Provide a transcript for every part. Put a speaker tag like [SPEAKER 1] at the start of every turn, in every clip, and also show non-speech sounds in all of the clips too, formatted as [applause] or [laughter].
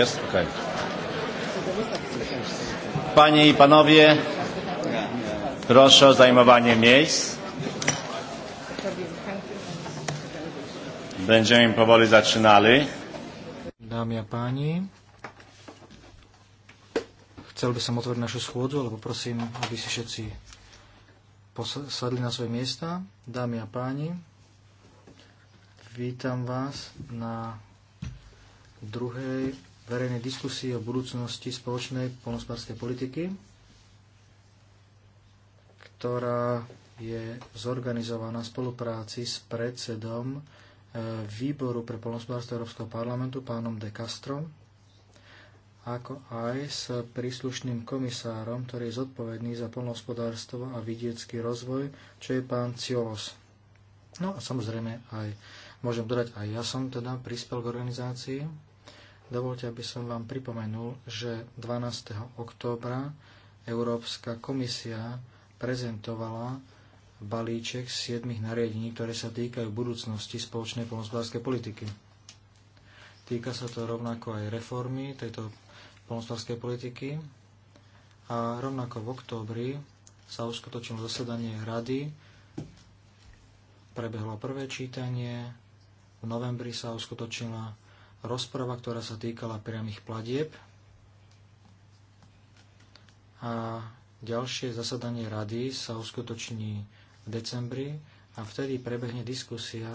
[SPEAKER 1] Yes? Okay. Panie i panowie, proszę o zajmowanie miejsc. Będziemy powoli zaczynali.
[SPEAKER 2] Dami a Pani. chcel by som otvoriť našu schôdzu, ale prosím, aby si všetci posadli na svoje miesta. Dámy a páni, vítam vás na druhej verejnej diskusii o budúcnosti spoločnej polnospodárskej politiky, ktorá je zorganizovaná v spolupráci s predsedom e, výboru pre polnospodárstvo Európskeho parlamentu pánom De Castro, ako aj s príslušným komisárom, ktorý je zodpovedný za polnospodárstvo a vidiecký rozvoj, čo je pán Ciolos. No a samozrejme aj, môžem dodať, aj ja som teda prispel k organizácii Dovolte, aby som vám pripomenul, že 12. októbra Európska komisia prezentovala balíček z siedmých nariadení, ktoré sa týkajú budúcnosti spoločnej polnospodárskej politiky. Týka sa to rovnako aj reformy tejto polnospodárskej politiky a rovnako v októbri sa uskutočnilo zasedanie rady, prebehlo prvé čítanie, v novembri sa uskutočila rozprava, ktorá sa týkala priamých platieb a ďalšie zasadanie rady sa uskutoční v decembri a vtedy prebehne diskusia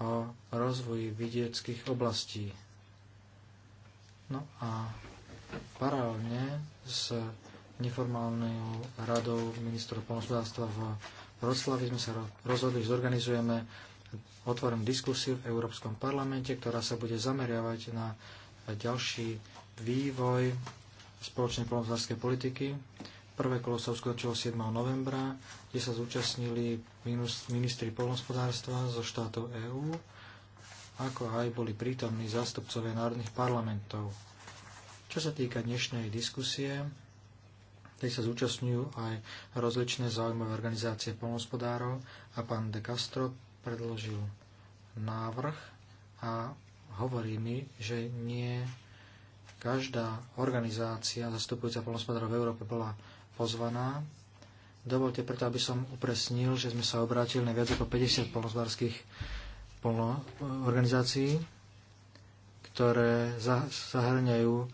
[SPEAKER 2] o rozvoji vidieckých oblastí. No a paralelne s neformálnou radou ministrov polnospodárstva v Vroclavi sme sa rozhodli, že zorganizujeme otvorím diskusiu v Európskom parlamente, ktorá sa bude zameriavať na ďalší vývoj spoločnej polnohospodárskej politiky. Prvé kolo sa uskutočilo 7. novembra, kde sa zúčastnili ministri polnohospodárstva zo štátov EÚ, ako aj boli prítomní zástupcovia národných parlamentov. Čo sa týka dnešnej diskusie, tej sa zúčastňujú aj rozličné zaujímavé organizácie polnospodárov a pán De Castro, predložil návrh a hovorí mi, že nie každá organizácia zastupujúca polnospodárov v Európe bola pozvaná. Dovolte preto, aby som upresnil, že sme sa obrátili na viac ako 50 polnospodárských polno- organizácií, ktoré zahrňajú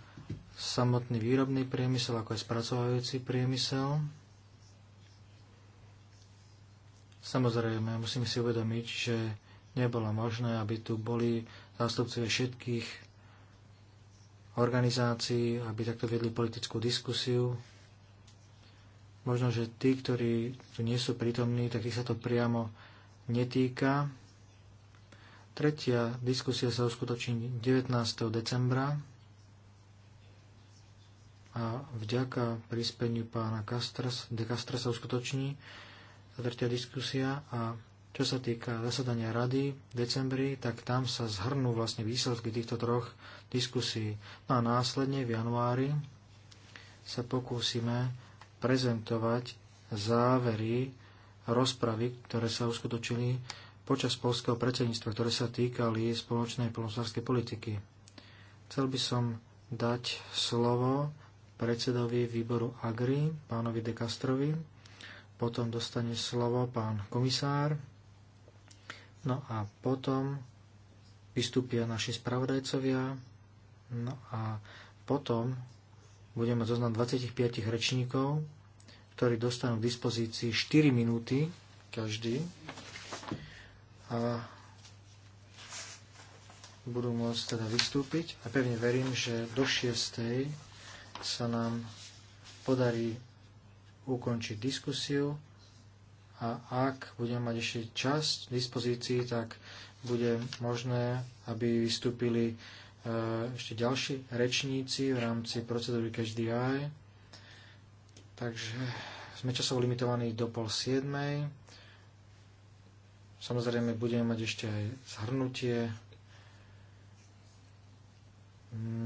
[SPEAKER 2] samotný výrobný priemysel, ako aj spracovajúci priemysel, Samozrejme, musíme si uvedomiť, že nebolo možné, aby tu boli zástupcovia všetkých organizácií, aby takto vedli politickú diskusiu. Možno, že tí, ktorí tu nie sú prítomní, tak ich sa to priamo netýka. Tretia diskusia sa uskutoční 19. decembra a vďaka prispeniu pána Castres, de Castra sa uskutoční zavrtia diskusia a čo sa týka zasadania rady v decembri, tak tam sa zhrnú vlastne výsledky týchto troch diskusí. No a následne v januári sa pokúsime prezentovať závery rozpravy, ktoré sa uskutočili počas polského predsedníctva, ktoré sa týkali spoločnej polnospodárskej politiky. Chcel by som dať slovo predsedovi výboru Agri, pánovi De Castrovi, potom dostane slovo pán komisár, no a potom vystúpia naši spravodajcovia, no a potom budeme zoznam 25 rečníkov, ktorí dostanú k dispozícii 4 minúty každý a budú môcť teda vystúpiť a pevne verím, že do 6. sa nám podarí ukončiť diskusiu a ak budem mať ešte čas v dispozícii, tak bude možné, aby vystúpili e, ešte ďalší rečníci v rámci procedúry Každý aj. Takže sme časovo limitovaní do pol siedmej. Samozrejme budeme mať ešte aj zhrnutie.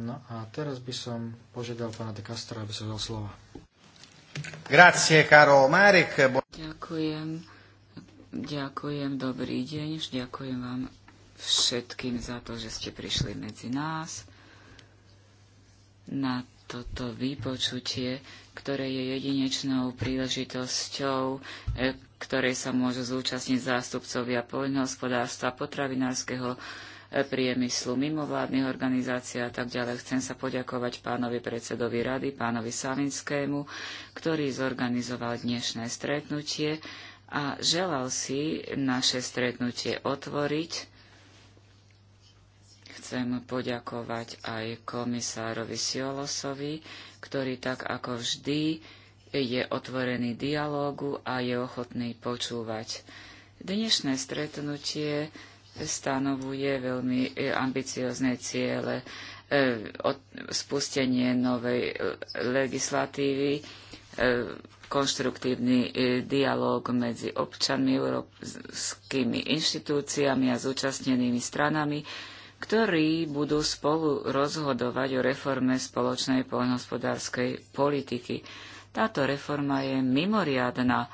[SPEAKER 2] No a teraz by som požiadal pána de Castra, aby sa dal slova.
[SPEAKER 3] Grazie, caro Marek. Ďakujem. Ďakujem, dobrý deň. Ďakujem vám všetkým za to, že ste prišli medzi nás na toto vypočutie, ktoré je jedinečnou príležitosťou, e, ktorej sa môžu zúčastniť zástupcovia poľnohospodárstva, potravinárskeho priemyslu, mimovládnych organizácií a tak ďalej. Chcem sa poďakovať pánovi predsedovi rady, pánovi Savinskému, ktorý zorganizoval dnešné stretnutie a želal si naše stretnutie otvoriť chcem poďakovať aj komisárovi Siolosovi, ktorý tak ako vždy je otvorený dialógu a je ochotný počúvať. Dnešné stretnutie stanovuje veľmi e, ambiciozne ciele e, spustenie novej e, legislatívy, konštruktívny dialóg medzi občanmi, európskymi inštitúciami a zúčastnenými stranami, ktorí budú spolu rozhodovať o reforme spoločnej poľnohospodárskej politiky. Táto reforma je mimoriadná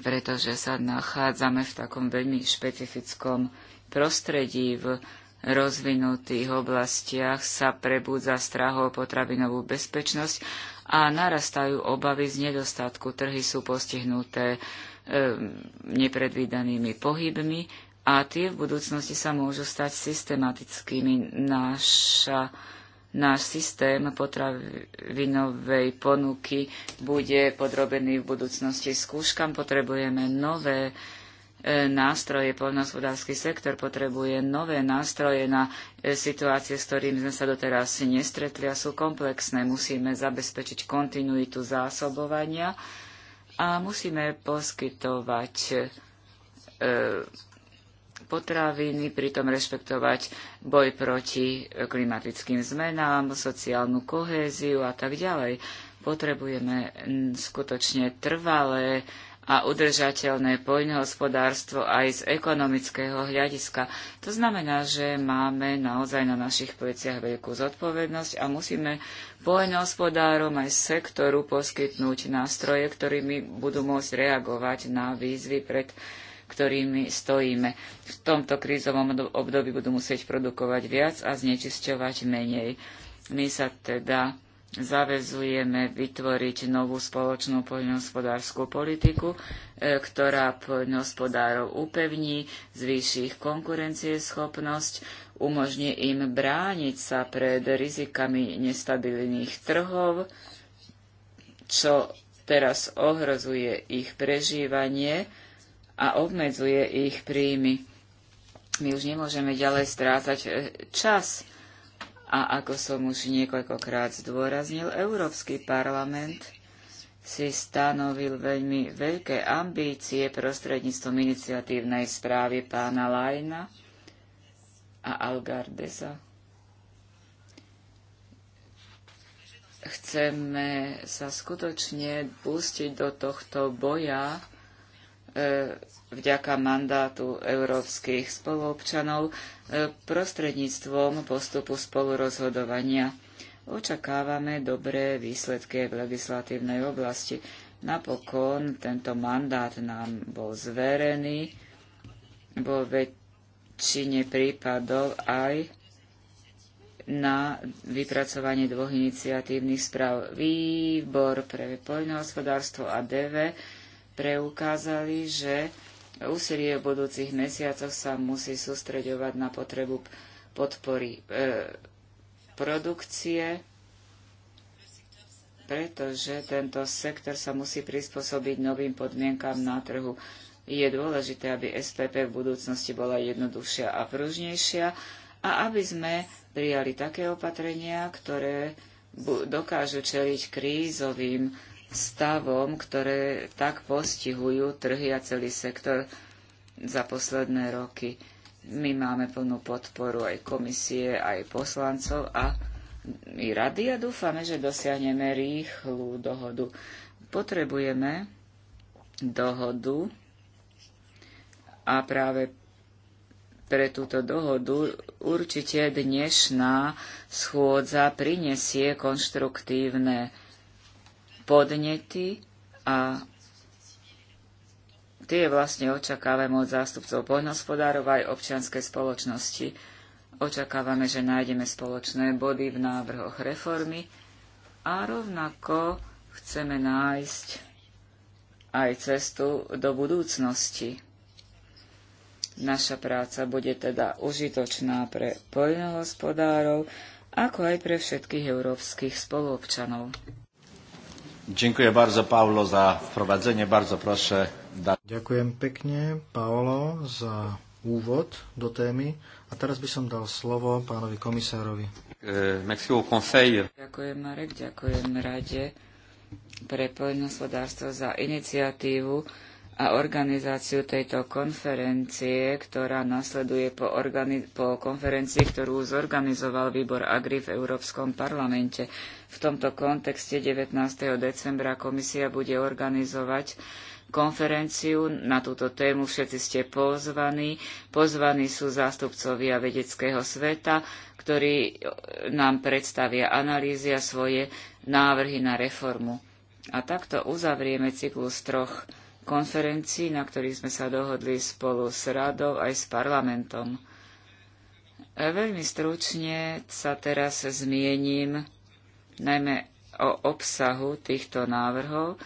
[SPEAKER 3] pretože sa nachádzame v takom veľmi špecifickom prostredí. V rozvinutých oblastiach sa prebudza strach o potravinovú bezpečnosť a narastajú obavy z nedostatku. Trhy sú postihnuté e, nepredvídanými pohybmi a tie v budúcnosti sa môžu stať systematickými. Naša náš systém potravinovej ponuky bude podrobený v budúcnosti skúškam. Potrebujeme nové e, nástroje, poľnohospodársky sektor potrebuje nové nástroje na e, situácie, s ktorými sme sa doteraz nestretli a sú komplexné. Musíme zabezpečiť kontinuitu zásobovania a musíme poskytovať e, potraviny, pritom rešpektovať boj proti klimatickým zmenám, sociálnu kohéziu a tak ďalej. Potrebujeme skutočne trvalé a udržateľné poľnohospodárstvo aj z ekonomického hľadiska. To znamená, že máme naozaj na našich pleciach veľkú zodpovednosť a musíme poľnohospodárom aj sektoru poskytnúť nástroje, ktorými budú môcť reagovať na výzvy, pred ktorými stojíme. V tomto krízovom období budú musieť produkovať viac a znečisťovať menej. My sa teda zavezujeme vytvoriť novú spoločnú poľnohospodárskú politiku, e, ktorá poľnohospodárov upevní, zvýši ich konkurencieschopnosť, umožní im brániť sa pred rizikami nestabilných trhov, čo teraz ohrozuje ich prežívanie a obmedzuje ich príjmy. My už nemôžeme ďalej strácať e, čas. A ako som už niekoľkokrát zdôraznil, Európsky parlament si stanovil veľmi veľké ambície prostredníctvom iniciatívnej správy pána Lajna a Algardesa. Chceme sa skutočne pustiť do tohto boja E, vďaka mandátu európskych spoluobčanov e, prostredníctvom postupu spolurozhodovania. Očakávame dobré výsledky v legislatívnej oblasti. Napokon tento mandát nám bol zverený vo väčšine prípadov aj na vypracovanie dvoch iniciatívnych správ. Výbor pre poľnohospodárstvo a DV preukázali, že úsilie v budúcich mesiacoch sa musí sústreďovať na potrebu podpory e, produkcie, pretože tento sektor sa musí prispôsobiť novým podmienkám na trhu. Je dôležité, aby SPP v budúcnosti bola jednoduchšia a pružnejšia a aby sme prijali také opatrenia, ktoré dokážu čeliť krízovým stavom, ktoré tak postihujú trhy a celý sektor za posledné roky. My máme plnú podporu aj komisie, aj poslancov a i rady a dúfame, že dosiahneme rýchlu dohodu. Potrebujeme dohodu a práve pre túto dohodu určite dnešná schôdza prinesie konštruktívne podnety a tie vlastne očakávame od zástupcov poľnohospodárov aj občianskej spoločnosti. Očakávame, že nájdeme spoločné body v návrhoch reformy a rovnako chceme nájsť aj cestu do budúcnosti. Naša práca bude teda užitočná pre poľnohospodárov, ako aj pre všetkých európskych spoluobčanov.
[SPEAKER 1] Dziękuję bardzo, Paolo, za wprowadzenie. Bardzo proszę. Da...
[SPEAKER 2] Ďakujem pekne, Paolo, za úvod do témy. A teraz by som dal slovo pánovi komisárovi.
[SPEAKER 4] E,
[SPEAKER 3] ďakujem, Marek, ďakujem Rade pre poľnohospodárstvo za iniciatívu, a organizáciu tejto konferencie, ktorá nasleduje po, po konferencii, ktorú zorganizoval výbor Agri v Európskom parlamente. V tomto kontexte 19. decembra komisia bude organizovať konferenciu na túto tému. Všetci ste pozvaní. Pozvaní sú zástupcovia vedeckého sveta, ktorí nám predstavia analýzy a svoje návrhy na reformu. A takto uzavrieme cyklus troch konferencií, na ktorých sme sa dohodli spolu s radou aj s parlamentom. E, veľmi stručne sa teraz zmiením najmä o obsahu týchto návrhov,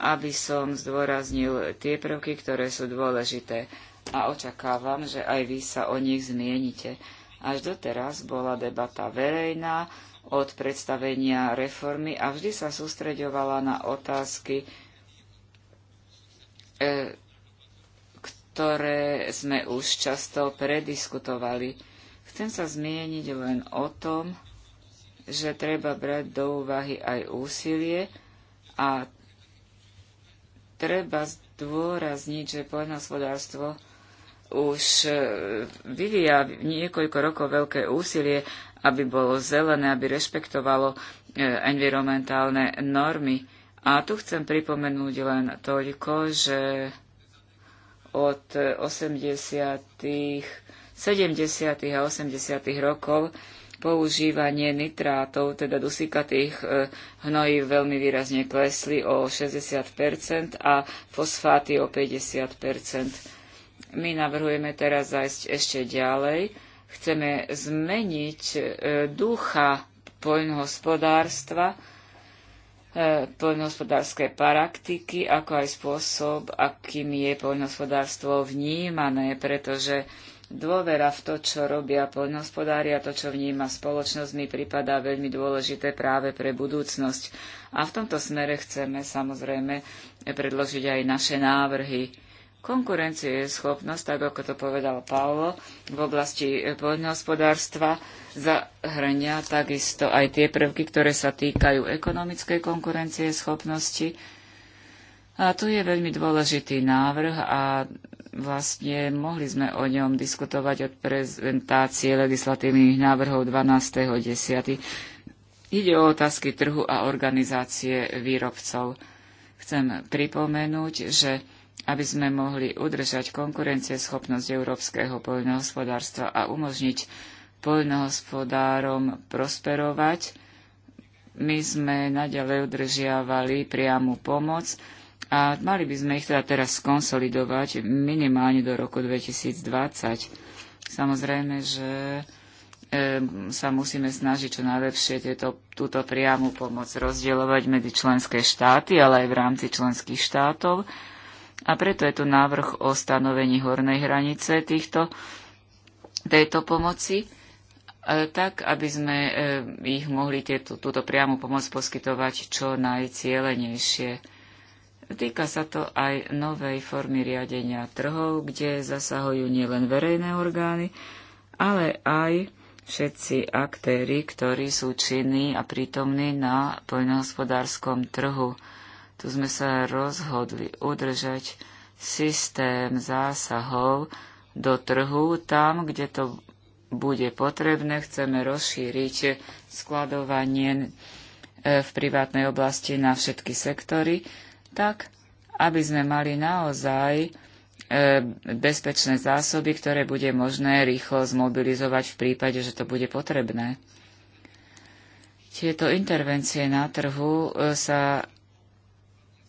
[SPEAKER 3] aby som zdôraznil tie prvky, ktoré sú dôležité a očakávam, že aj vy sa o nich zmienite. Až doteraz bola debata verejná od predstavenia reformy a vždy sa sústreďovala na otázky E, ktoré sme už často prediskutovali. Chcem sa zmieniť len o tom, že treba brať do úvahy aj úsilie a treba zdôrazniť, že poľnohospodárstvo už e, vyvíja niekoľko rokov veľké úsilie, aby bolo zelené, aby rešpektovalo e, environmentálne normy a tu chcem pripomenúť len toľko, že od 80. 70. a 80. rokov používanie nitrátov, teda dusíkatých e, hnojí veľmi výrazne klesli o 60% a fosfáty o 50%. My navrhujeme teraz zajsť ešte ďalej. Chceme zmeniť e, ducha poľnohospodárstva, E, poľnohospodárske praktiky, ako aj spôsob, akým je poľnohospodárstvo vnímané, pretože dôvera v to, čo robia poľnohospodári a to, čo vníma spoločnosť, mi pripadá veľmi dôležité práve pre budúcnosť. A v tomto smere chceme samozrejme predložiť aj naše návrhy. Konkurencie je schopnosť, tak ako to povedal Paolo, v oblasti eh, poľnohospodárstva zahŕňa takisto aj tie prvky, ktoré sa týkajú ekonomickej konkurencie schopnosti. A tu je veľmi dôležitý návrh a vlastne mohli sme o ňom diskutovať od prezentácie legislatívnych návrhov 12.10. Ide o otázky trhu a organizácie výrobcov. Chcem pripomenúť, že aby sme mohli udržať konkurencieschopnosť európskeho poľnohospodárstva a umožniť poľnohospodárom prosperovať, my sme naďalej udržiavali priamu pomoc a mali by sme ich teda teraz skonsolidovať minimálne do roku 2020. Samozrejme, že sa musíme snažiť čo najlepšie tieto, túto priamu pomoc rozdielovať medzi členské štáty, ale aj v rámci členských štátov a preto je tu návrh o stanovení hornej hranice týchto, tejto pomoci, e, tak aby sme e, ich mohli tieto, túto priamu pomoc poskytovať čo najcielenejšie. Týka sa to aj novej formy riadenia trhov, kde zasahujú nielen verejné orgány, ale aj všetci aktéry, ktorí sú činní a prítomní na poľnohospodárskom trhu. Tu sme sa rozhodli udržať systém zásahov do trhu tam, kde to bude potrebné. Chceme rozšíriť skladovanie e, v privátnej oblasti na všetky sektory, tak aby sme mali naozaj e, bezpečné zásoby, ktoré bude možné rýchlo zmobilizovať v prípade, že to bude potrebné. Tieto intervencie na trhu e, sa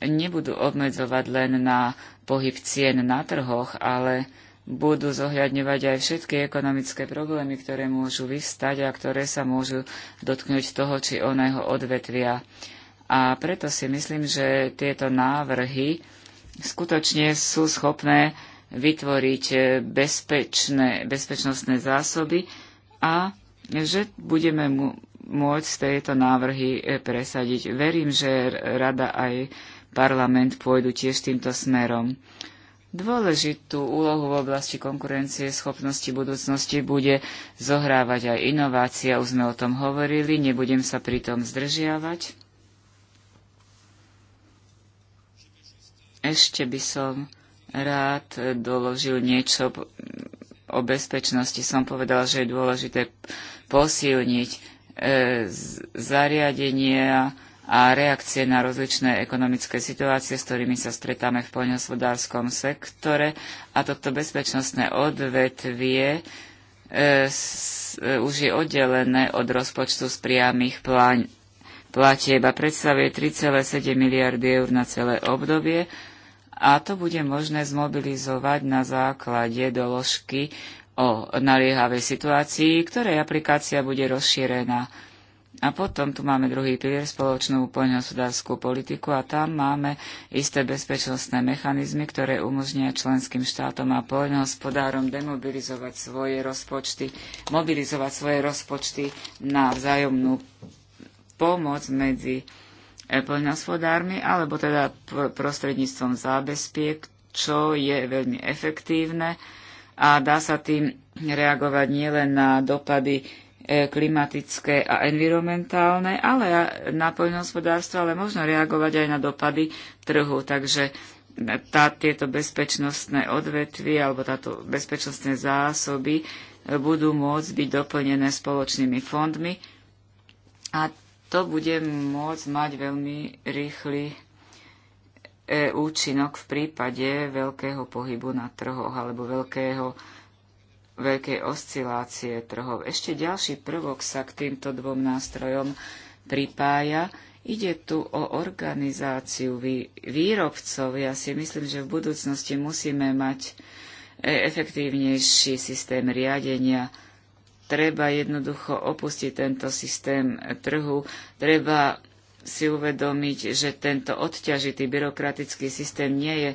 [SPEAKER 3] nebudú obmedzovať len na pohyb cien na trhoch, ale budú zohľadňovať aj všetky ekonomické problémy, ktoré môžu vystať a ktoré sa môžu dotknúť toho či oného odvetvia. A preto si myslím, že tieto návrhy skutočne sú schopné vytvoriť bezpečné, bezpečnostné zásoby a že budeme môcť tieto návrhy presadiť. Verím, že rada aj parlament pôjdu tiež týmto smerom. Dôležitú úlohu v oblasti konkurencie schopnosti budúcnosti bude zohrávať aj inovácia, už sme o tom hovorili, nebudem sa pri tom zdržiavať. Ešte by som rád doložil niečo o bezpečnosti. Som povedal, že je dôležité posilniť e, zariadenie a a reakcie na rozličné ekonomické situácie, s ktorými sa stretáme v poľnohospodárskom sektore. A toto bezpečnostné odvetvie e, s, e, už je oddelené od rozpočtu z priamých plán, platieb a predstavuje 3,7 miliardy eur na celé obdobie a to bude možné zmobilizovať na základe doložky o naliehavej situácii, ktorej aplikácia bude rozšírená a potom tu máme druhý pilier, spoločnú poľnohospodárskú politiku a tam máme isté bezpečnostné mechanizmy, ktoré umožnia členským štátom a poľnohospodárom demobilizovať svoje rozpočty, mobilizovať svoje rozpočty na vzájomnú pomoc medzi e, poľnohospodármi, alebo teda prostredníctvom zábezpiek, čo je veľmi efektívne a dá sa tým reagovať nielen na dopady E, klimatické a environmentálne, ale na poľnohospodárstvo, ale možno reagovať aj na dopady trhu. Takže tá, tieto bezpečnostné odvetvy alebo táto bezpečnostné zásoby e, budú môcť byť doplnené spoločnými fondmi a to bude môcť mať veľmi rýchly e, účinok v prípade veľkého pohybu na trhoch alebo veľkého veľkej oscilácie trhov. Ešte ďalší prvok sa k týmto dvom nástrojom pripája. Ide tu o organizáciu výrobcov. Ja si myslím, že v budúcnosti musíme mať e, efektívnejší systém riadenia. Treba jednoducho opustiť tento systém trhu. Treba si uvedomiť, že tento odťažitý byrokratický systém nie je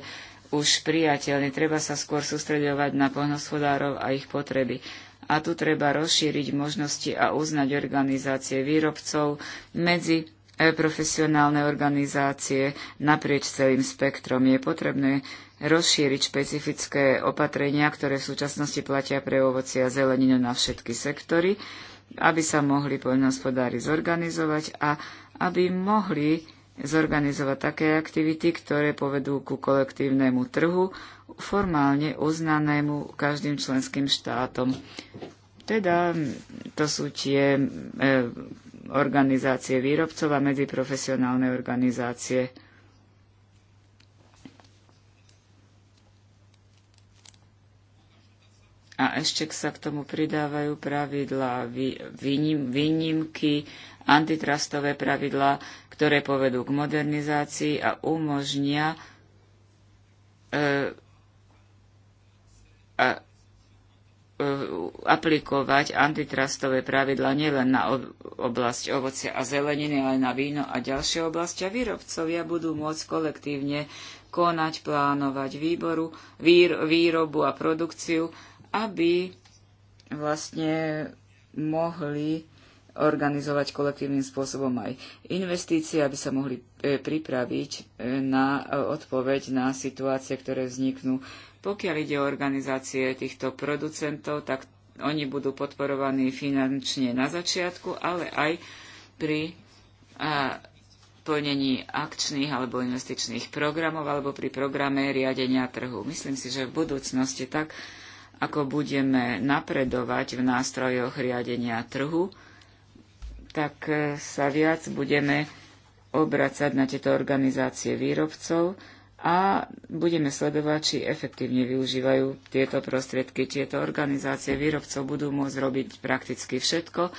[SPEAKER 3] už priateľný. Treba sa skôr sústredovať na poľnohospodárov a ich potreby. A tu treba rozšíriť možnosti a uznať organizácie výrobcov medzi e, profesionálne organizácie naprieč celým spektrom. Je potrebné rozšíriť špecifické opatrenia, ktoré v súčasnosti platia pre ovoci a zeleninu na všetky sektory, aby sa mohli poľnohospodári zorganizovať a aby mohli zorganizovať také aktivity, ktoré povedú ku kolektívnemu trhu, formálne uznanému každým členským štátom. Teda to sú tie e, organizácie výrobcov a medziprofesionálne organizácie. A ešte sa k tomu pridávajú pravidlá výnimky antitrustové pravidlá, ktoré povedú k modernizácii a umožnia e, e, aplikovať antitrustové pravidla nielen na oblasť ovocia a zeleniny, ale na víno a ďalšie oblasti. A výrobcovia budú môcť kolektívne konať, plánovať výboru, výr, výrobu a produkciu, aby vlastne mohli organizovať kolektívnym spôsobom aj investície, aby sa mohli e, pripraviť e, na e, odpoveď na situácie, ktoré vzniknú. Pokiaľ ide o organizácie týchto producentov, tak oni budú podporovaní finančne na začiatku, ale aj pri plnení akčných alebo investičných programov alebo pri programe riadenia trhu. Myslím si, že v budúcnosti tak, ako budeme napredovať v nástrojoch riadenia trhu, tak e, sa viac budeme obracať na tieto organizácie výrobcov a budeme sledovať, či efektívne využívajú tieto prostriedky. Tieto organizácie výrobcov budú môcť robiť prakticky všetko,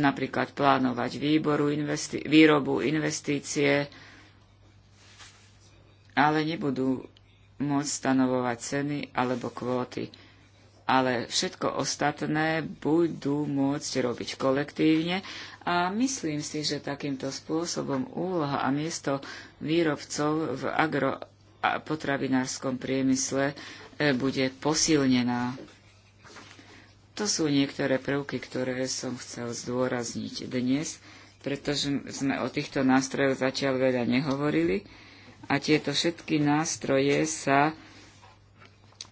[SPEAKER 3] napríklad plánovať výboru, investi- výrobu, investície, ale nebudú môcť stanovovať ceny alebo kvóty. Ale všetko ostatné budú môcť robiť kolektívne a myslím si, že takýmto spôsobom úloha a miesto výrobcov v agropotravinárskom priemysle e, bude posilnená. To sú niektoré prvky, ktoré som chcel zdôrazniť dnes, pretože sme o týchto nástrojoch zatiaľ veľa nehovorili a tieto všetky nástroje sa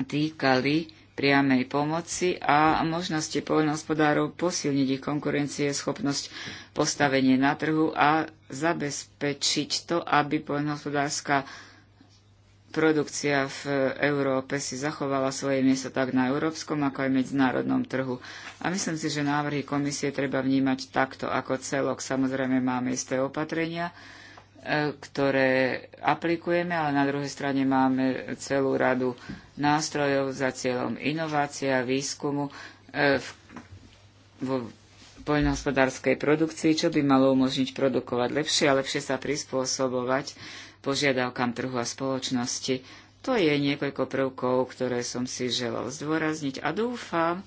[SPEAKER 3] týkali priamej pomoci a možnosti poľnohospodárov posilniť ich konkurencieschopnosť, postavenie na trhu a zabezpečiť to, aby poľnohospodárska produkcia v Európe si zachovala svoje miesto tak na európskom, ako aj medzinárodnom trhu. A myslím si, že návrhy komisie treba vnímať takto ako celok. Samozrejme máme isté opatrenia, ktoré aplikujeme, ale na druhej strane máme celú radu nástrojov za cieľom inovácia, výskumu e, v, vo poľnohospodárskej produkcii, čo by malo umožniť produkovať lepšie a lepšie sa prispôsobovať požiadavkám trhu a spoločnosti. To je niekoľko prvkov, ktoré som si želal zdôrazniť a dúfam,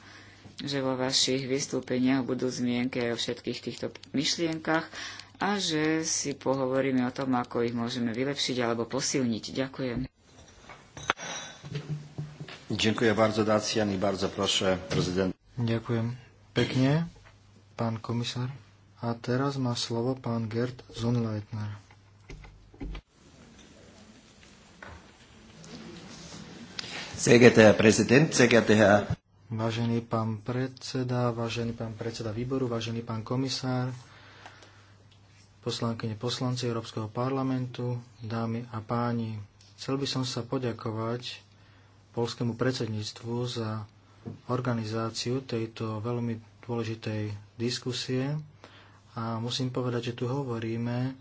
[SPEAKER 3] že vo vašich vystúpeniach budú zmienky aj o všetkých týchto myšlienkach a že si pohovoríme o tom, ako ich môžeme vylepšiť alebo posilniť. Ďakujem.
[SPEAKER 1] Ďakujem bardzo, Dacian, i bardzo proszę, prezident.
[SPEAKER 2] Ďakujem pekne, pán komisár. A teraz má slovo pán Gerd Zunleitner.
[SPEAKER 1] Sehr geehrter Herr Präsident, sehr geehrter
[SPEAKER 2] Vážený pán predseda, vážený pán predseda výboru, vážený pán komisár, poslankyne poslanci Európskeho parlamentu, dámy a páni. Chcel by som sa poďakovať polskému predsedníctvu za organizáciu tejto veľmi dôležitej diskusie a musím povedať, že tu hovoríme,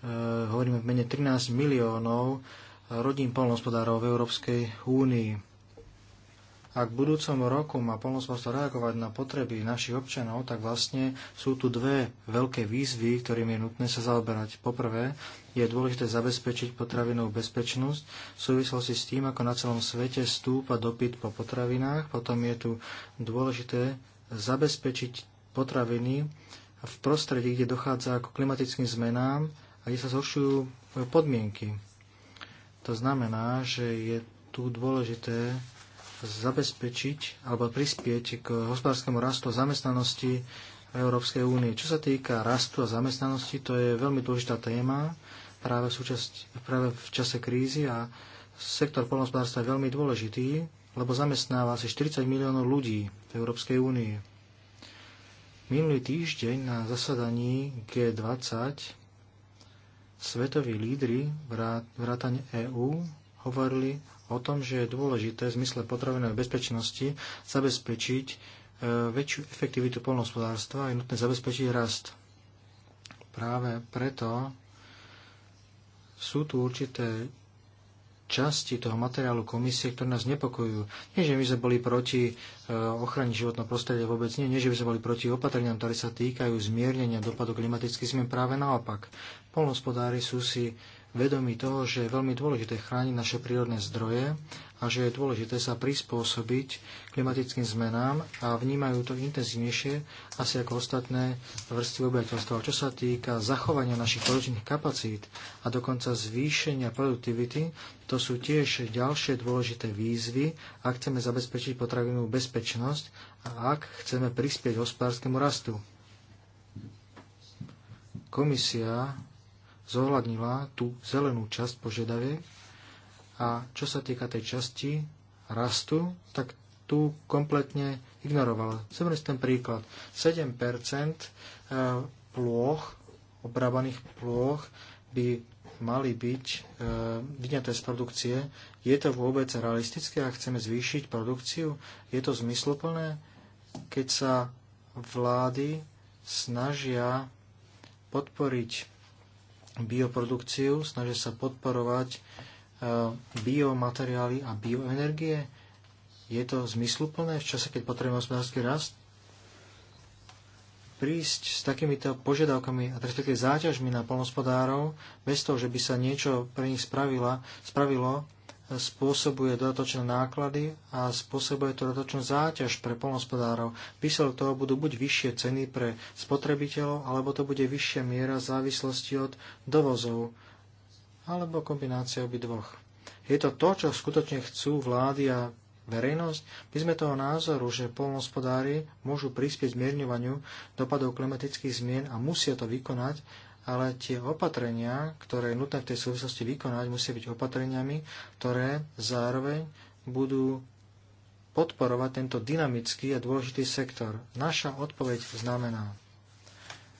[SPEAKER 2] e, hovoríme v mene 13 miliónov rodín polnospodárov v Európskej únii. Ak v budúcom roku má polnospodárstvo reagovať na potreby našich občanov, tak vlastne sú tu dve veľké výzvy, ktorým je nutné sa zaoberať. Poprvé, je dôležité zabezpečiť potravinovú bezpečnosť v súvislosti s tým, ako na celom svete stúpa dopyt po potravinách. Potom je tu dôležité zabezpečiť potraviny v prostredí, kde dochádza k klimatickým zmenám a kde sa zhoršujú podmienky. To znamená, že je tu dôležité zabezpečiť alebo prispieť k hospodárskému rastu a zamestnanosti v Európskej únie. Čo sa týka rastu a zamestnanosti, to je veľmi dôležitá téma práve v, súčasť, práve v čase krízy a sektor poľnohospodárstva je veľmi dôležitý, lebo zamestnáva asi 40 miliónov ľudí v Európskej únii. Minulý týždeň na zasadaní G20 svetoví lídry vrátane EÚ hovorili o tom, že je dôležité v zmysle potravinovej bezpečnosti zabezpečiť e, väčšiu efektivitu polnohospodárstva a je nutné zabezpečiť rast. Práve preto sú tu určité časti toho materiálu komisie, ktoré nás nepokojujú. Nie, že my sme boli proti e, ochrane životného prostredia vôbec nie, nie, že by sme boli proti opatreniam, ktoré sa týkajú zmiernenia dopadu klimatických zmien, práve naopak. Polnospodári sú si vedomí toho, že je veľmi dôležité chrániť naše prírodné zdroje a že je dôležité sa prispôsobiť klimatickým zmenám a vnímajú to intenzívnejšie asi ako ostatné vrstvy obyvateľstva. Čo sa týka zachovania našich produkčných kapacít a dokonca zvýšenia produktivity, to sú tiež ďalšie dôležité výzvy, ak chceme zabezpečiť potravinovú bezpečnosť a ak chceme prispieť hospodárskému rastu. Komisia zohľadnila tú zelenú časť požiadaviek a čo sa týka tej časti rastu, tak tu kompletne ignorovala. Zoberiem ten príklad. 7% e, plôch, obrábaných plôch by mali byť e, vyňaté z produkcie. Je to vôbec realistické a chceme zvýšiť produkciu? Je to zmysluplné, keď sa vlády snažia podporiť bioprodukciu, snažia sa podporovať e, biomateriály a bioenergie. Je to zmysluplné v čase, keď potrebujeme hospodársky rast? prísť s takýmito požiadavkami a respektíve záťažmi na polnospodárov bez toho, že by sa niečo pre nich spravila, spravilo, spôsobuje dodatočné náklady a spôsobuje to dodatočnú záťaž pre polnospodárov. Výsledok toho budú buď vyššie ceny pre spotrebiteľov, alebo to bude vyššia miera závislosti od dovozov, alebo kombinácia dvoch. Je to to, čo skutočne chcú vlády a verejnosť? My sme toho názoru, že polnospodári môžu prispieť zmierňovaniu dopadov klimatických zmien a musia to vykonať, ale tie opatrenia, ktoré je nutné v tej súvislosti vykonať, musia byť opatreniami, ktoré zároveň budú podporovať tento dynamický a dôležitý sektor. Naša odpoveď znamená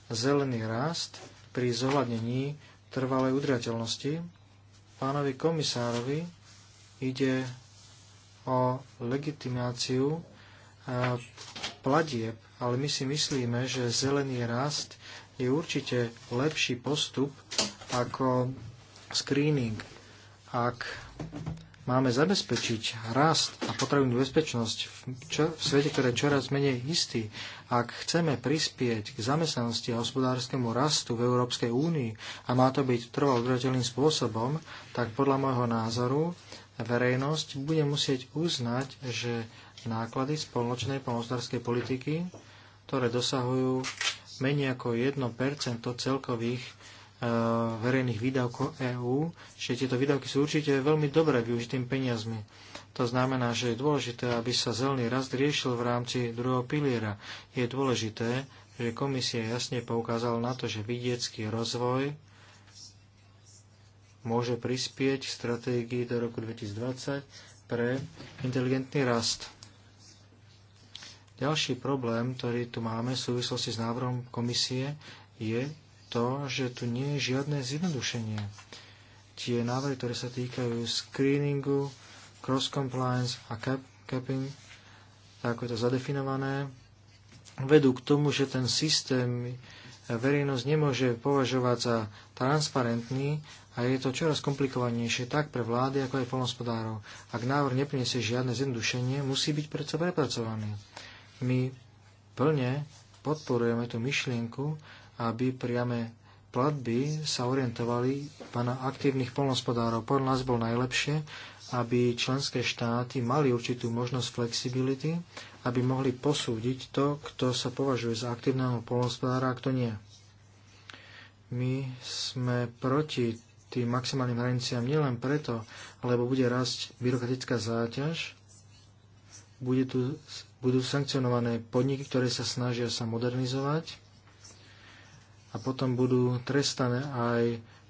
[SPEAKER 2] zelený rast pri zohľadnení trvalej udržateľnosti. Pánovi komisárovi ide o legitimáciu eh, platieb, ale my si myslíme, že zelený rast je určite lepší postup ako screening. Ak máme zabezpečiť rast a potrebnú bezpečnosť v, čo, v svete, ktoré je čoraz menej istý, ak chceme prispieť k zamestnanosti a hospodárskemu rastu v Európskej únii a má to byť trvalo udržateľným spôsobom, tak podľa môjho názoru verejnosť bude musieť uznať, že náklady spoločnej pomostárskej politiky, ktoré dosahujú menej ako 1% celkových e, verejných výdavkov EÚ, že tieto výdavky sú určite veľmi dobre využitým peniazmi. To znamená, že je dôležité, aby sa zelený rast riešil v rámci druhého piliera. Je dôležité, že komisia jasne poukázala na to, že vidiecký rozvoj môže prispieť k stratégii do roku 2020 pre inteligentný rast. Ďalší problém, ktorý tu máme v súvislosti s návrhom komisie, je to, že tu nie je žiadne zjednodušenie. Tie návrhy, ktoré sa týkajú screeningu, cross-compliance a cap capping, tak ako je to zadefinované, vedú k tomu, že ten systém eh, verejnosť nemôže považovať za transparentný a je to čoraz komplikovanejšie tak pre vlády, ako aj polnospodárov. Ak návrh nepriniesie žiadne zjednodušenie, musí byť predsa prepracovaný my plne podporujeme tú myšlienku, aby priame platby sa orientovali na aktívnych polnospodárov. Podľa nás bol najlepšie, aby členské štáty mali určitú možnosť flexibility, aby mohli posúdiť to, kto sa považuje za aktívneho polnospodára a kto nie. My sme proti tým maximálnym hraniciam nielen preto, lebo bude rásť byrokratická záťaž, bude tu budú sankcionované podniky, ktoré sa snažia sa modernizovať a potom budú trestané aj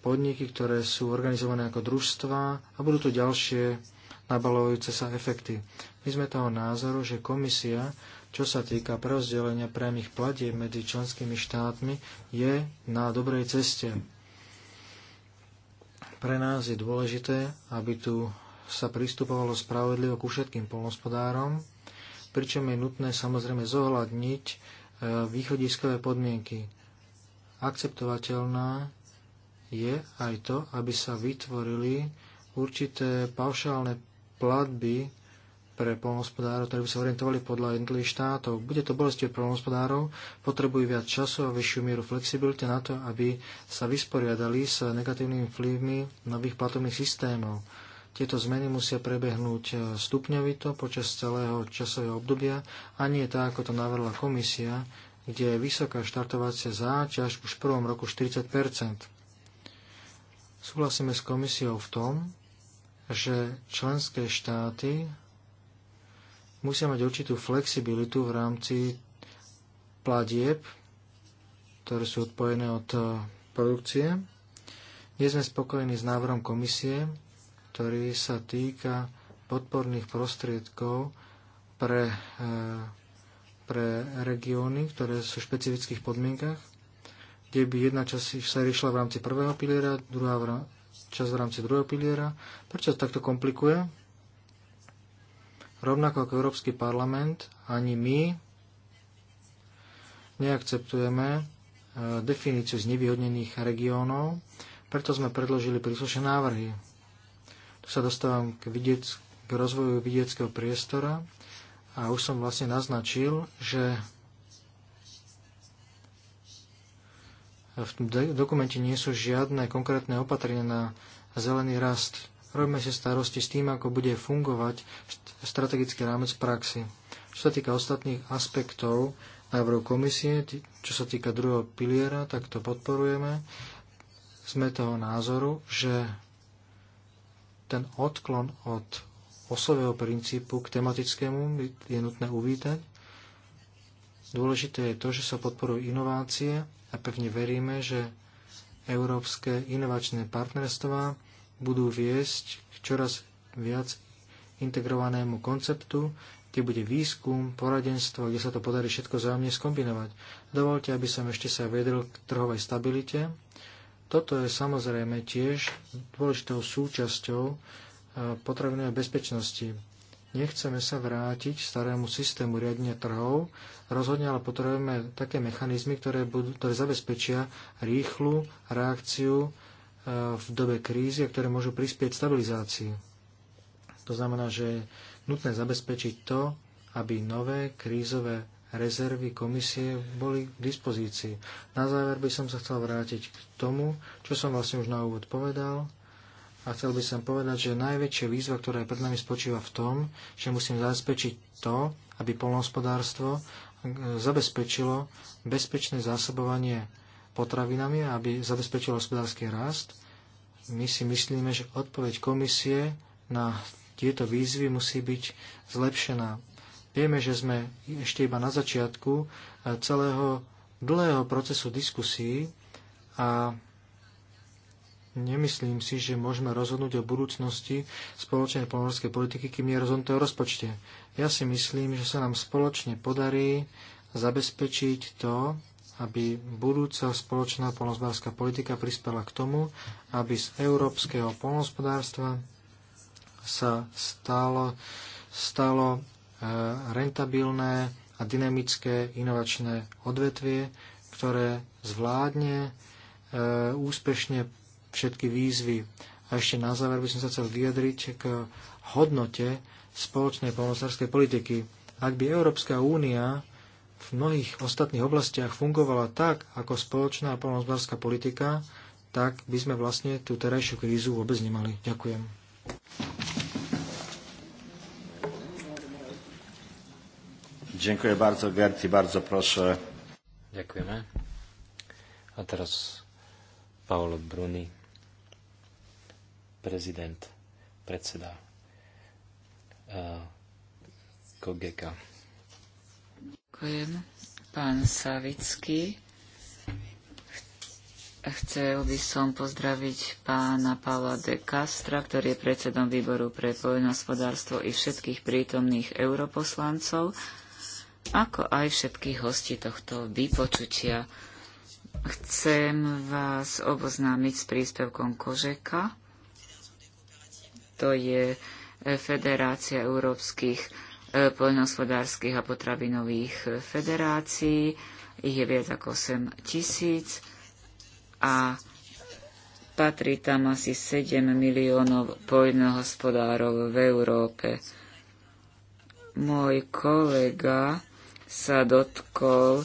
[SPEAKER 2] podniky, ktoré sú organizované ako družstva a budú tu ďalšie nabalujúce sa efekty. My sme toho názoru, že komisia, čo sa týka prerozdelenia priamých platieb medzi členskými štátmi, je na dobrej ceste. Pre nás je dôležité, aby tu sa pristupovalo spravodlivo ku všetkým polnospodárom pričom je nutné samozrejme zohľadniť e, východiskové podmienky. Akceptovateľná je aj to, aby sa vytvorili určité paušálne platby pre polnospodárov, ktorí by sa orientovali podľa jednotlivých štátov. Bude to bolestivé pre polnospodárov, potrebujú viac času a vyššiu mieru flexibility na to, aby sa vysporiadali s negatívnymi vplyvmi nových platovných systémov. Tieto zmeny musia prebehnúť e, stupňovito počas celého časového obdobia a nie tak, ako to navrhla komisia, kde je vysoká štartovacia záťaž už v prvom roku 40 Súhlasíme s komisiou v tom, že členské štáty musia mať určitú flexibilitu v rámci platieb, ktoré sú odpojené od e, produkcie. Nie sme spokojní s návrhom komisie, ktorý sa týka podporných prostriedkov pre, e, pre regióny, ktoré sú v špecifických podmienkach, kde by jedna časť sa riešila v rámci prvého piliera, druhá časť v rámci druhého piliera. Prečo takto komplikuje? Rovnako ako Európsky parlament, ani my neakceptujeme e, definíciu znevýhodnených regiónov, preto sme predložili príslušné návrhy. Tu sa dostávam k, vidiec, k rozvoju vidieckého priestora a už som vlastne naznačil, že v tom dokumente nie sú žiadne konkrétne opatrenia na zelený rast. Robíme si starosti s tým, ako bude fungovať strategický rámec praxi. Čo sa týka ostatných aspektov návrhu komisie, čo sa týka druhého piliera, tak to podporujeme. Sme toho názoru, že ten odklon od osového princípu k tematickému je nutné uvítať. Dôležité je to, že sa podporujú inovácie a pevne veríme, že európske inovačné partnerstvá budú viesť k čoraz viac integrovanému konceptu, kde bude výskum, poradenstvo, kde sa to podarí všetko zájomne skombinovať. Dovolte, aby som ešte sa vedel k trhovej stabilite. Toto je samozrejme tiež dôležitou súčasťou e, potravinovej bezpečnosti. Nechceme sa vrátiť k starému systému riadenia trhov, rozhodne ale potrebujeme také mechanizmy, ktoré, budú, ktoré zabezpečia rýchlu reakciu e, v dobe krízy a ktoré môžu prispieť stabilizácii. To znamená, že je nutné zabezpečiť to, aby nové krízové rezervy komisie boli k dispozícii. Na záver by som sa chcel vrátiť k tomu, čo som vlastne už na úvod povedal. A chcel by som povedať, že najväčšia výzva, ktorá je pred nami, spočíva v tom, že musím zabezpečiť to, aby polnohospodárstvo e, zabezpečilo bezpečné zásobovanie potravinami, aby zabezpečilo hospodársky rast. My si myslíme, že odpoveď komisie na tieto výzvy musí byť zlepšená Vieme, že sme ešte iba na začiatku e, celého dlhého procesu diskusí a Nemyslím si, že môžeme rozhodnúť o budúcnosti spoločnej pomorskej politiky, kým je rozhodnuté o rozpočte. Ja si myslím, že sa nám spoločne podarí zabezpečiť to, aby budúca spoločná polnospodárska politika prispela k tomu, aby z európskeho polnospodárstva sa stalo, stalo E, rentabilné a dynamické inovačné odvetvie, ktoré zvládne e, úspešne všetky výzvy. A ešte na záver by som sa chcel vyjadriť k hodnote spoločnej polnospodárskej politiky. Ak by Európska únia v mnohých ostatných oblastiach fungovala tak, ako spoločná polnospodárska politika, tak by sme vlastne tú terajšiu krízu vôbec nemali. Ďakujem.
[SPEAKER 1] Dziękuję bardzo, Gerti, bardzo proszę.
[SPEAKER 4] Dziękujemy. A teraz Paolo Bruni, prezydent, predseda uh, e, Kogeka.
[SPEAKER 3] Ďakujem. Pán Savický, chcel by som pozdraviť pána Paula de Castra, ktorý je predsedom výboru pre poľnohospodárstvo i všetkých prítomných europoslancov ako aj všetkých hosti tohto vypočutia. Chcem vás oboznámiť s príspevkom Kožeka. To je e, Federácia európskych e, poľnohospodárskych a potravinových e, federácií. Ich je viac ako 8 tisíc a patrí tam asi 7 miliónov poľnohospodárov v Európe. Môj kolega sa dotkol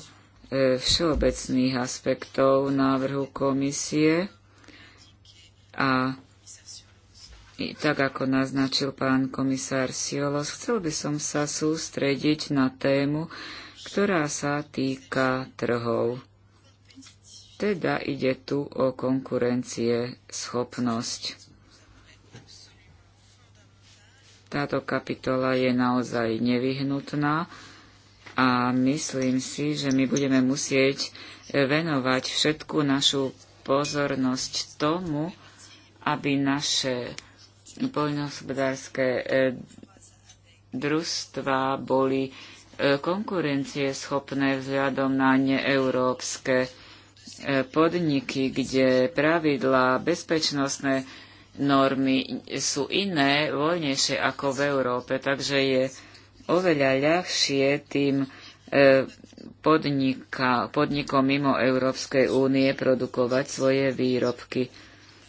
[SPEAKER 3] e, všeobecných aspektov návrhu komisie a tak ako naznačil pán komisár Siolos, chcel by som sa sústrediť na tému, ktorá sa týka trhov. Teda ide tu o konkurencie schopnosť. Táto kapitola je naozaj nevyhnutná, a myslím si, že my budeme musieť venovať všetku našu pozornosť tomu, aby naše poľnohospodárske e, družstva boli e, konkurencieschopné vzhľadom na neeurópske e, podniky, kde pravidlá bezpečnostné normy sú iné, voľnejšie ako v Európe. Takže je oveľa ľahšie tým e, podnika, podnikom mimo Európskej únie produkovať svoje výrobky.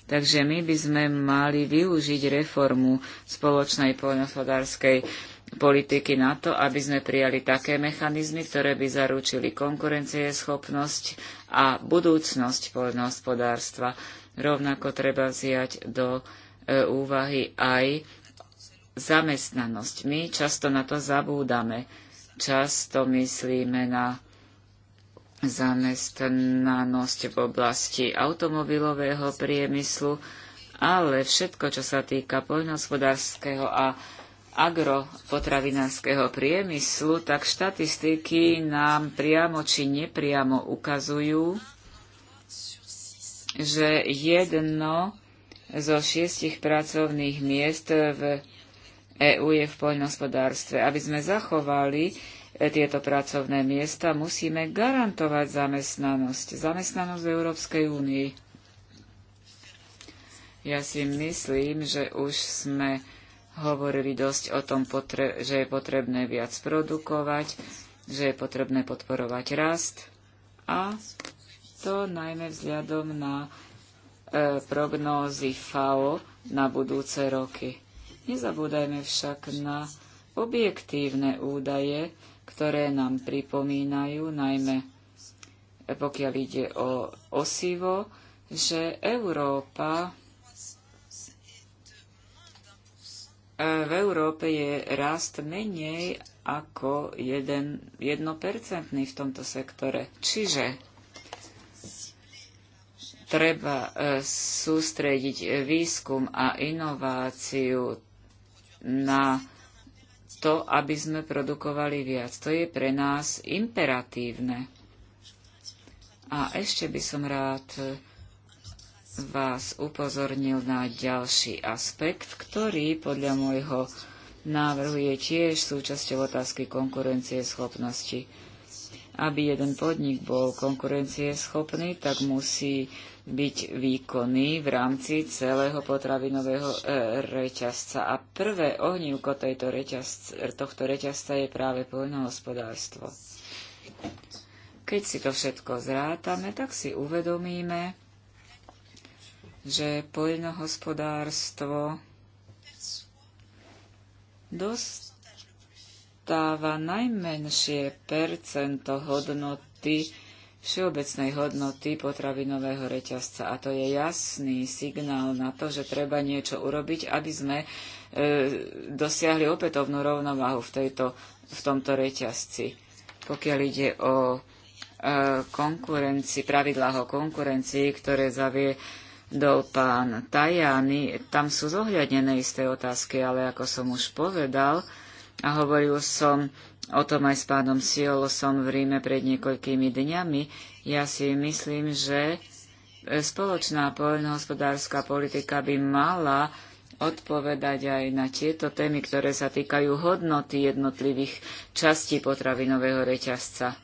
[SPEAKER 3] Takže my by sme mali využiť reformu spoločnej poľnohospodárskej politiky na to, aby sme prijali také mechanizmy, ktoré by zaručili konkurencieschopnosť a budúcnosť poľnohospodárstva. Rovnako treba vziať do e, úvahy aj zamestnanosť. My často na to zabúdame. Často myslíme na zamestnanosť v oblasti automobilového priemyslu, ale všetko, čo sa týka poľnohospodárskeho a agropotravinárskeho priemyslu, tak štatistiky nám priamo či nepriamo ukazujú, že jedno zo šiestich pracovných miest v EÚ je v poľnohospodárstve. Aby sme zachovali e, tieto pracovné miesta, musíme garantovať zamestnanosť, zamestnanosť v Európskej únii. Ja si myslím, že už sme hovorili dosť o tom, že je potrebné viac produkovať, že je potrebné podporovať rast a to najmä vzhľadom na e, prognózy FAO na budúce roky. Nezabúdajme však na objektívne údaje, ktoré nám pripomínajú, najmä pokiaľ ide o osivo, že Európa e, v Európe je rast menej ako 1, 1% v tomto sektore. Čiže treba e, sústrediť e, výskum a inováciu na to, aby sme produkovali viac. To je pre nás imperatívne. A ešte by som rád vás upozornil na ďalší aspekt, ktorý podľa môjho návrhu je tiež súčasťou otázky konkurencie schopnosti. Aby jeden podnik bol konkurencieschopný, tak musí byť výkonný v rámci celého potravinového e, reťazca. A prvé ohnívko tejto reťazca, tohto reťazca je práve poľnohospodárstvo. Keď si to všetko zrátame, tak si uvedomíme, že poľnohospodárstvo dosť dostáva najmenšie percento hodnoty, všeobecnej hodnoty potravinového reťazca. A to je jasný signál na to, že treba niečo urobiť, aby sme e, dosiahli opätovnú rovnováhu v, tejto, v tomto reťazci. Pokiaľ ide o e, konkurencii, pravidlách o konkurencii, ktoré zavie dol pán Tajany, tam sú zohľadnené isté otázky, ale ako som už povedal, a hovoril som o tom aj s pánom Siolosom v Ríme pred niekoľkými dňami. Ja si myslím, že e, spoločná poľnohospodárska politika by mala odpovedať aj na tieto témy, ktoré sa týkajú hodnoty jednotlivých častí potravinového reťazca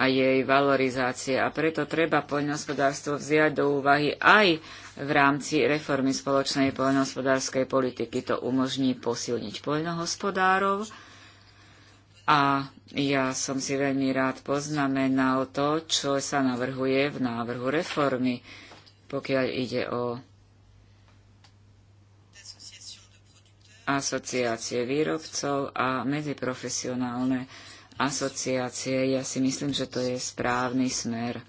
[SPEAKER 3] a jej valorizácie. A preto treba poľnohospodárstvo vziať do úvahy aj v rámci reformy spoločnej poľnohospodárskej politiky. To umožní posilniť poľnohospodárov. A ja som si veľmi rád poznamenal to, čo sa navrhuje v návrhu reformy, pokiaľ ide o asociácie výrobcov a medziprofesionálne asociácie. Ja si myslím, že to je správny smer.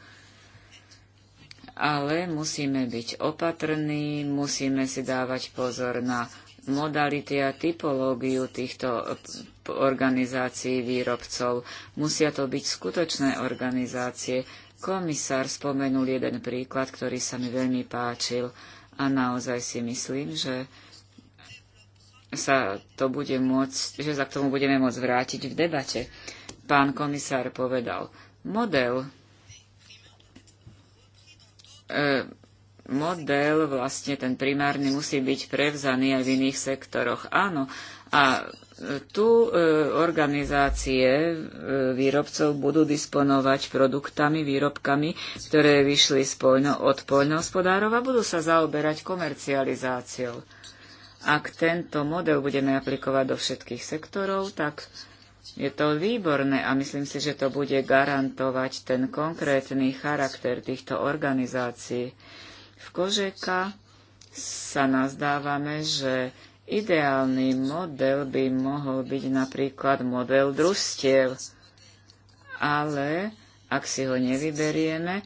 [SPEAKER 3] Ale musíme byť opatrní, musíme si dávať pozor na modality a typológiu týchto organizácií výrobcov. Musia to byť skutočné organizácie. Komisár spomenul jeden príklad, ktorý sa mi veľmi páčil a naozaj si myslím, že sa to bude môcť, že sa k tomu budeme môcť vrátiť v debate pán komisár povedal. Model, e, model vlastne ten primárny musí byť prevzaný aj v iných sektoroch. Áno, a tu e, organizácie e, výrobcov budú disponovať produktami, výrobkami, ktoré vyšli od poľnohospodárov a budú sa zaoberať komercializáciou. Ak tento model budeme aplikovať do všetkých sektorov, tak je to výborné a myslím si, že to bude garantovať ten konkrétny charakter týchto organizácií. V Kožeka sa nazdávame, že ideálny model by mohol byť napríklad model družstiev, ale ak si ho nevyberieme, e,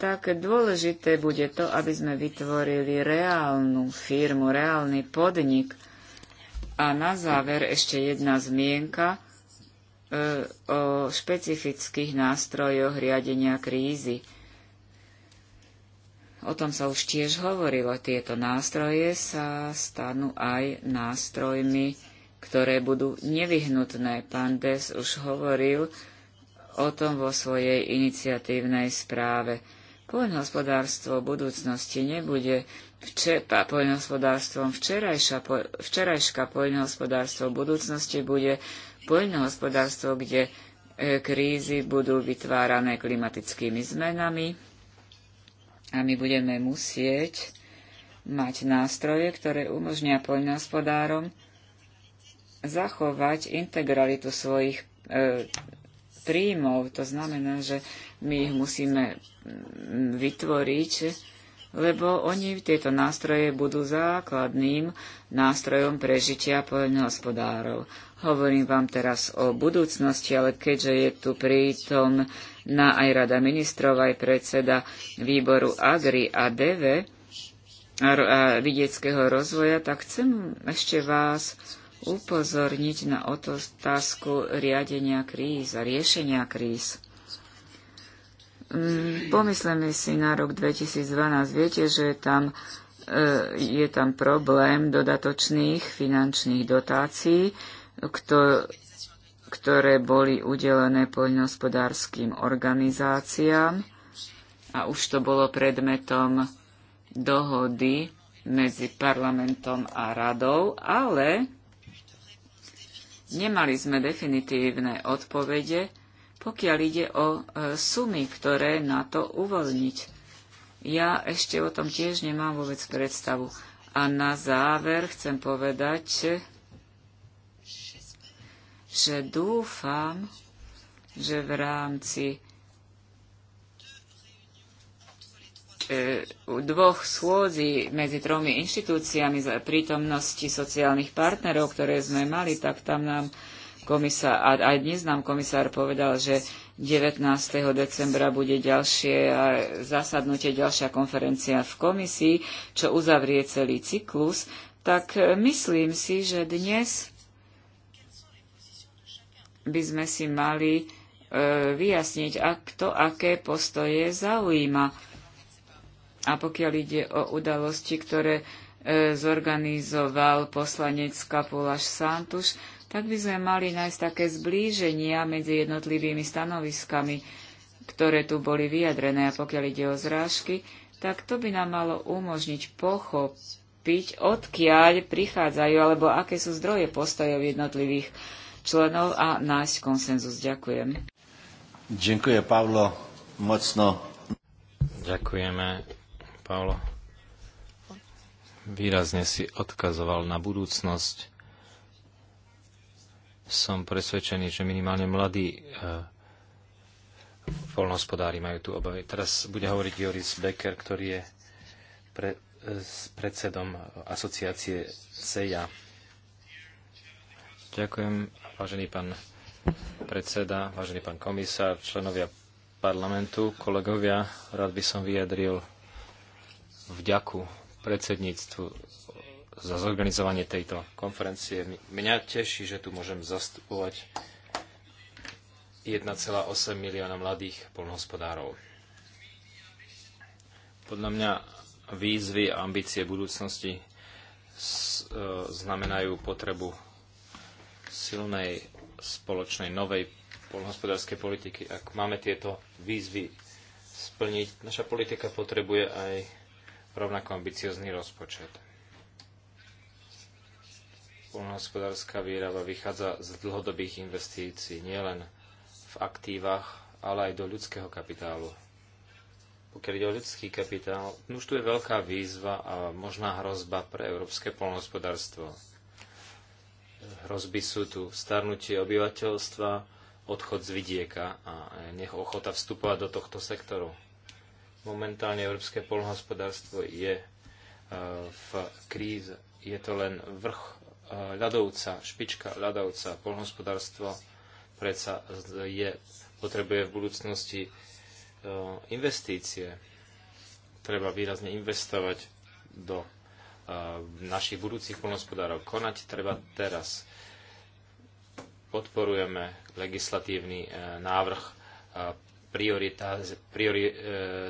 [SPEAKER 3] tak dôležité bude to, aby sme vytvorili reálnu firmu, reálny podnik, a na záver ešte jedna zmienka e, o špecifických nástrojoch riadenia krízy. O tom sa už tiež hovorilo. Tieto nástroje sa stanú aj nástrojmi, ktoré budú nevyhnutné. Pán Des už hovoril o tom vo svojej iniciatívnej správe. Poľnohospodárstvo budúcnosti nebude Včepa poľnohospodárstvom po, včerajška poľnohospodárstvo v budúcnosti bude poľnohospodárstvo, kde e, krízy budú vytvárané klimatickými zmenami a my budeme musieť mať nástroje, ktoré umožnia poľnohospodárom zachovať integralitu svojich e, príjmov. To znamená, že my ich musíme vytvoriť lebo oni tieto nástroje budú základným nástrojom prežitia poľnohospodárov. Hovorím vám teraz o budúcnosti, ale keďže je tu prítom na aj Rada ministrov, aj predseda výboru Agri a DV a, a vidieckého rozvoja, tak chcem ešte vás upozorniť na otázku riadenia kríz a riešenia kríz. Mm, pomysleme si na rok 2012. Viete, že tam, e, je tam problém dodatočných finančných dotácií, ktoré boli udelené poľnohospodárským organizáciám a už to bolo predmetom dohody medzi parlamentom a radou, ale nemali sme definitívne odpovede, pokiaľ ide o e, sumy, ktoré na to uvoľniť. Ja ešte o tom tiež nemám vôbec predstavu. A na záver chcem povedať, že dúfam, že v rámci e, dvoch schôdzi medzi tromi inštitúciami za prítomnosti sociálnych partnerov, ktoré sme mali, tak tam nám komisár, a aj dnes nám komisár povedal, že 19. decembra bude ďalšie zasadnutie, ďalšia konferencia v komisii, čo uzavrie celý cyklus, tak e, myslím si, že dnes by sme si mali e, vyjasniť, kto aké postoje zaujíma. A pokiaľ ide o udalosti, ktoré e, zorganizoval poslanec Kapulaš Santuš, tak by sme mali nájsť také zblíženia medzi jednotlivými stanoviskami, ktoré tu boli vyjadrené. A pokiaľ ide o zrážky, tak to by nám malo umožniť pochopiť, odkiaľ prichádzajú alebo aké sú zdroje postojov jednotlivých členov a nájsť konsenzus. Ďakujem.
[SPEAKER 1] Ďakujem, Pavlo. Mocno.
[SPEAKER 4] Ďakujeme, Pavlo. Výrazne si odkazoval na budúcnosť som presvedčený, že minimálne mladí voľnohospodári e, majú tu obavy. Teraz bude hovoriť Joris Becker, ktorý je pre, e, s predsedom asociácie SEJA. Ďakujem, vážený pán predseda, vážený pán komisár, členovia parlamentu, kolegovia. Rád by som vyjadril vďaku predsedníctvu za zorganizovanie tejto konferencie. Mňa teší, že tu môžem zastupovať 1,8 milióna mladých polnohospodárov. Podľa mňa výzvy a ambície budúcnosti e, znamenajú potrebu silnej spoločnej novej polnohospodárskej politiky. Ak máme tieto výzvy splniť, naša politika potrebuje aj rovnako ambiciózny rozpočet. Poľnohospodárska výrava vychádza z dlhodobých investícií nielen v aktívach, ale aj do ľudského kapitálu. Pokiaľ ide o ľudský kapitál, no už tu je veľká výzva a možná hrozba pre európske polnohospodárstvo. Hrozby sú tu starnutie obyvateľstva, odchod z vidieka a nech ochota vstupovať do tohto sektoru. Momentálne európske polnohospodárstvo je eh, v kríze. Je to len vrch Eh, ľadovca, špička ľadovca, polnohospodárstvo predsa je, potrebuje v budúcnosti eh, investície. Treba výrazne investovať do eh, našich budúcich polnohospodárov. Konať treba teraz. Podporujeme legislatívny návrh priorit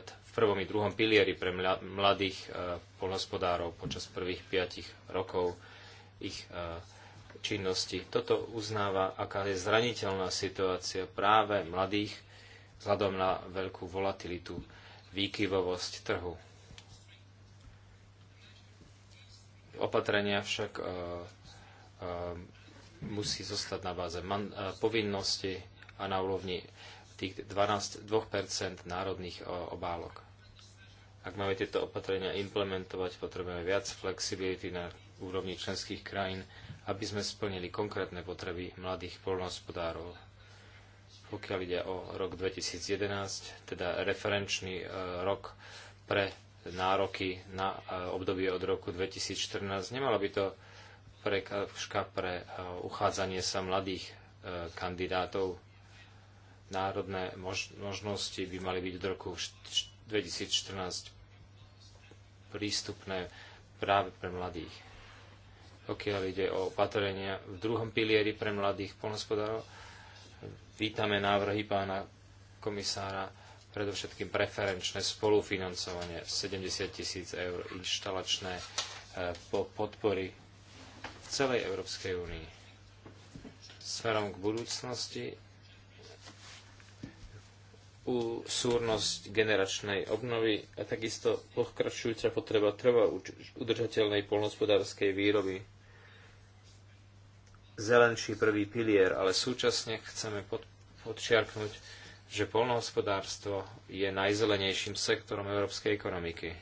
[SPEAKER 4] v prvom i druhom pilieri pre mladých polnohospodárov počas prvých piatich rokov ich e, činnosti. Toto uznáva, aká je zraniteľná situácia práve mladých vzhľadom na veľkú volatilitu, výkyvovosť trhu. Opatrenia však uh, uh, musí zostať na báze man- uh, povinnosti a na úrovni tých 12, 2% národných uh, obálok. Ak máme tieto opatrenia implementovať, potrebujeme viac flexibility na úrovni členských krajín, aby sme splnili konkrétne potreby mladých poľnohospodárov. Pokiaľ ide o rok 2011, teda referenčný e, rok pre nároky na e, obdobie od roku 2014, nemala by to prekážka pre e, uchádzanie sa mladých kandidátov. Národné možnosti by mali byť od roku 2014 prístupné práve pre mladých pokiaľ ide o opatrenia v druhom pilieri pre mladých polnospodárov. Vítame návrhy pána komisára, predovšetkým preferenčné spolufinancovanie 70 tisíc eur inštalačné eh, podpory v celej Európskej únii. Smerom k budúcnosti u súrnosť generačnej obnovy a takisto pokračujúca potreba trvá udržateľnej polnospodárskej výroby zelenší prvý pilier, ale súčasne chceme pod, podčiarknúť, že polnohospodárstvo je najzelenejším sektorom európskej ekonomiky.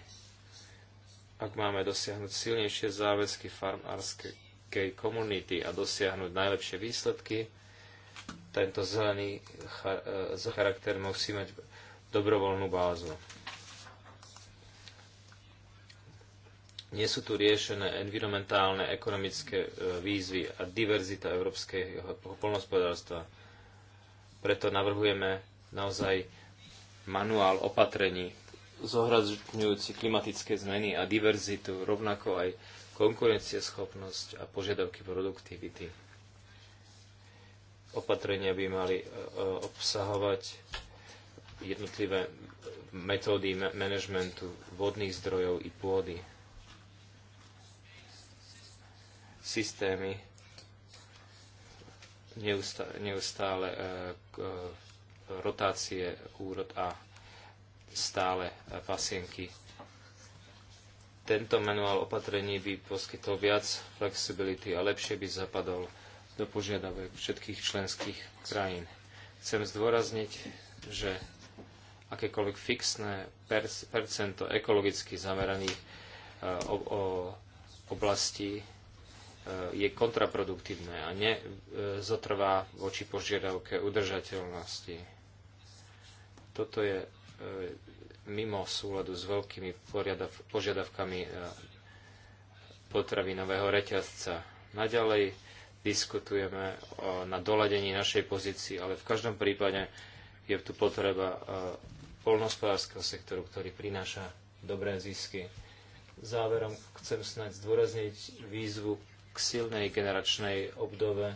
[SPEAKER 4] Ak máme dosiahnuť silnejšie záväzky farmárskej komunity a dosiahnuť najlepšie výsledky, tento zelený e, charakter musí mať dobrovoľnú bázu. Nie sú tu riešené environmentálne, ekonomické e, výzvy a diverzita európskeho poľnohospodárstva. Preto navrhujeme naozaj manuál opatrení zohradňujúci klimatické zmeny a diverzitu, rovnako aj konkurencieschopnosť a požiadavky produktivity. Opatrenia by mali e, e, obsahovať jednotlivé metódy manažmentu vodných zdrojov i pôdy. systémy neustále, neustále e, e, rotácie úrod a stále e, pasienky. Tento manuál opatrení by poskytol viac flexibility a lepšie by zapadol do požiadavek všetkých členských krajín. Chcem zdôrazniť, že akékoľvek fixné percento ekologicky zameraných e, o, o oblastí E, je kontraproduktívne a nezotrvá e, voči požiadavke udržateľnosti. Toto je e, mimo súladu s veľkými požiadavkami potravinového reťazca. Naďalej diskutujeme na doladení našej pozícii, ale v každom prípade je tu potreba polnospodárskeho sektoru, ktorý prináša dobré zisky. Záverom chcem snáď zdôrazniť výzvu k silnej generačnej obdove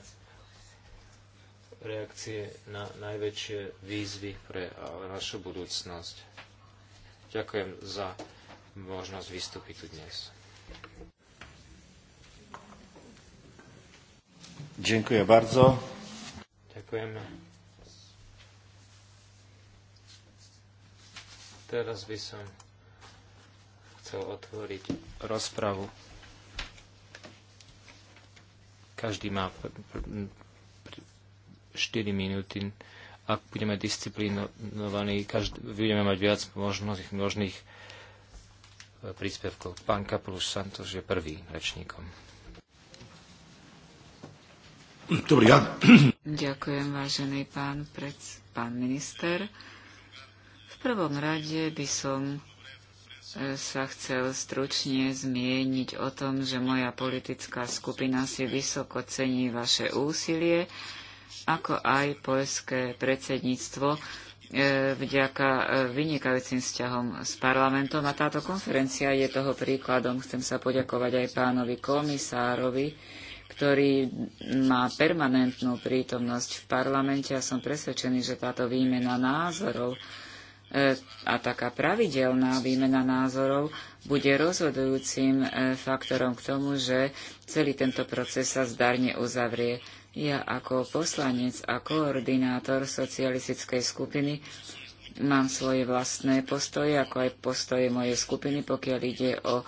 [SPEAKER 4] reakcie na najväčšie výzvy pre našu budúcnosť. Ďakujem za možnosť vystúpiť tu dnes.
[SPEAKER 1] Ďakujem bardzo.
[SPEAKER 4] Ďakujem. Teraz by som chcel otvoriť rozpravu. Každý má 4 minúty. Ak budeme disciplinovaní, každý, budeme mať viac možných, možných e, príspevkov. Pán Kapulus Santos je prvý rečníkom. Dobrý ja.
[SPEAKER 3] Ďakujem, vážený pán, pred, pán minister. V prvom rade by som sa chcel stručne zmieniť o tom, že moja politická skupina si vysoko cení vaše úsilie, ako aj poľské predsedníctvo, e, vďaka e, vynikajúcim vzťahom s parlamentom a táto konferencia je toho príkladom. Chcem sa poďakovať aj pánovi komisárovi, ktorý má permanentnú prítomnosť v parlamente a som presvedčený, že táto výmena názorov E, a taká pravidelná výmena názorov bude rozhodujúcim e, faktorom k tomu, že celý tento proces sa zdarne uzavrie. Ja ako poslanec a koordinátor socialistickej skupiny mám svoje vlastné postoje, ako aj postoje mojej skupiny, pokiaľ ide o e,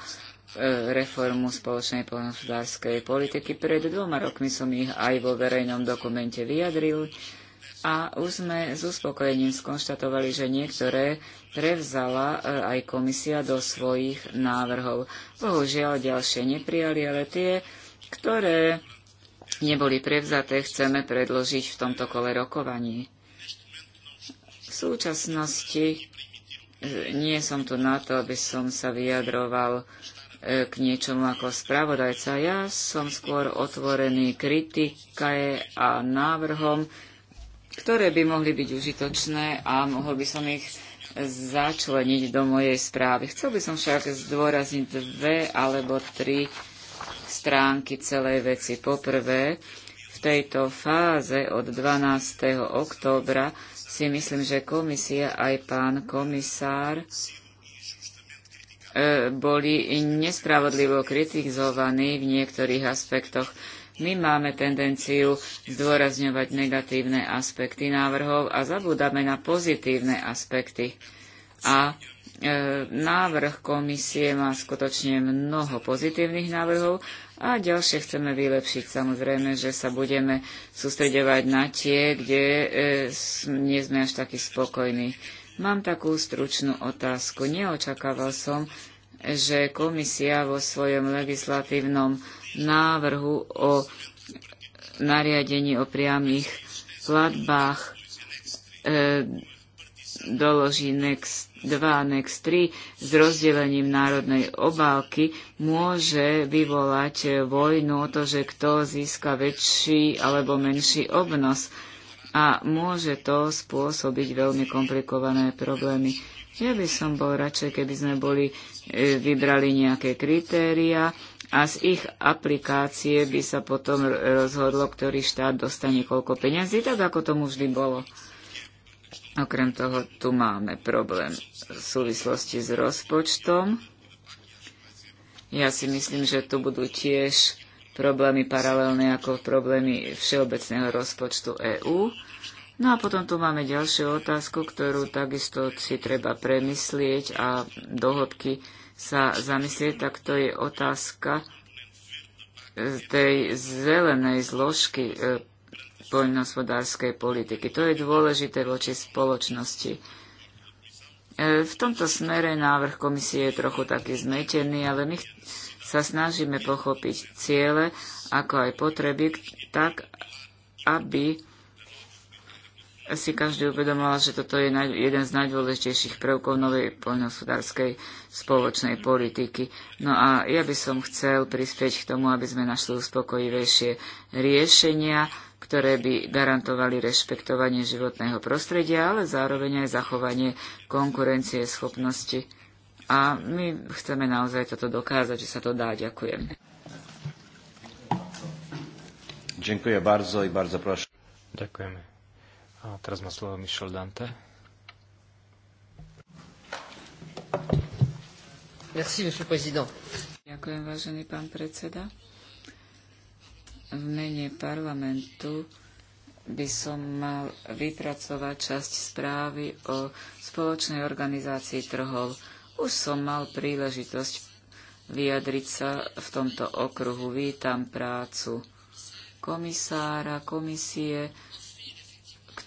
[SPEAKER 3] reformu spoločnej poľnohospodárskej politiky. Pred dvoma rokmi som ich aj vo verejnom dokumente vyjadril. A už sme s uspokojením skonštatovali, že niektoré prevzala e, aj komisia do svojich návrhov. Bohužiaľ, ďalšie neprijali, ale tie, ktoré neboli prevzaté, chceme predložiť v tomto kole rokovaní. V súčasnosti e, nie som tu na to, aby som sa vyjadroval e, k niečomu ako spravodajca. Ja som skôr otvorený kritike a návrhom, ktoré by mohli byť užitočné a mohol by som ich začleniť do mojej správy. Chcel by som však zdôrazniť dve alebo tri stránky celej veci. Poprvé, v tejto fáze od 12. októbra si myslím, že komisia aj pán komisár e, boli nespravodlivo kritizovaní v niektorých aspektoch. My máme tendenciu zdôrazňovať negatívne aspekty návrhov a zabúdame na pozitívne aspekty. A e, návrh komisie má skutočne mnoho pozitívnych návrhov a ďalšie chceme vylepšiť. Samozrejme, že sa budeme sústredovať na tie, kde e, nie sme až takí spokojní. Mám takú stručnú otázku. Neočakával som, že komisia vo svojom legislatívnom návrhu o nariadení o priamých platbách e, doloží NEX 2 a NEX 3 s rozdelením národnej obálky môže vyvolať vojnu o to, že kto získa väčší alebo menší obnos a môže to spôsobiť veľmi komplikované problémy. Ja by som bol radšej, keby sme boli, e, vybrali nejaké kritéria, a z ich aplikácie by sa potom rozhodlo, ktorý štát dostane koľko peňazí, tak ako tomu vždy bolo. Okrem toho tu máme problém v súvislosti s rozpočtom. Ja si myslím, že tu budú tiež problémy paralelné ako problémy všeobecného rozpočtu EÚ. No a potom tu máme ďalšiu otázku, ktorú takisto si treba premyslieť a dohodky sa zamyslieť, tak to je otázka e, tej zelenej zložky e, poľnohospodárskej politiky. To je dôležité voči spoločnosti. E, v tomto smere návrh komisie je trochu taký zmetený, ale my sa snažíme pochopiť ciele, ako aj potreby, tak aby si každý uvedomoval, že toto je jeden z najdôležitejších prvkov novej poľnohospodárskej spoločnej politiky. No a ja by som chcel prispieť k tomu, aby sme našli uspokojivejšie riešenia, ktoré by garantovali rešpektovanie životného prostredia, ale zároveň aj zachovanie konkurencie schopnosti. A my chceme naozaj toto dokázať, že sa to dá. Ďakujem.
[SPEAKER 1] Ďakujem bardzo i bardzo proszę.
[SPEAKER 4] Ďakujeme a teraz má slovo Michel Dante.
[SPEAKER 3] Merci, monsieur président. Ďakujem, vážený pán predseda. V mene parlamentu by som mal vypracovať časť správy o spoločnej organizácii trhov. Už som mal príležitosť vyjadriť sa v tomto okruhu. Vítam prácu komisára, komisie,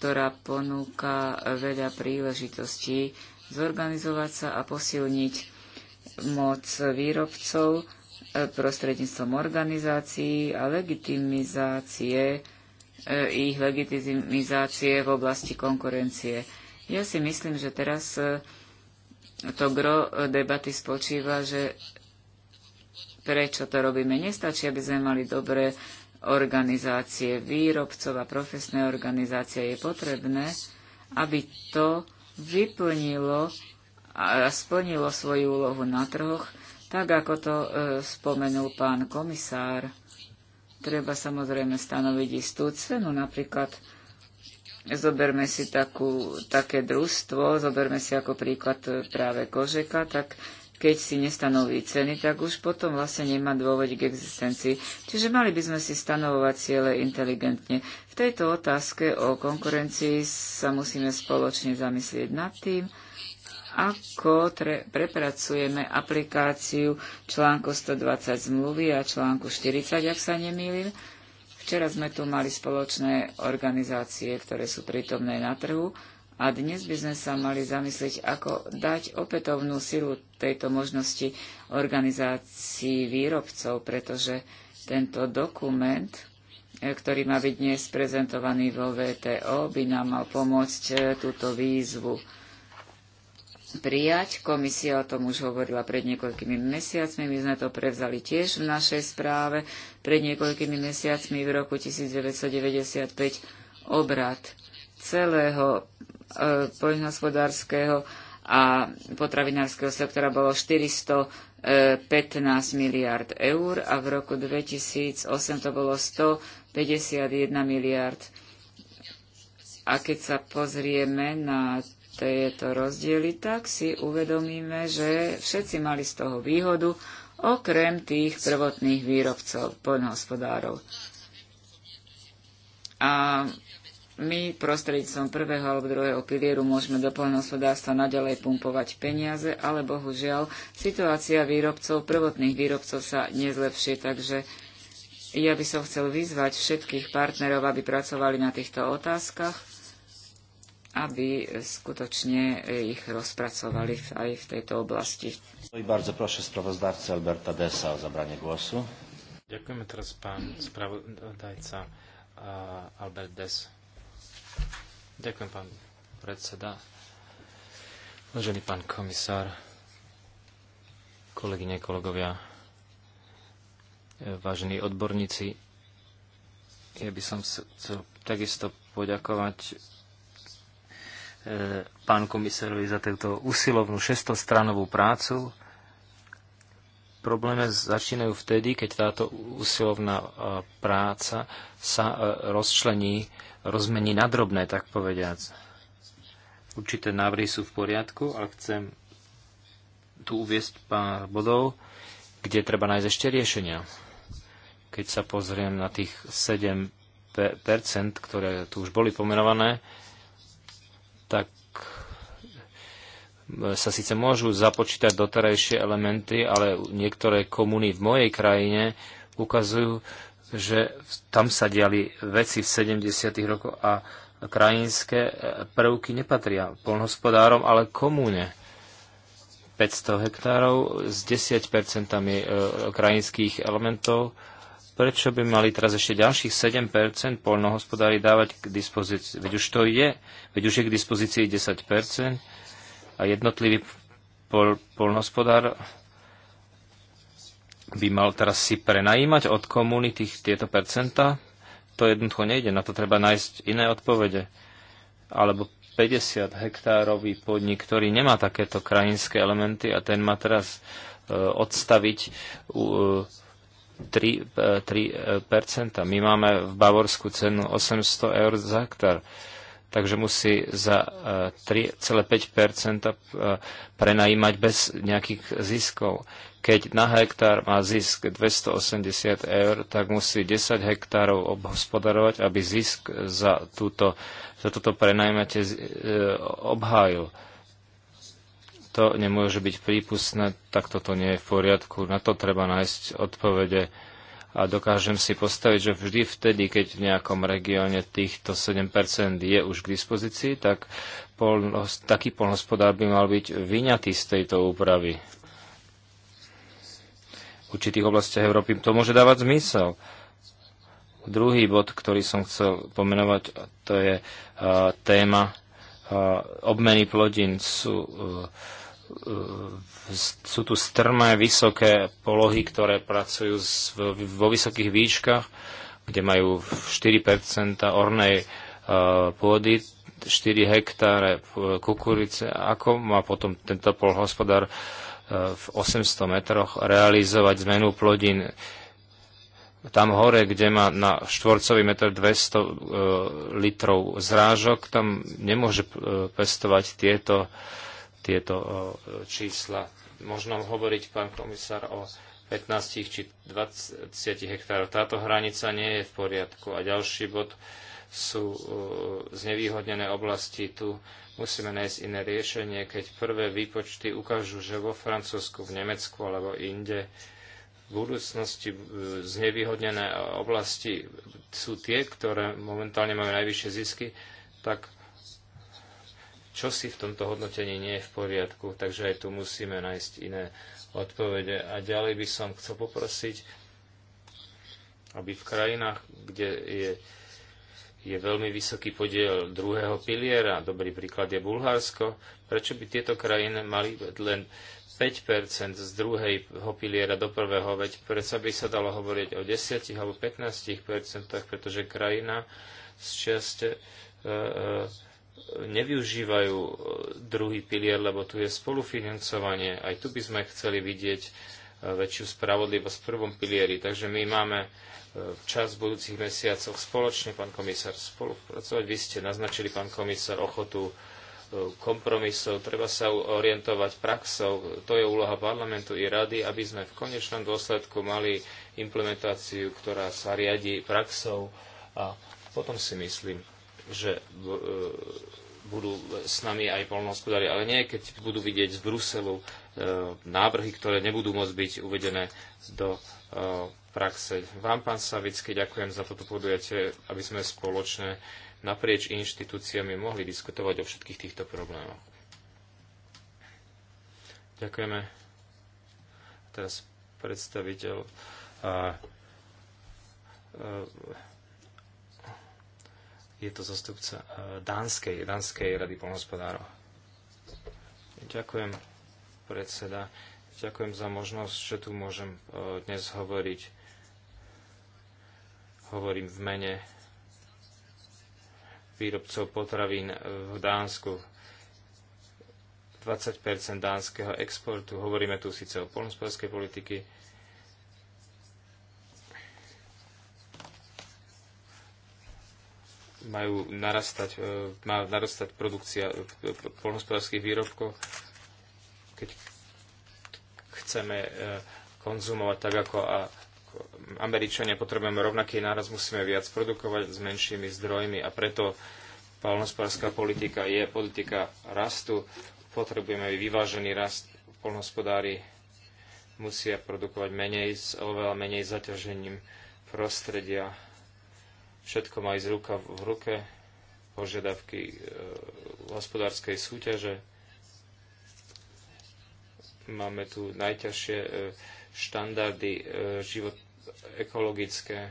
[SPEAKER 3] ktorá ponúka veľa príležitostí zorganizovať sa a posilniť moc výrobcov e, prostredníctvom organizácií a legitimizácie e, ich legitimizácie v oblasti konkurencie. Ja si myslím, že teraz e, to gro debaty spočíva, že prečo to robíme. Nestačí, aby sme mali dobré organizácie výrobcov a profesné organizácie je potrebné, aby to vyplnilo a splnilo svoju úlohu na trhoch, tak ako to e, spomenul pán komisár. Treba samozrejme stanoviť istú cenu, napríklad zoberme si takú, také družstvo, zoberme si ako príklad práve Kožeka, tak keď si nestanoví ceny, tak už potom vlastne nemá dôvod k existencii. Čiže mali by sme si stanovovať ciele inteligentne. V tejto otázke o konkurencii sa musíme spoločne zamyslieť nad tým, ako prepracujeme aplikáciu článku 120 zmluvy a článku 40, ak sa nemýlim. Včera sme tu mali spoločné organizácie, ktoré sú prítomné na trhu a dnes by sme sa mali zamyslieť, ako dať opätovnú silu tejto možnosti organizácii výrobcov, pretože tento dokument, e, ktorý má byť dnes prezentovaný vo VTO, by nám mal pomôcť e, túto výzvu prijať. Komisia o tom už hovorila pred niekoľkými mesiacmi, my sme to prevzali tiež v našej správe pred niekoľkými mesiacmi v roku 1995 obrad celého E, poľnohospodárskeho a potravinárskeho sektora bolo 415 e, miliard eur a v roku 2008 to bolo 151 miliard. A keď sa pozrieme na tieto rozdiely, tak si uvedomíme, že všetci mali z toho výhodu, okrem tých prvotných výrobcov, poľnohospodárov. A my prostredníctvom prvého alebo druhého pilieru môžeme do poľnohospodárstva naďalej pumpovať peniaze, ale bohužiaľ situácia výrobcov, prvotných výrobcov sa nezlepší, takže ja by som chcel vyzvať všetkých partnerov, aby pracovali na týchto otázkach, aby skutočne ich rozpracovali aj v tejto oblasti.
[SPEAKER 1] No bardzo proszę sprawozdawcę Alberta Dessa o zabranie głosu.
[SPEAKER 4] Ďakujeme teraz pán spravodajca Albert Dess. Ďakujem, pán predseda. Vážený pán komisár, kolegyne, kolegovia, vážení odborníci, ja by som chcel takisto poďakovať e, pánu komisárovi za túto usilovnú šestostranovú prácu. Problémy začínajú vtedy, keď táto usilovná e, práca sa e, rozčlení rozmení na drobné, tak povediac. Určité návrhy sú v poriadku a chcem tu uviesť pár bodov, kde treba nájsť ešte riešenia. Keď sa pozriem na tých 7%, ktoré tu už boli pomenované, tak e, sa síce môžu započítať doterajšie elementy, ale niektoré komuny v mojej krajine ukazujú, že tam sa diali veci v 70. rokoch a krajinské prvky nepatria polnohospodárom, ale komúne. 500 hektárov s 10% e, krajinských elementov. Prečo by mali teraz ešte ďalších 7% polnohospodári dávať k dispozícii? Veď už to je, veď už je k dispozícii 10% a jednotlivý pol, polnohospodár by mal teraz si prenajímať od komunity tieto percentá? To jednoducho nejde, na to treba nájsť iné odpovede. Alebo 50 hektárový podnik, ktorý nemá takéto krajinské elementy a ten má teraz e, odstaviť 3, 3 e, e, My máme v Bavorsku cenu 800 eur za hektár takže musí za 3,5 eh, eh, prenajímať bez nejakých ziskov. Keď na hektár má zisk 280 eur, tak musí 10 hektárov obhospodarovať, aby zisk za, túto, za toto prenajímate eh, obhájil. To nemôže byť prípustné, tak toto nie je v poriadku. Na to treba nájsť odpovede a dokážem si postaviť, že vždy vtedy, keď v nejakom regióne týchto 7% je už k dispozícii, tak polnos, taký polnospodár by mal byť vyňatý z tejto úpravy. V určitých oblastiach Európy to môže dávať zmysel. Druhý bod, ktorý som chcel pomenovať, to je uh, téma uh, obmeny plodín. Sú, uh, E, sú tu strmé, vysoké polohy, ktoré pracujú vo vysokých výškach, kde majú 4 ornej e, pôdy, 4 hektáre kukurice. Ako má potom tento polhospodár e, v 800 metroch realizovať zmenu plodín tam hore, kde má na štvorcový meter 200 litrov zrážok, tam nemôže pestovať tieto tieto čísla. Možno hovoriť, pán komisár, o 15 či 20 hektárov. Táto hranica nie je v poriadku. A ďalší bod sú znevýhodnené oblasti. Tu musíme nájsť iné riešenie, keď prvé výpočty ukážu, že vo Francúzsku, v Nemecku alebo inde v budúcnosti e, znevýhodnené oblasti sú tie, ktoré momentálne majú najvyššie zisky, tak čo si v tomto hodnotení nie je v poriadku, takže aj tu musíme nájsť iné odpovede. A ďalej by som chcel poprosiť, aby v krajinách, kde je, je veľmi vysoký podiel druhého piliera, dobrý príklad je Bulharsko, prečo by tieto krajiny mali len 5% z druhého piliera do prvého, veď predsa by sa dalo hovoriť o 10 alebo 15%, pretože krajina z časti uh, e, uh, e, nevyužívajú e, druhý pilier, lebo tu je spolufinancovanie. Aj tu by sme chceli vidieť e, väčšiu spravodlivosť v prvom pilieri. Takže my máme e, čas v budúcich mesiacoch spoločne, pán komisár, spolupracovať. Vy ste naznačili, pán komisár, ochotu kompromisov, treba sa orientovať praxou. To je úloha parlamentu i rady, aby sme v konečnom dôsledku mali implementáciu, ktorá sa riadi praxou a potom si myslím, že e, budú s nami aj polnohospodári, ale nie, keď budú vidieť z Bruselu e, návrhy, ktoré nebudú môcť byť uvedené do e, praxe. Vám, pán Savický, ďakujem za toto podujatie, aby sme spoločne naprieč inštitúciami mohli diskutovať o všetkých týchto problémoch. Ďakujeme. Teraz predstaviteľ a, je to zastupca e, Dánskej, Dánskej rady polnospodárov. Ďakujem, predseda. Ďakujem za možnosť, že tu môžem e, dnes hovoriť. Hovorím v mene výrobcov potravín v Dánsku. 20 dánskeho exportu. Hovoríme tu síce o polnospodárskej politiky, majú narastať, e, má narastať produkcia e, polnospodárských výrobkov, keď chceme e, konzumovať tak ako a Američania potrebujeme rovnaký náraz, musíme viac produkovať s menšími zdrojmi a preto polnospodárska politika je politika rastu. Potrebujeme vyvážený rast. Polnospodári musia produkovať menej s oveľa menej zaťažením prostredia Všetko má ísť ruka v ruke, požiadavky e, hospodárskej súťaže. Máme tu najťažšie e, štandardy e, život ekologické.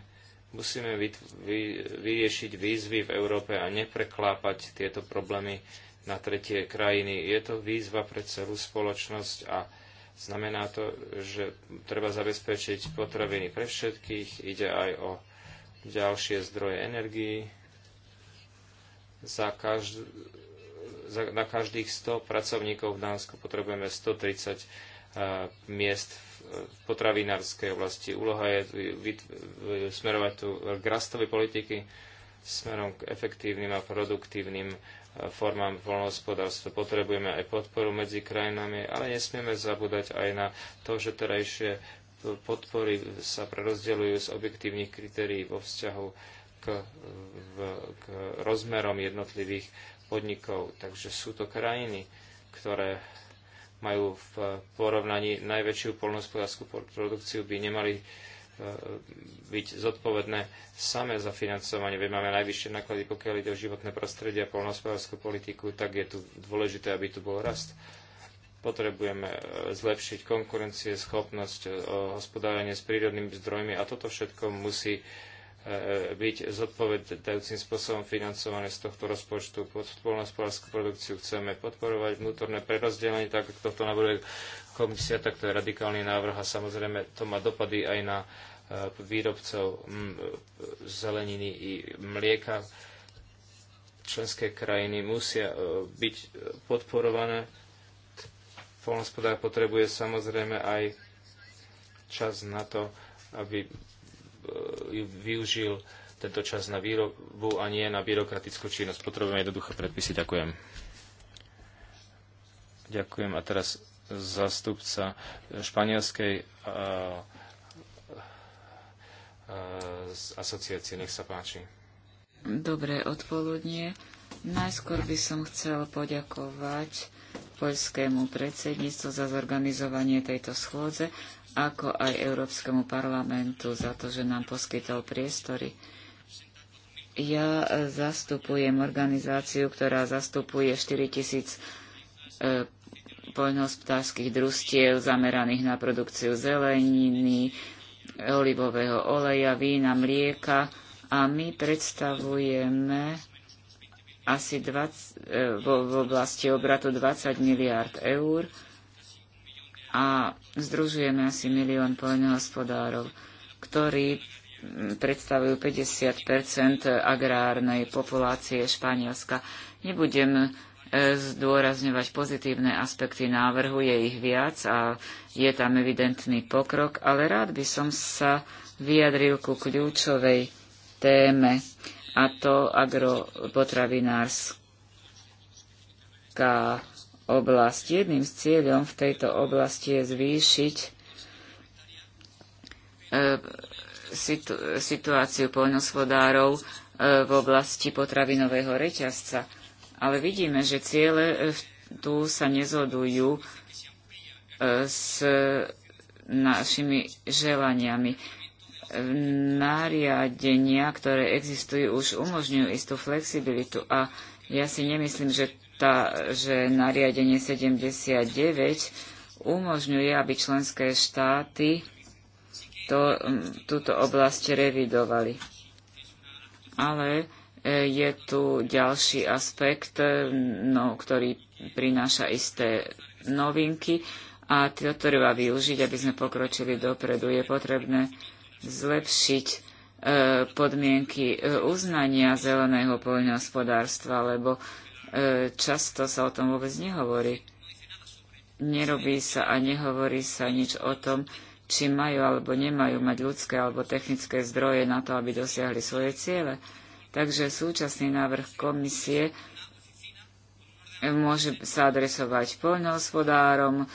[SPEAKER 4] Musíme vy, vy, vyriešiť výzvy v Európe a nepreklápať tieto problémy na tretie krajiny. Je to výzva pre celú spoločnosť a znamená to, že treba zabezpečiť potraviny pre všetkých. Ide aj o ďalšie zdroje energii. Za každ- za, na každých 100 pracovníkov v Dánsku potrebujeme 130 uh, e, miest v potravinárskej oblasti. Úloha je vyt- smerovať tu k rastovej politiky smerom k efektívnym a produktívnym e, formám voľnohospodárstva. Potrebujeme aj podporu medzi krajinami, ale nesmieme zabúdať aj na to, že terajšie podpory sa prerozdeľujú z objektívnych kritérií vo vzťahu k, v, k rozmerom jednotlivých podnikov. Takže sú to krajiny, ktoré majú v porovnaní najväčšiu polnospodárskú produkciu, by nemali e, byť zodpovedné same za financovanie. Veď máme najvyššie náklady, pokiaľ ide o životné prostredie a polnospodárskú politiku, tak je tu dôležité, aby tu bol rast potrebujeme e, zlepšiť konkurencie, schopnosť e, hospodárenie s prírodnými zdrojmi a toto všetko musí e, byť zodpovedajúcim spôsobom financované z tohto rozpočtu. Poľnohospodárskú produkciu chceme podporovať, vnútorné prerozdelenie, tak ako to navrhuje komisia, tak to je radikálny návrh a samozrejme to má dopady aj na výrobcov zeleniny i mlieka. Členské krajiny musia byť podporované Polnospodár potrebuje samozrejme aj čas na to, aby e, využil tento čas na výrobu a nie na byrokratickú činnosť. Potrebujeme jednoduché predpisy. Ďakujem. Ďakujem. A teraz zastupca španielskej e, e, z asociácie. Nech sa páči.
[SPEAKER 3] Dobré odpoludnie. Najskôr by som chcel poďakovať poľskému predsedníctvu za zorganizovanie tejto schôdze, ako aj Európskemu parlamentu za to, že nám poskytol priestory. Ja e, zastupujem organizáciu, ktorá zastupuje 4 tisíc e, poľnohospodárských družstiev zameraných na produkciu zeleniny, olivového oleja, vína, mlieka a my predstavujeme asi 20, e, v oblasti obratu 20 miliard eur a združujeme asi milión poľnohospodárov, ktorí predstavujú 50 agrárnej populácie Španielska. Nebudem e, zdôrazňovať pozitívne aspekty návrhu, je ich viac a je tam evidentný pokrok, ale rád by som sa vyjadril ku kľúčovej téme a to agropotravinárska oblasť. Jedným z cieľom v tejto oblasti je zvýšiť eh, situáciu poľnosvodárov eh, v oblasti potravinového reťazca. Ale vidíme, že ciele eh, tu sa nezhodujú s našimi želaniami nariadenia, ktoré existujú, už umožňujú istú flexibilitu a ja si nemyslím, že, tá, že nariadenie 79 umožňuje, aby členské štáty to, túto oblasť revidovali. Ale e, je tu ďalší aspekt, e, no, ktorý prináša isté novinky a to treba využiť, aby sme pokročili dopredu. Je potrebné zlepšiť e, podmienky e, uznania zeleného poľnohospodárstva, lebo e, často sa o tom vôbec nehovorí. Nerobí sa a nehovorí sa nič o tom, či majú alebo nemajú mať ľudské alebo technické zdroje na to, aby dosiahli svoje ciele. Takže súčasný návrh komisie môže sa adresovať poľnohospodárom,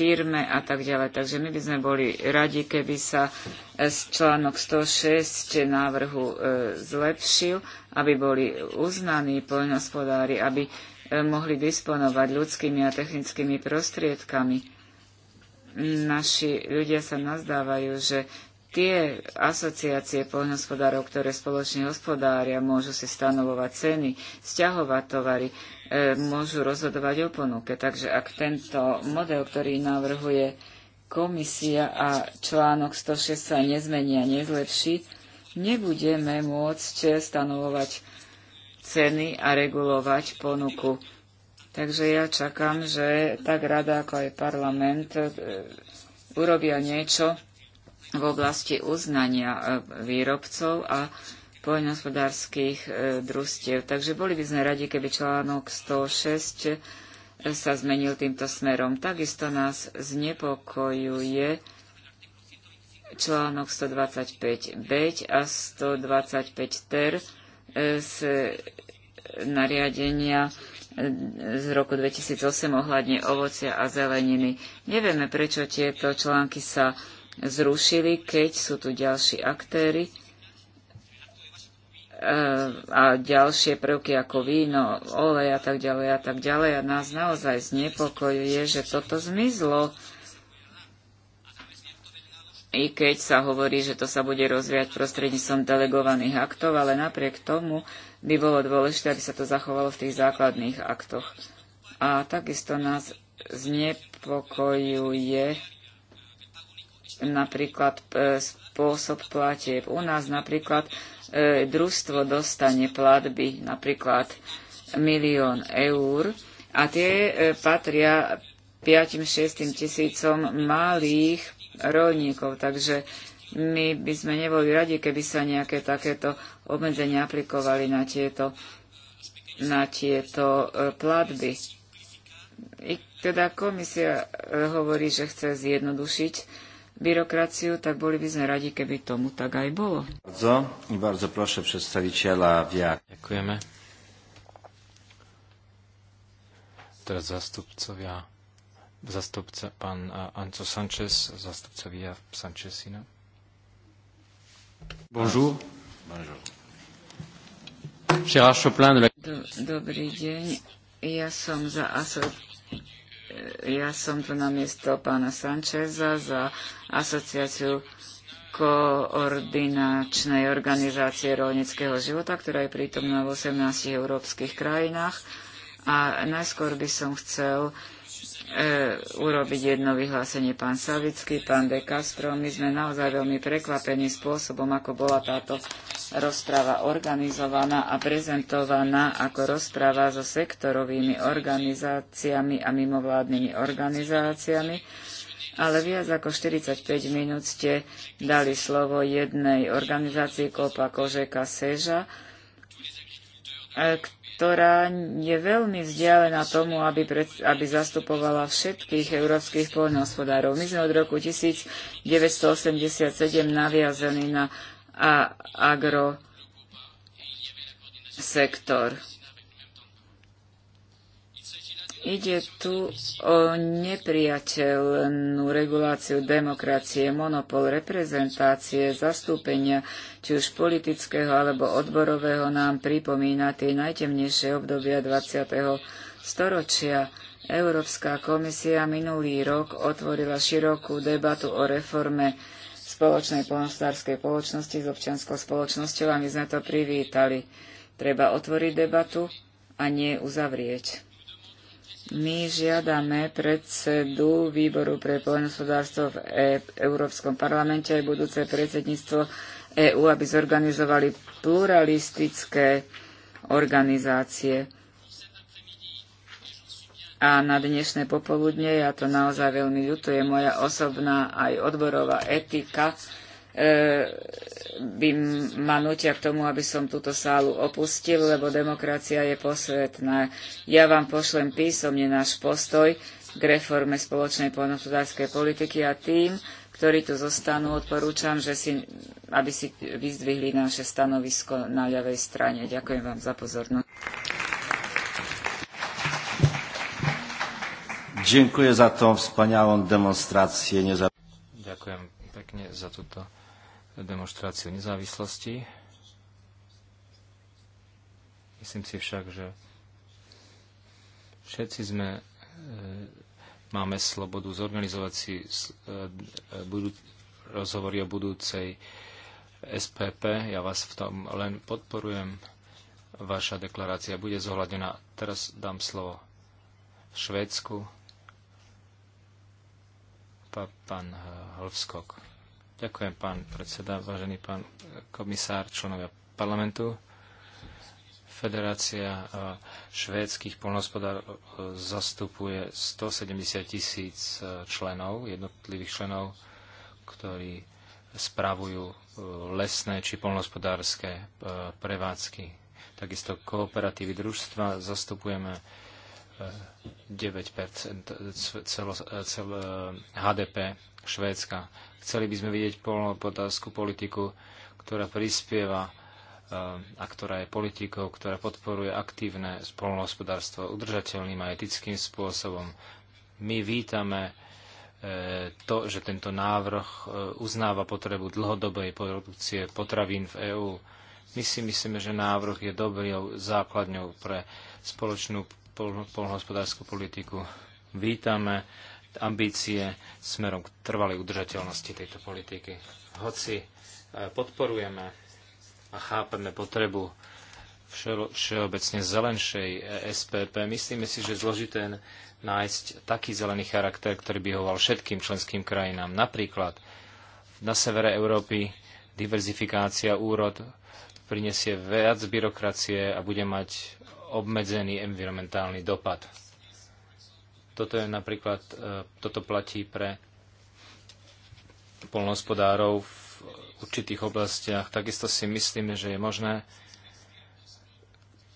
[SPEAKER 3] firme a tak ďalej. Takže my by sme boli radi, keby sa e, článok 106 návrhu e, zlepšil, aby boli uznaní poľnohospodári, aby e, mohli disponovať ľudskými a technickými prostriedkami. Naši ľudia sa nazdávajú, že tie asociácie poľnohospodárov, ktoré spoločne hospodária, môžu si stanovovať ceny, sťahovať tovary, e, môžu rozhodovať o ponuke. Takže ak tento model, ktorý navrhuje komisia a článok 106 sa nezmení a nezlepší, nebudeme môcť stanovovať ceny a regulovať ponuku. Takže ja čakám, že tak rada ako aj parlament e, urobia niečo, v oblasti uznania e, výrobcov a poľnohospodárských e, družstiev. Takže boli by sme radi, keby článok 106 e, sa zmenil týmto smerom. Takisto nás znepokojuje článok 125 beď a 125 ter z nariadenia z roku 2008 ohľadne ovocia a zeleniny. Nevieme, prečo tieto články sa zrušili, keď sú tu ďalší aktéry e, a ďalšie prvky ako víno, olej a tak ďalej a tak ďalej. A nás naozaj znepokojuje, že toto zmizlo. I keď sa hovorí, že to sa bude rozvíjať prostredníctvom delegovaných aktov, ale napriek tomu by bolo dôležité, aby sa to zachovalo v tých základných aktoch. A takisto nás znepokojuje napríklad e, spôsob platieb. U nás napríklad e, družstvo dostane platby napríklad milión eur a tie e, patria 5-6 tisícom malých rolníkov, takže my by sme neboli radi, keby sa nejaké takéto obmedzenia aplikovali na tieto, na tieto platby. I teda komisia hovorí, že chce zjednodušiť byrokraciu, tak boli by sme radi, keby tomu tak aj bolo.
[SPEAKER 1] Bardzo, bardzo proszę przedstawiciela via. Ďakujeme.
[SPEAKER 4] Teraz zastupcovia, zastupca pán Anco Sanchez, zastupca via Sanchezina. Bonjour.
[SPEAKER 3] Bonjour. Dobrý deň, ja som za asociáciu ja som tu na miesto pána Sancheza za asociáciu koordinačnej organizácie rolnického života, ktorá je prítomná v 18 európskych krajinách. A najskôr by som chcel E, urobiť jedno vyhlásenie. Pán Savický, pán De Castro, my sme naozaj veľmi prekvapení spôsobom, ako bola táto rozpráva organizovaná a prezentovaná ako rozpráva so sektorovými organizáciami a mimovládnymi organizáciami. Ale viac ako 45 minút ste dali slovo jednej organizácii Kopa Kožeka Seža, e, ktorá je veľmi vzdialená tomu, aby, pred, aby zastupovala všetkých európskych poľnohospodárov. My sme od roku 1987 naviazaní na a, sektor. Ide tu o nepriateľnú reguláciu demokracie, monopol reprezentácie, zastúpenia, či už politického alebo odborového, nám pripomína tie najtemnejšie obdobia 20. storočia. Európska komisia minulý rok otvorila širokú debatu o reforme spoločnej polnostárskej spoločnosti s občianskou spoločnosťou a my sme to privítali. Treba otvoriť debatu a nie uzavrieť. My žiadame predsedu výboru pre poľnohospodárstvo v e- Európskom parlamente aj budúce predsedníctvo EÚ, aby zorganizovali pluralistické organizácie. A na dnešné popoludne, ja to naozaj veľmi ľutujem, moja osobná aj odborová etika e, by ma nutia k tomu, aby som túto sálu opustil, lebo demokracia je posvetná. Ja vám pošlem písomne náš postoj k reforme spoločnej poľnohospodárskej politiky a tým ktorí tu zostanú, odporúčam, že si, aby si vyzdvihli naše stanovisko na ľavej strane. Ďakujem vám za pozornosť.
[SPEAKER 1] Ďakujem za to vzpanialú demonstráciu nezávislosti.
[SPEAKER 4] Ďakujem pekne za túto demonstráciu nezávislosti. Myslím si však, že všetci sme e, Máme slobodu zorganizovať si e, e, rozhovory o budúcej SPP. Ja vás v tom len podporujem. Vaša deklarácia bude zohľadená. Teraz dám slovo Švédsku. Pán e, Hlvskok. Ďakujem, pán predseda, vážený pán komisár, členovia parlamentu. Federácia švédskych polnospodárov e, zastupuje 170 tisíc e, členov, jednotlivých členov, ktorí spravujú e, lesné či polnospodárske prevádzky. Takisto kooperatívy družstva zastupujeme 9 celo, celo, HDP Švédska. Chceli by sme vidieť polnospodárskú politiku, ktorá prispieva a ktorá je politikou, ktorá podporuje aktívne spolnohospodárstvo udržateľným a etickým spôsobom. My vítame e, to, že tento návrh e, uznáva potrebu dlhodobej produkcie potravín v EÚ. My si myslíme, že návrh je dobrou základňou pre spoločnú polnohospodárskú politiku. Vítame ambície smerom k trvalej udržateľnosti tejto politiky. Hoci e, podporujeme a chápeme potrebu všeobecne zelenšej SPP, myslíme si, že je zložité nájsť taký zelený charakter, ktorý by hoval všetkým členským krajinám. Napríklad na severe Európy diverzifikácia úrod prinesie viac byrokracie a bude mať obmedzený environmentálny dopad. Toto je napríklad, e, toto platí pre polnohospodárov v určitých oblastiach. Takisto si myslíme, že je možné,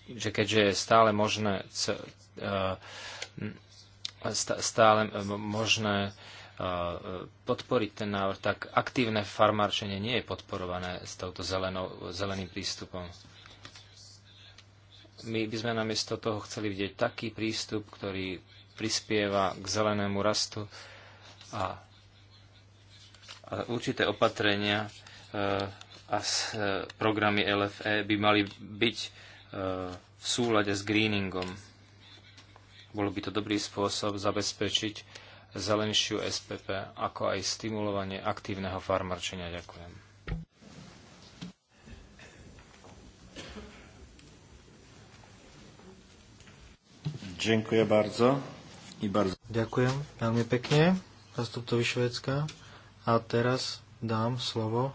[SPEAKER 4] že keďže je stále možné e, stále možné e, podporiť ten návrh, tak aktívne farmárčenie nie je podporované s touto zelenou, zeleným prístupom. My by sme namiesto toho chceli vidieť taký prístup, ktorý prispieva k zelenému rastu a, a určité opatrenia, Eh, a eh, programy LFE by mali byť eh, v súlade s greeningom. Bolo by to dobrý spôsob zabezpečiť zelenšiu SPP, ako aj stimulovanie aktívneho farmarčenia. Ďakujem.
[SPEAKER 1] Ďakujem bardzo. I bardzo.
[SPEAKER 2] Ďakujem veľmi pekne zastupcovi Švédska. A teraz dám slovo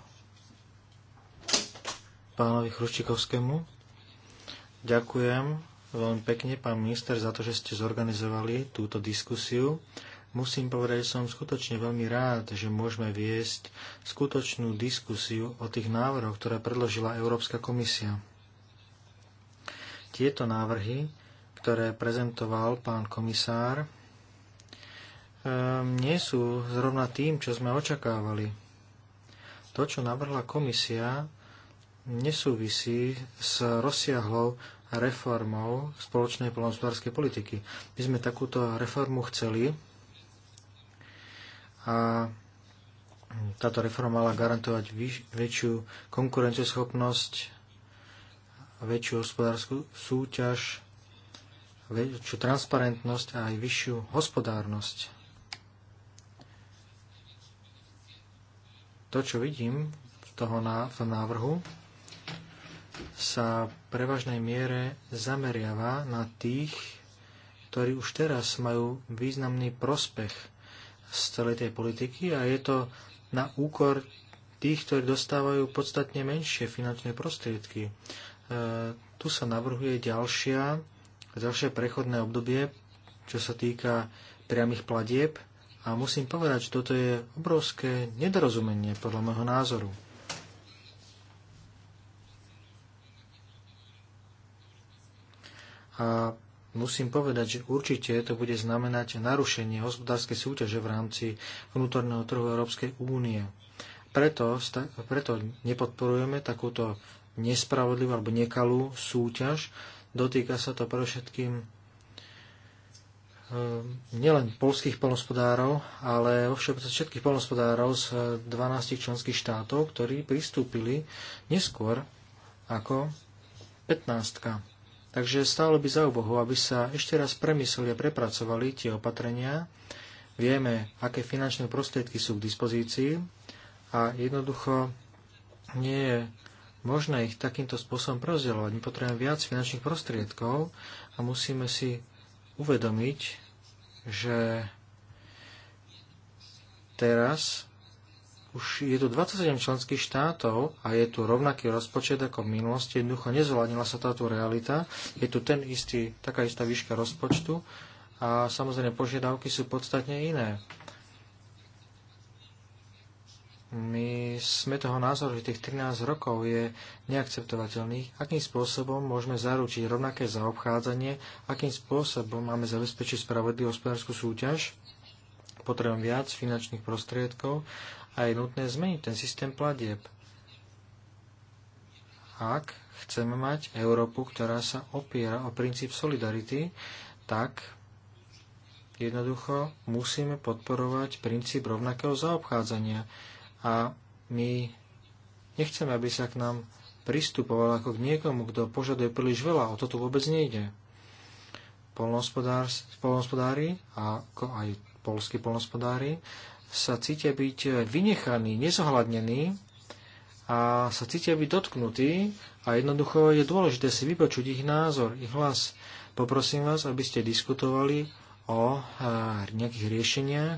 [SPEAKER 2] pánovi Chruščikovskému. Ďakujem veľmi pekne, pán minister, za to, že ste zorganizovali túto diskusiu. Musím povedať, že som skutočne veľmi rád, že môžeme viesť skutočnú diskusiu o tých návrhoch, ktoré predložila Európska komisia. Tieto návrhy, ktoré prezentoval pán komisár, e, nie sú zrovna tým, čo sme očakávali. To, čo navrhla komisia, nesúvisí s rozsiahlou reformou spoločnej poľnohospodárskej politiky. My sme takúto reformu chceli a táto reforma mala garantovať väčšiu konkurencieschopnosť, väčšiu hospodárskú súťaž, väčšiu transparentnosť a aj vyššiu hospodárnosť. To, čo vidím toho na, v tom návrhu, sa v prevažnej miere zameriava na tých, ktorí už teraz majú významný prospech z celej tej politiky a je to na úkor tých, ktorí dostávajú podstatne menšie finančné prostriedky. E, tu sa navrhuje ďalšia, ďalšie prechodné obdobie, čo sa týka priamých platieb a musím povedať, že toto je obrovské nedorozumenie podľa môjho názoru. a musím povedať, že určite to bude znamenať narušenie hospodárskej súťaže v rámci vnútorného trhu Európskej únie. Preto, preto nepodporujeme takúto nespravodlivú alebo nekalú súťaž. Dotýka sa to všetkým ehm, nielen polských polnospodárov, ale všeobecne všetkých polnospodárov z 12 členských štátov, ktorí pristúpili neskôr ako 15. Takže stále by za úbohu, aby sa ešte raz premysleli a prepracovali tie opatrenia. Vieme, aké finančné prostriedky sú k dispozícii a jednoducho nie je možné ich takýmto spôsobom prerozdeľovať. My potrebujeme viac finančných prostriedkov a musíme si uvedomiť, že teraz už je tu 27 členských štátov a je tu rovnaký rozpočet ako v minulosti. Jednoducho nezvládnila sa táto realita. Je tu ten istý, taká istá výška rozpočtu a samozrejme požiadavky sú podstatne iné. My sme toho názoru, že tých 13 rokov je neakceptovateľných. Akým spôsobom môžeme zaručiť rovnaké zaobchádzanie? Akým spôsobom máme zabezpečiť spravodlivú hospodárskú súťaž? Potrebujem viac finančných prostriedkov a je nutné zmeniť ten systém platieb. Ak chceme mať Európu, ktorá sa opiera o princíp solidarity, tak jednoducho musíme podporovať princíp rovnakého zaobchádzania. A my nechceme, aby sa k nám pristupovalo ako k niekomu, kto požaduje príliš veľa. O to tu vôbec nejde. Polnohospodári a ako aj polskí polnohospodári sa cítia byť vynechaní, nezohľadnení a sa cítia byť dotknutí a jednoducho je dôležité si vypočuť ich názor, ich hlas. Poprosím vás, aby ste diskutovali o nejakých riešeniach.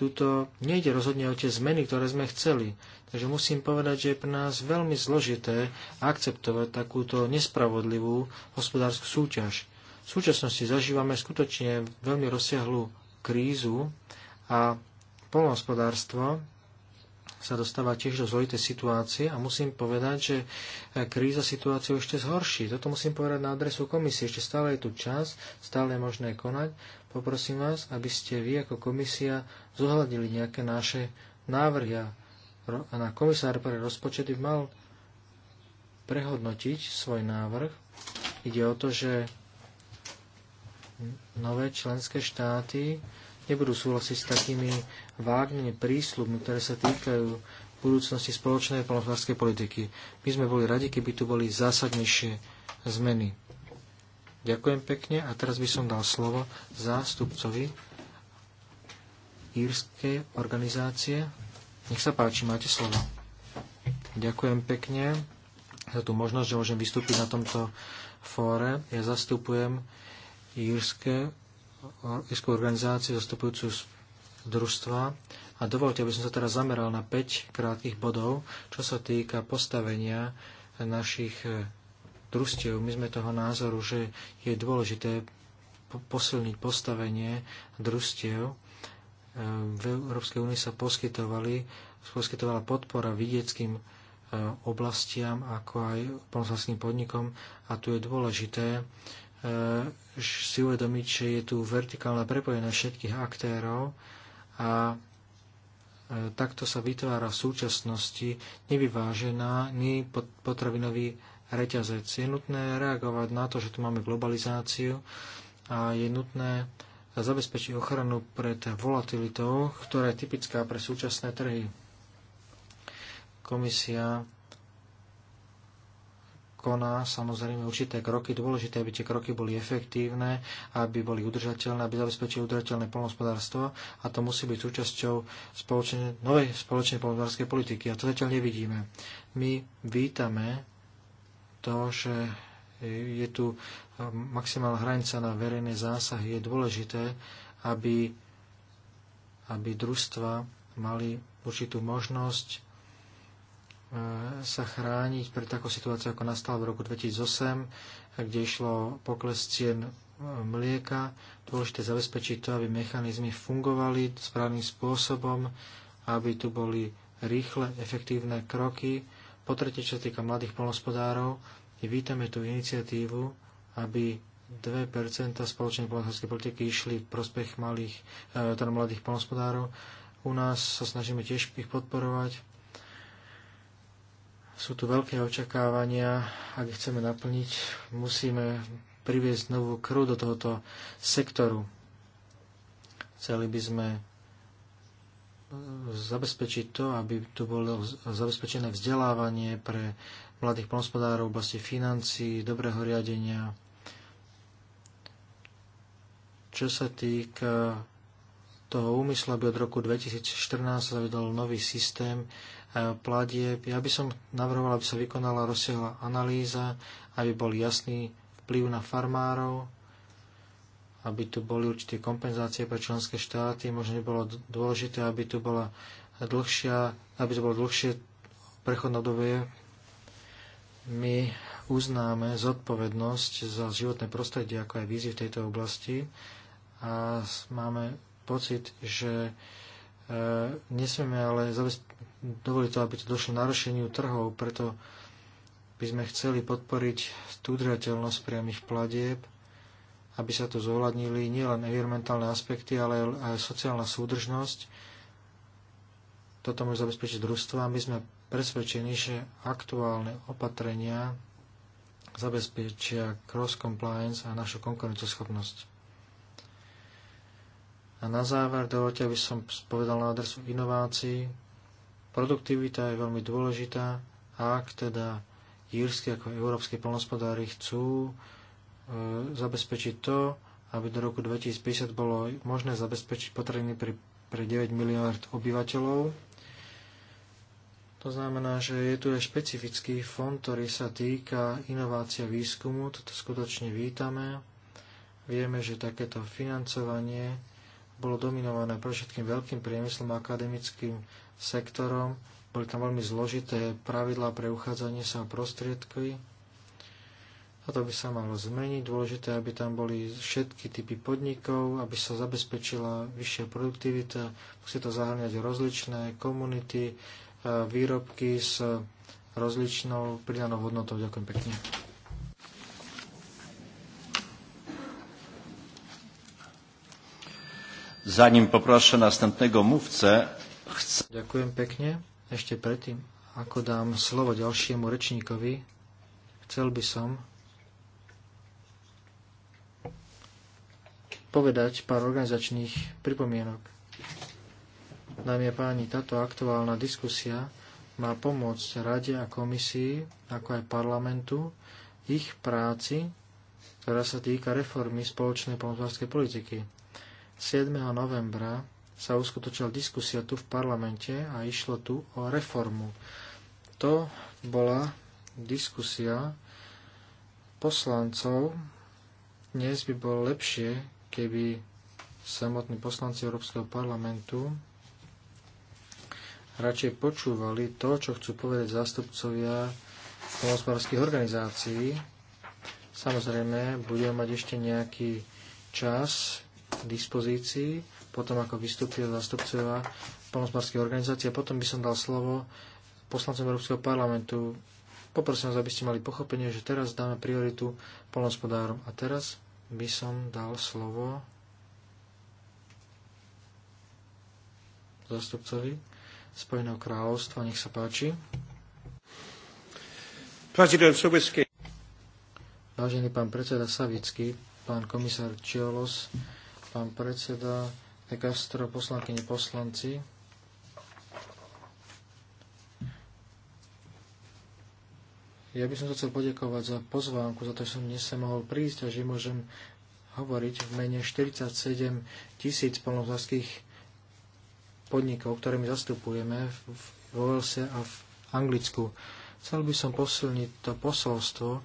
[SPEAKER 2] Tuto nejde rozhodne o tie zmeny, ktoré sme chceli. Takže musím povedať, že je pre nás veľmi zložité akceptovať takúto nespravodlivú hospodárskú súťaž. V súčasnosti zažívame skutočne veľmi rozsiahlú krízu a Polnohospodárstvo sa dostáva tiež do zložitej situácie a musím povedať, že kríza situáciu ešte zhorší. Toto musím povedať na adresu komisie. Ešte stále je tu čas, stále je možné konať. Poprosím vás, aby ste vy ako komisia zohľadili nejaké naše návrhy a na komisár pre rozpočet by mal prehodnotiť svoj návrh. Ide o to, že nové členské štáty nebudú súhlasiť s takými vágnymi prísľubmi, ktoré sa týkajú budúcnosti spoločnej polnohospodárskej politiky. My sme boli radi, keby tu boli zásadnejšie zmeny. Ďakujem pekne a teraz by som dal slovo zástupcovi írskej organizácie. Nech sa páči, máte slovo. Ďakujem pekne za tú možnosť, že môžem vystúpiť na tomto fóre. Ja zastupujem írske irskú organizáciu zastupujúcu družstva a dovolte, aby som sa teraz zameral na 5 krátkých bodov, čo sa týka postavenia našich e, družstiev. My sme toho názoru, že je dôležité posilniť postavenie družstiev. E, v Európskej únii sa poskytovali, poskytovala podpora vidieckým e, oblastiam, ako aj polnospodárským podnikom a tu je dôležité Eh, si uvedomiť, že je tu vertikálna prepojenosť všetkých aktérov a eh, takto sa vytvára v súčasnosti nevyvážená ni potravinový reťazec. Je nutné reagovať na to, že tu máme globalizáciu a je nutné zabezpečiť ochranu pred volatilitou, ktorá je typická pre súčasné trhy. Komisia koná samozrejme určité kroky. Dôležité, aby tie kroky boli efektívne, aby boli udržateľné, aby zabezpečili udržateľné polnospodárstvo a to musí byť súčasťou spoločne, novej spoločnej polnospodárskej politiky a to zatiaľ nevidíme. My vítame to, že je tu e, maximálna hranica na verejné zásahy. Je dôležité, aby, aby družstva mali určitú možnosť Eh, sa chrániť pred takou situáciou, ako nastala v roku 2008, kde išlo pokles cien eh, mlieka. Dôležité zabezpečiť to, aby mechanizmy fungovali správnym spôsobom, aby tu boli rýchle, efektívne kroky. Po tretie, čo sa týka mladých polnospodárov, vítame tú iniciatívu, aby 2% spoločnej polnospodárskej politiky išli v prospech malých, eh, teda mladých polnospodárov. U nás sa snažíme tiež ich podporovať sú tu veľké očakávania, ak chceme naplniť, musíme priviesť novú krv do tohoto sektoru. Chceli by sme e, zabezpečiť to, aby tu bolo zabezpečené vzdelávanie pre mladých plnospodárov v oblasti financií, dobrého riadenia. Čo sa týka toho úmyslu, aby od roku 2014 zavedol nový systém E, platieb. Ja by som navrhoval, aby sa vykonala rozsiahla analýza, aby bol jasný vplyv na farmárov, aby tu boli určité kompenzácie pre členské štáty. Možno nebolo dôležité, aby tu bola dlhšia, aby to bolo dlhšie prechodné obdobie. My uznáme zodpovednosť za životné prostredie, ako aj vízy v tejto oblasti a máme pocit, že e, nesmieme ale dovoliť to, aby to došlo narušeniu trhov, preto by sme chceli podporiť tú udržateľnosť priamých platieb, aby sa tu zohľadnili nielen environmentálne aspekty, ale aj sociálna súdržnosť. Toto môže zabezpečiť družstva. My sme presvedčení, že aktuálne opatrenia zabezpečia cross-compliance a našu konkurenceschopnosť. A na záver dovolte, aby som povedal na adresu inovácií, Produktivita je veľmi dôležitá, ak teda írske ako európske polnospodári chcú e, zabezpečiť to, aby do roku 2050 bolo možné zabezpečiť potraviny pre, pre 9 miliard obyvateľov. To znamená, že je tu aj špecifický fond, ktorý sa týka inovácia výskumu. Toto skutočne vítame. Vieme, že takéto financovanie bolo dominované pre všetkým veľkým priemyslom a akademickým sektorom. Boli tam veľmi zložité pravidlá pre uchádzanie sa a prostriedky. A to by sa malo zmeniť. Dôležité, aby tam boli všetky typy podnikov, aby sa zabezpečila vyššia produktivita. Musí to zahrňať rozličné komunity, výrobky s rozličnou pridanou hodnotou. Ďakujem pekne.
[SPEAKER 1] Zanim poproszę następnego mówcę,
[SPEAKER 2] chcę... Ďakujem pekne. Ešte predtým, ako dám slovo ďalšiemu rečníkovi, chcel by som povedať pár organizačných pripomienok. Dámy a páni, táto aktuálna diskusia má pomôcť Rade a komisii, ako aj parlamentu, ich práci, ktorá sa týka reformy spoločnej pomozdárskej politiky. 7. novembra sa uskutočila diskusia tu v parlamente a išlo tu o reformu. To bola diskusia poslancov. Dnes by bolo lepšie, keby samotní poslanci Európskeho parlamentu radšej počúvali to, čo chcú povedať zástupcovia pomospárských organizácií. Samozrejme, budeme mať ešte nejaký čas dispozícii, potom ako vystúpil zastupcovia polnospodárskej organizácie a potom by som dal slovo poslancom Európskeho parlamentu. Poprosím vás, aby ste mali pochopenie, že teraz dáme prioritu polnospodárom. A teraz by som dal slovo zastupcovi Spojeného kráľovstva. Nech sa páči. Vážený pán predseda Savický, pán komisár Čiolos, pán predseda De Castro, poslankyni poslanci. Ja by som sa chcel poďakovať za pozvánku, za to, že som dnes sa mohol prísť a že môžem hovoriť v mene 47 tisíc polnohospodárských podnikov, ktorými zastupujeme v Walese a v Anglicku. Chcel by som posilniť to posolstvo,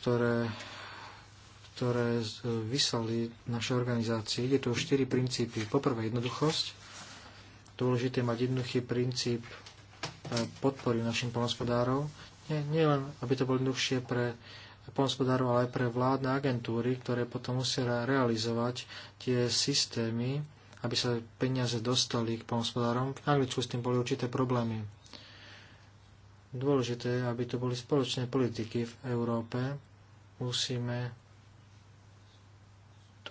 [SPEAKER 2] ktoré ktoré vyslali naše organizácie. Ide tu o štyri princípy. Poprvé jednoduchosť. Dôležité je mať jednoduchý princíp e, podpory našim polnospodárov. Nie, nie len, aby to bolo jednoduchšie pre polnospodárov, ale aj pre vládne agentúry, ktoré potom musia realizovať tie systémy, aby sa peniaze dostali k polnospodárom. V Anglicku s tým boli určité problémy. Dôležité je, aby to boli spoločné politiky v Európe. Musíme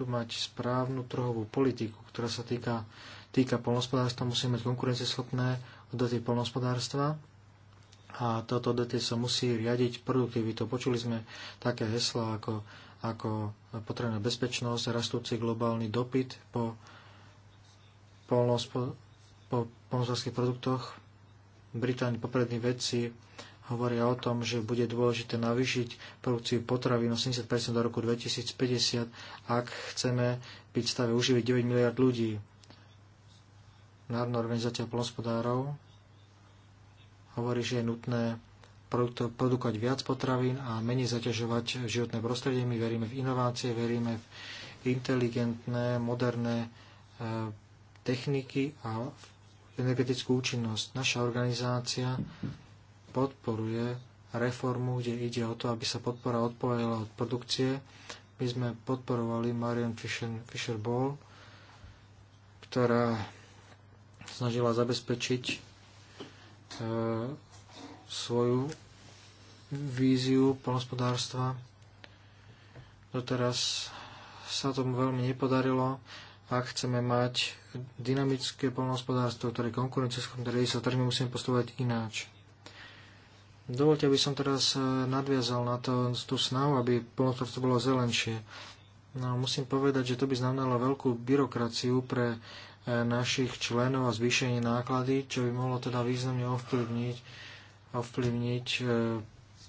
[SPEAKER 2] tu mať správnu trhovú politiku, ktorá sa týka, týka polnospodárstva, musíme mať konkurencieschopné odvetie polnospodárstva a toto odvetie sa musí riadiť produktivitou. Počuli sme také hesla ako, ako potrebná bezpečnosť, rastúci globálny dopyt po, polnospo, po polnospodárských produktoch. Británi poprední vedci hovoria o tom, že bude dôležité navýšiť produkciu potravín 80% do roku 2050, ak chceme byť v stave uživiť 9 miliard ľudí. Národná organizácia plnospodárov hovorí, že je nutné produkovať viac potravín a menej zaťažovať životné prostredie. My veríme v inovácie, veríme v inteligentné, moderné e, techniky a energetickú účinnosť. Naša organizácia podporuje reformu, kde ide o to, aby sa podpora odpojila od produkcie. My sme podporovali Marian Fisher, Fisher Ball, ktorá snažila zabezpečiť e, svoju víziu polnospodárstva. Doteraz sa tomu veľmi nepodarilo. Ak chceme mať dynamické polnospodárstvo, ktoré je konkurenceschopné, ktoré sa trhne, musíme postupovať ináč. Dovolte, aby som teraz e, nadviazal na to, tú snahu, aby polnohospodárstvo bolo zelenšie. No, musím povedať, že to by znamenalo veľkú byrokraciu pre e, našich členov a zvýšenie náklady, čo by mohlo teda významne ovplyvniť, ovplyvniť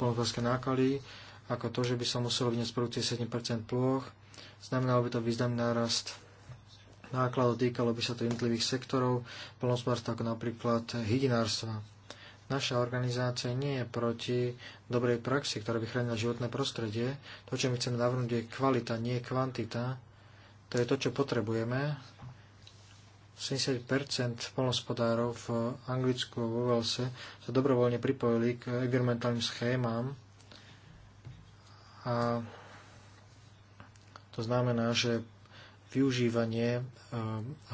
[SPEAKER 2] e, náklady, ako to, že by sa muselo vyniesť produkcie 7% plôch. Znamenalo by to významný nárast nákladov, týkalo by sa to jednotlivých sektorov polnohospodárstva, ako napríklad hydinárstva. Naša organizácia nie je proti dobrej praxi, ktorá by chránila životné prostredie. To, čo my chceme navrhnúť, je kvalita, nie kvantita. To je to, čo potrebujeme. 70 polnospodárov v Anglicku a vo Velse sa dobrovoľne pripojili k environmentálnym schémám. A to znamená, že využívanie eh,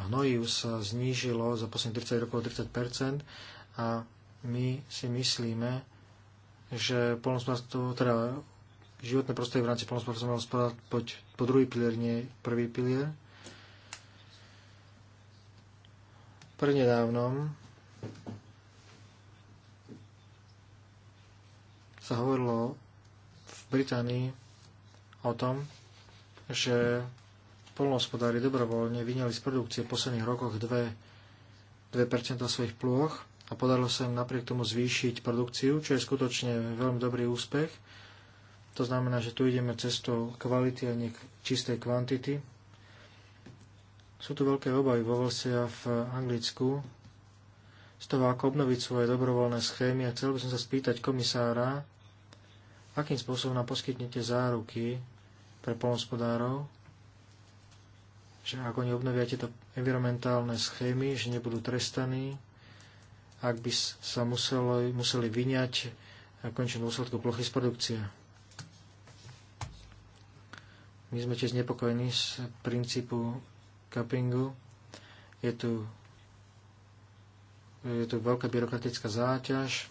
[SPEAKER 2] hnojív sa znížilo za posledných 30 rokov 30 a my si myslíme, že teda životné prostredie v rámci polnospodárstva malo spadať pod, po druhý pilier, nie prvý pilier. Prednedávnom sa hovorilo v Británii o tom, že polnospodári dobrovoľne vyňali z produkcie v posledných rokoch 2, 2% svojich plôch a podarilo sa im napriek tomu zvýšiť produkciu, čo je skutočne veľmi dobrý úspech. To znamená, že tu ideme cestou kvality a nie čistej kvantity. Sú tu veľké obavy vo a v Anglicku z toho, ako obnoviť svoje dobrovoľné schémy a chcel by som sa spýtať komisára, akým spôsobom nám poskytnete záruky pre polnospodárov, že ako oni obnovia tieto environmentálne schémy, že nebudú trestaní, ak by sa muselo, museli vyňať na eh, končnom dôsledku plochy z produkcie. My sme tiež znepokojení z princípu cuppingu. Je tu, je tu veľká byrokratická záťaž,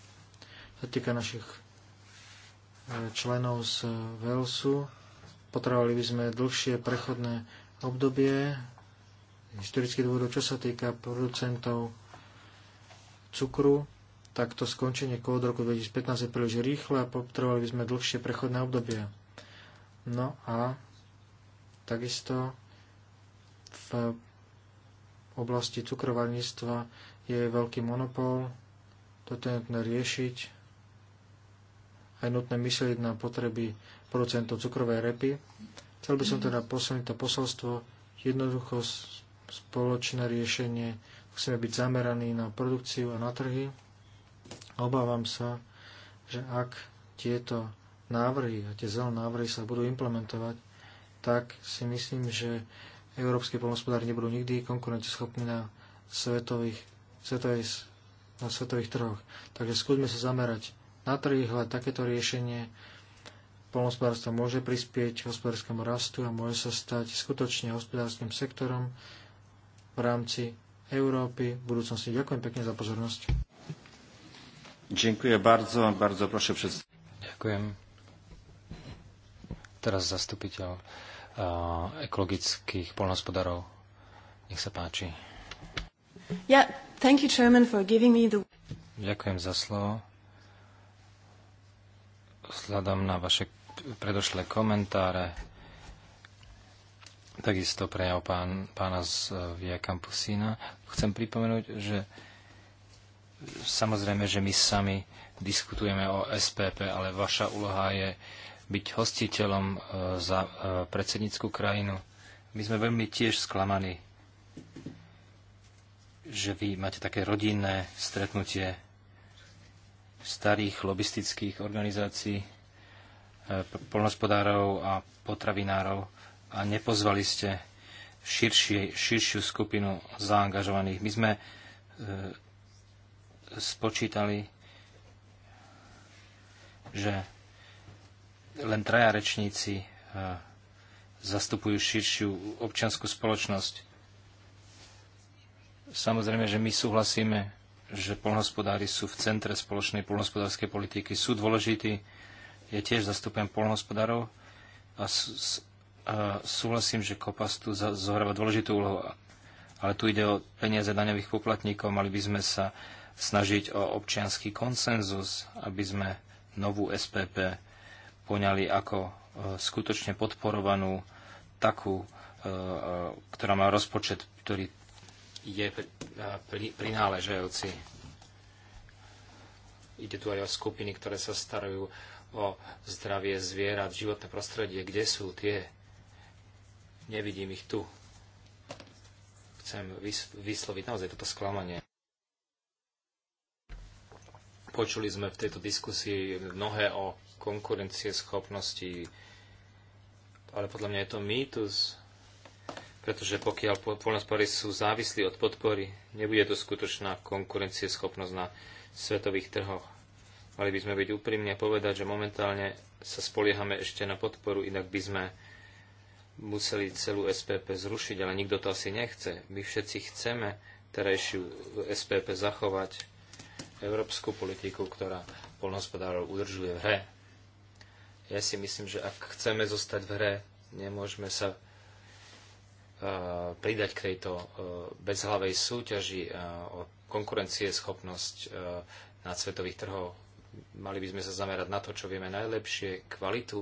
[SPEAKER 2] sa týka našich eh, členov z Velsu. Potrebovali by sme dlhšie prechodné obdobie, historických dôvodov, čo sa týka producentov cukru, tak to skončenie kód roku 2015 je príliš rýchle a potrebovali by sme dlhšie prechodné obdobie. No a takisto v oblasti cukrovarníctva je veľký monopol, toto je nutné riešiť a je nutné myslieť na potreby producentov cukrovej repy. Chcel by som teda posunúť to posolstvo jednoducho spoločné riešenie Chceme byť zameraní na produkciu a na trhy. Obávam sa, že ak tieto návrhy a tie zelené návrhy sa budú implementovať, tak si myslím, že európske polnospodári nebudú nikdy konkurenceschopní na svetových, svetovej, na svetových trhoch. Takže skúsme sa zamerať na trhy, hľadať takéto riešenie. Polnospodárstvo môže prispieť hospodárskému rastu a môže sa stať skutočne hospodárskym sektorom v rámci Európy v budúcnosti. Ďakujem pekne za pozornosť.
[SPEAKER 1] Ďakujem
[SPEAKER 4] bardzo, bardzo proszę przed... Ďakujem. Teraz zastupiteľ uh, ekologických polnohospodárov. Nech sa páči.
[SPEAKER 1] Yeah, thank you, Chairman, for giving me the...
[SPEAKER 4] Ďakujem za slovo. Vzhľadom na vaše predošlé komentáre, takisto prejav pán, pána z eh, Via Campusina. Chcem pripomenúť, že samozrejme, že my sami diskutujeme o SPP, ale vaša úloha je byť hostiteľom eh, za eh, predsednickú krajinu. My sme veľmi tiež sklamaní, že vy máte také rodinné stretnutie starých lobistických organizácií, polnospodárov a potravinárov a nepozvali ste širšie, širšiu skupinu zaangažovaných. My sme e, spočítali, že len traja rečníci e, zastupujú širšiu občianskú spoločnosť. Samozrejme, že my súhlasíme, že polnohospodári sú v centre spoločnej polnohospodárskej politiky, sú dôležití. Ja tiež zastupujem polnohospodárov a súhlasím, že kopas tu zohráva dôležitú úlohu, ale tu ide o peniaze daňových poplatníkov. Mali by sme sa snažiť o občianský konsenzus, aby sme novú SPP poňali ako e, skutočne podporovanú takú, e, e, ktorá má rozpočet, ktorý je prináležajúci. Ide tu aj o skupiny, ktoré sa starajú o zdravie zvierat, životné prostredie, kde sú tie Nevidím ich tu. Chcem vysloviť naozaj toto sklamanie. Počuli sme v tejto diskusii mnohé o konkurencie schopnosti, ale podľa mňa je to mýtus, pretože pokiaľ poľnospory sú závislí od podpory, nebude to skutočná schopnosť na svetových trhoch. Mali by sme byť úprimní a povedať, že momentálne sa spoliehame ešte na podporu, inak by sme museli celú SPP zrušiť, ale nikto to asi nechce. My všetci chceme terajšiu SPP zachovať, európsku politiku, ktorá polnohospodárov udržuje v hre. Ja si myslím, že ak chceme zostať v hre, nemôžeme sa pridať k tejto bezhlavej súťaži o konkurencieschopnosť na svetových trhov. Mali by sme sa zamerať na to, čo vieme najlepšie, kvalitu,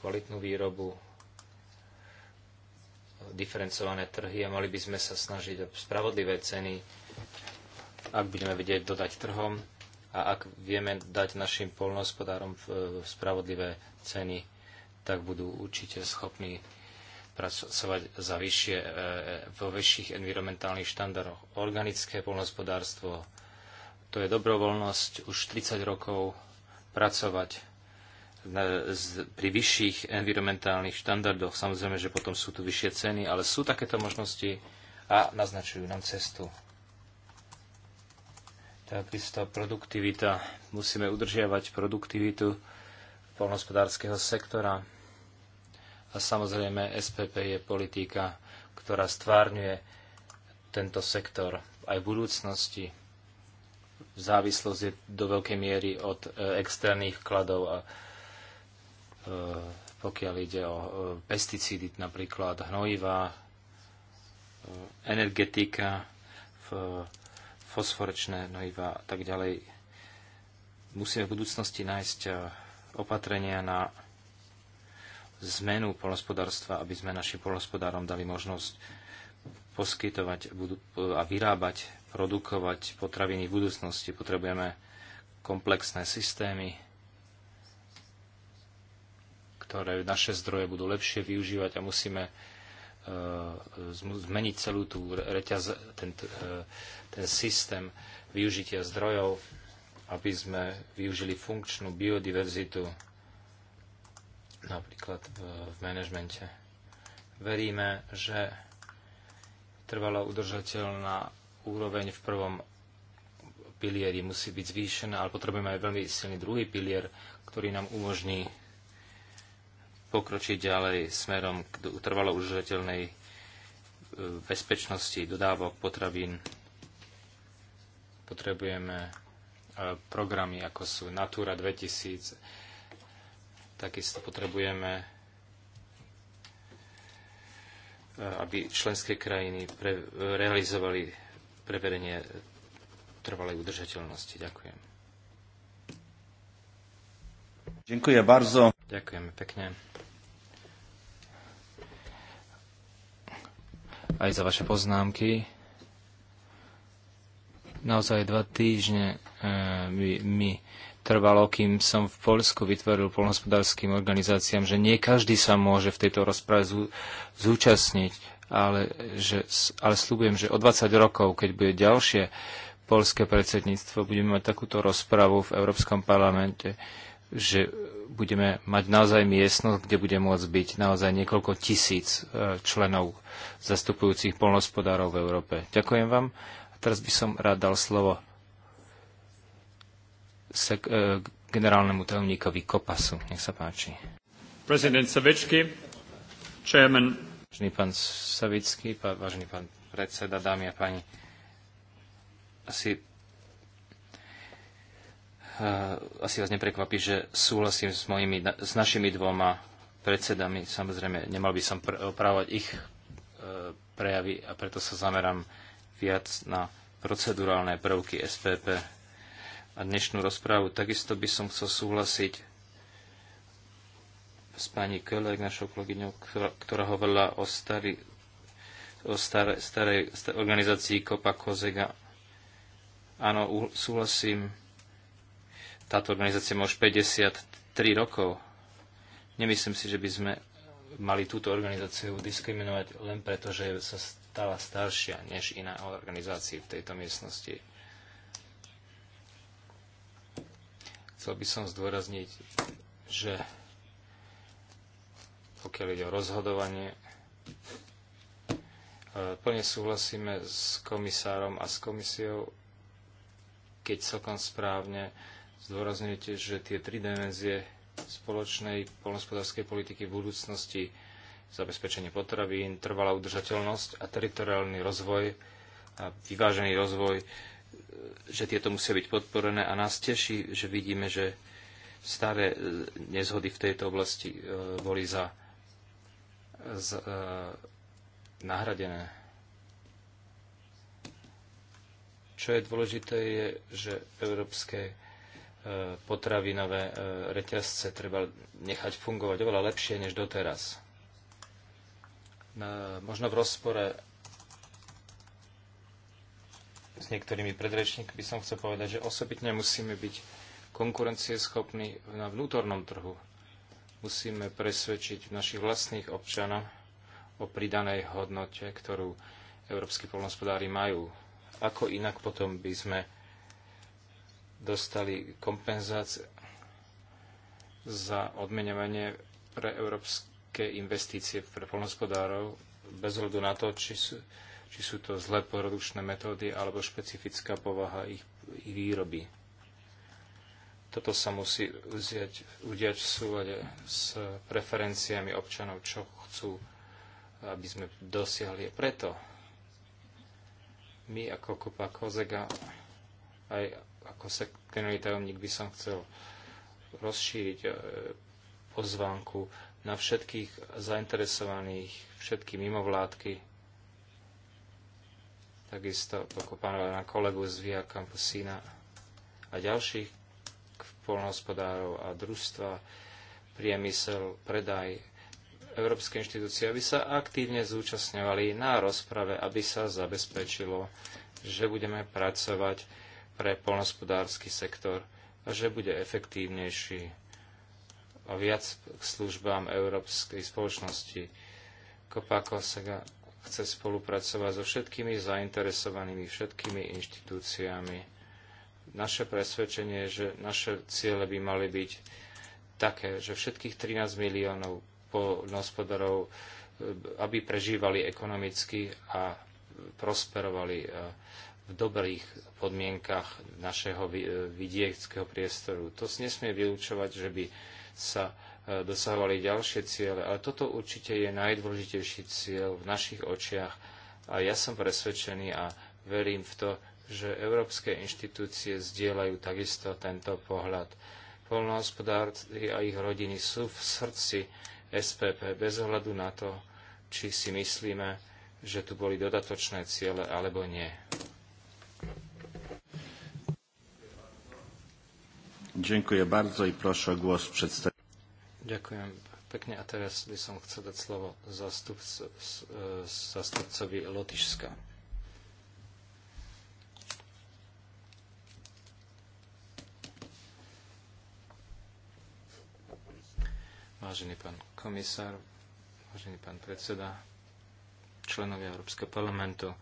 [SPEAKER 4] kvalitnú výrobu, diferencované trhy a mali by sme sa snažiť o spravodlivé ceny, ak budeme vedieť dodať trhom a ak vieme dať našim polnohospodárom e, spravodlivé ceny, tak budú určite schopní pracovať za vyššie, e, e, vo vyšších environmentálnych štandardoch. Organické polnohospodárstvo, to je dobrovoľnosť už 30 rokov pracovať pri vyšších environmentálnych štandardoch. Samozrejme, že potom sú tu vyššie ceny, ale sú takéto možnosti a naznačujú nám cestu. Takisto produktivita. Musíme udržiavať produktivitu polnospodárskeho sektora. A samozrejme, SPP je politika, ktorá stvárňuje tento sektor aj v budúcnosti. Závislosť je do veľkej miery od e, externých vkladov a E, pokiaľ ide o e, pesticídy, napríklad hnojivá, e, energetika, fosforečné hnojiva a tak ďalej. Musíme v budúcnosti nájsť opatrenia na zmenu polospodárstva, aby sme našim polospodárom dali možnosť poskytovať a vyrábať, produkovať potraviny v budúcnosti. Potrebujeme komplexné systémy, ktoré naše zdroje budú lepšie využívať a musíme eh, zmeniť celú tú reťaz, ten, eh, ten systém využitia zdrojov, aby sme využili funkčnú biodiverzitu napríklad v, v manažmente. Veríme, že trvalo udržateľná úroveň v prvom pilieri musí byť zvýšená, ale potrebujeme aj veľmi silný druhý pilier, ktorý nám umožní pokročiť ďalej smerom k trvalo užiteľnej e, bezpečnosti dodávok potravín. Potrebujeme e, programy, ako sú Natura 2000. Takisto potrebujeme, e, aby členské krajiny pre, realizovali preverenie trvalej udržateľnosti. Ďakujem. Dziękuję bardzo. Ďakujeme pekne. Aj za vaše poznámky. Naozaj dva týždne e, mi, mi trvalo, kým som v Polsku vytvoril polnospodárským organizáciám, že nie každý sa môže v tejto rozprave zú, zúčastniť, ale, že, ale slúbujem, že o 20 rokov, keď bude ďalšie polské predsedníctvo, budeme mať takúto rozpravu v Európskom parlamente, že budeme mať naozaj miestnosť, kde bude môcť byť naozaj niekoľko tisíc e, členov zastupujúcich polnospodárov v Európe. Ďakujem vám. A teraz by som rád dal slovo sek- e, generálnemu tajomníkovi Kopasu. Nech sa páči. Prezident Savičky, chairman. Vážený pán Savický, vážený pán predseda, dámy a páni, asi Eh, asi vás neprekvapí, že súhlasím s, mojimi, s našimi dvoma predsedami. Samozrejme, nemal by som opravovať ich eh, prejavy a preto sa zamerám viac na procedurálne prvky SPP a dnešnú rozprávu. Takisto by som chcel súhlasiť s pani Kölek, našou kolegyňou, ktorá, ktorá hovorila o, starý, o star, starej, starej organizácii Kopa Kozega. Áno, súhlasím táto organizácia má už 53 rokov. Nemyslím si, že by sme mali túto organizáciu diskriminovať len preto, že sa stala staršia než iná organizácia v tejto miestnosti. Chcel by som zdôrazniť, že pokiaľ ide o rozhodovanie, e, plne súhlasíme s komisárom a s komisiou, keď celkom správne zdôrazňujete, že tie tri dimenzie spoločnej poľnospodárskej politiky v budúcnosti zabezpečenie potravín, trvalá udržateľnosť a teritoriálny rozvoj a vyvážený rozvoj, e, že tieto musia byť podporené a nás teší, že vidíme, že staré e, nezhody v tejto oblasti e, boli za, za nahradené. Čo je dôležité je, že európske potravinové e, reťazce treba nechať fungovať oveľa lepšie než doteraz. Možno v rozpore s niektorými predrečníkmi by som chcel povedať, že osobitne musíme byť konkurencieschopní na vnútornom trhu. Musíme presvedčiť našich vlastných občanov o pridanej hodnote, ktorú európsky polnospodári majú. Ako inak potom by sme dostali kompenzácie za odmenovanie pre európske investície pre polnospodárov bez hľadu na to, či sú, či sú to zlé produkčné metódy alebo špecifická povaha ich, ich výroby. Toto sa musí uziať, udiať v súlade s preferenciami občanov, čo chcú, aby sme dosiahli. Preto my ako Kopa Kozega aj ako sekretárny tajomník by som chcel rozšíriť e, pozvánku na všetkých zainteresovaných, všetky mimovládky, takisto ako pána na kolegu z Via Campusina a ďalších polnohospodárov a družstva, priemysel, predaj, európske inštitúcie, aby sa aktívne zúčastňovali na rozprave, aby sa zabezpečilo, že budeme pracovať pre polnospodársky sektor a že bude efektívnejší a viac k službám európskej spoločnosti. Kopáko sa chce spolupracovať so všetkými zainteresovanými, všetkými inštitúciami. Naše presvedčenie je, že naše ciele by mali byť také, že všetkých 13 miliónov polnospodárov, e, aby prežívali ekonomicky a prosperovali. A e, v dobrých podmienkach našeho vidieckého priestoru. To nesmie vylúčovať, že by sa e, dosahovali ďalšie ciele, ale toto určite je najdôležitejší cieľ v našich očiach a ja som presvedčený a verím v to, že európske inštitúcie zdieľajú takisto tento pohľad. Polnohospodári a ich rodiny sú v srdci SPP bez ohľadu na to, či si myslíme, že tu boli dodatočné ciele alebo nie.
[SPEAKER 1] Ďakujem bardzo i proszę o głos przedstaw...
[SPEAKER 4] Ďakujem pekne a teraz by som chcel dať slovo zastupcovi Lotyšska. Vážený pán komisár, vážený pán predseda, členovia Európskeho parlamentu,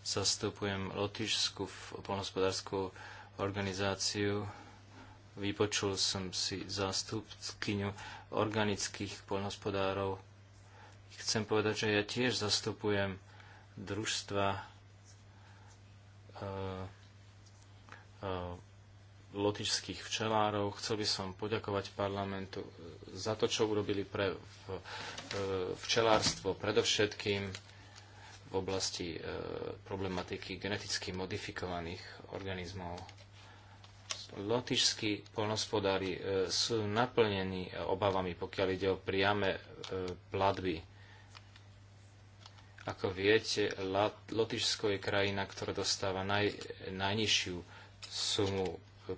[SPEAKER 4] zastupujem Lotyšskú polnospodárskú organizáciu Vypočul som si zástupkyňu organických poľnohospodárov. Chcem povedať, že ja tiež zastupujem družstva e, e, lotičských včelárov. Chcel by som poďakovať parlamentu za to, čo urobili pre e, včelárstvo, predovšetkým v oblasti problematiky geneticky modifikovaných organizmov lotišskí polnospodári e, sú naplnení obavami, pokiaľ ide o priame e, platby. Ako viete, Lotyšsko je krajina, ktorá dostáva naj, najnižšiu sumu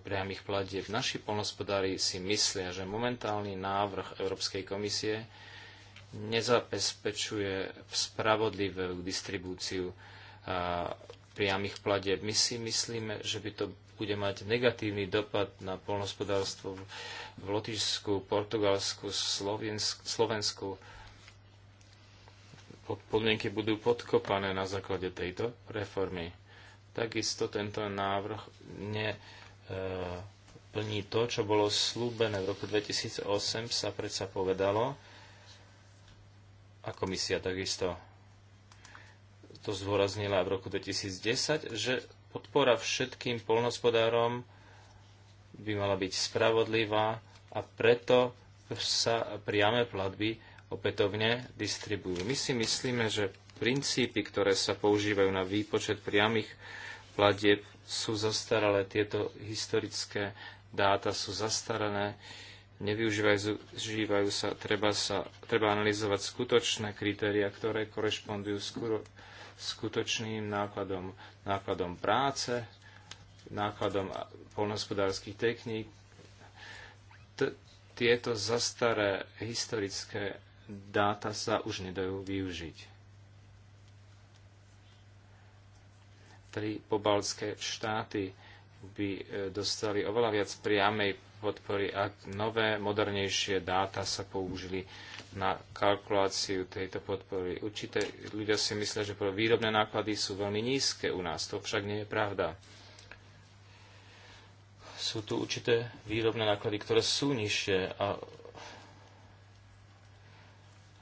[SPEAKER 4] priamých platieb. Naši polnospodári si myslia, že momentálny návrh Európskej komisie nezabezpečuje spravodlivú distribúciu priamých platieb. My si myslíme, že by to bude mať negatívny dopad na polnospodárstvo v Lotyšsku, Portugalsku, Slovensku. Podmienky budú podkopané na základe tejto reformy. Takisto tento návrh ne, e, plní to, čo bolo slúbené. V roku 2008 sa predsa povedalo, a komisia takisto to zdôraznila v roku 2010, že Podpora všetkým polnospodárom by mala byť spravodlivá a preto sa priame platby opätovne distribujú. My si myslíme, že princípy, ktoré sa používajú na výpočet priamých platieb, sú zastaralé. Tieto historické dáta sú zastarané, nevyužívajú sa, treba, sa, treba analyzovať skutočné kritéria, ktoré korešpondujú skoro skutočným nákladom, nákladom práce, nákladom polnospodárských techník. T- tieto zastaré historické dáta sa už nedajú využiť. Tri pobaltské štáty by e, dostali oveľa viac priamej podpory, ak nové, modernejšie dáta sa použili na kalkuláciu tejto podpory. Určite ľudia si myslia, že výrobné náklady sú veľmi nízke u nás. To však nie je pravda. Sú tu určité výrobné náklady, ktoré sú nižšie a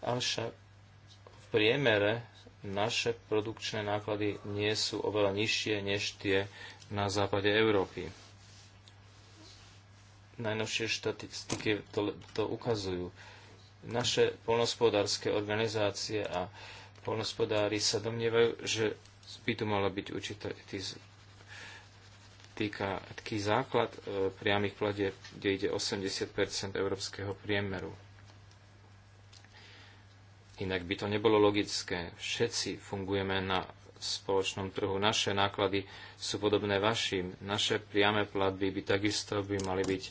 [SPEAKER 4] avšak v priemere naše produkčné náklady nie sú oveľa nižšie než tie na západe Európy. Najnovšie štatistiky to, to ukazujú. Naše polnospodárske organizácie a polnospodári sa domnievajú, že by tu mala byť určitá týka taký základ e, priamých plade, kde ide 80 európskeho priemeru. Inak by to nebolo logické. Všetci fungujeme na spoločnom trhu. Naše náklady sú podobné vašim. Naše priame platby by takisto by mali byť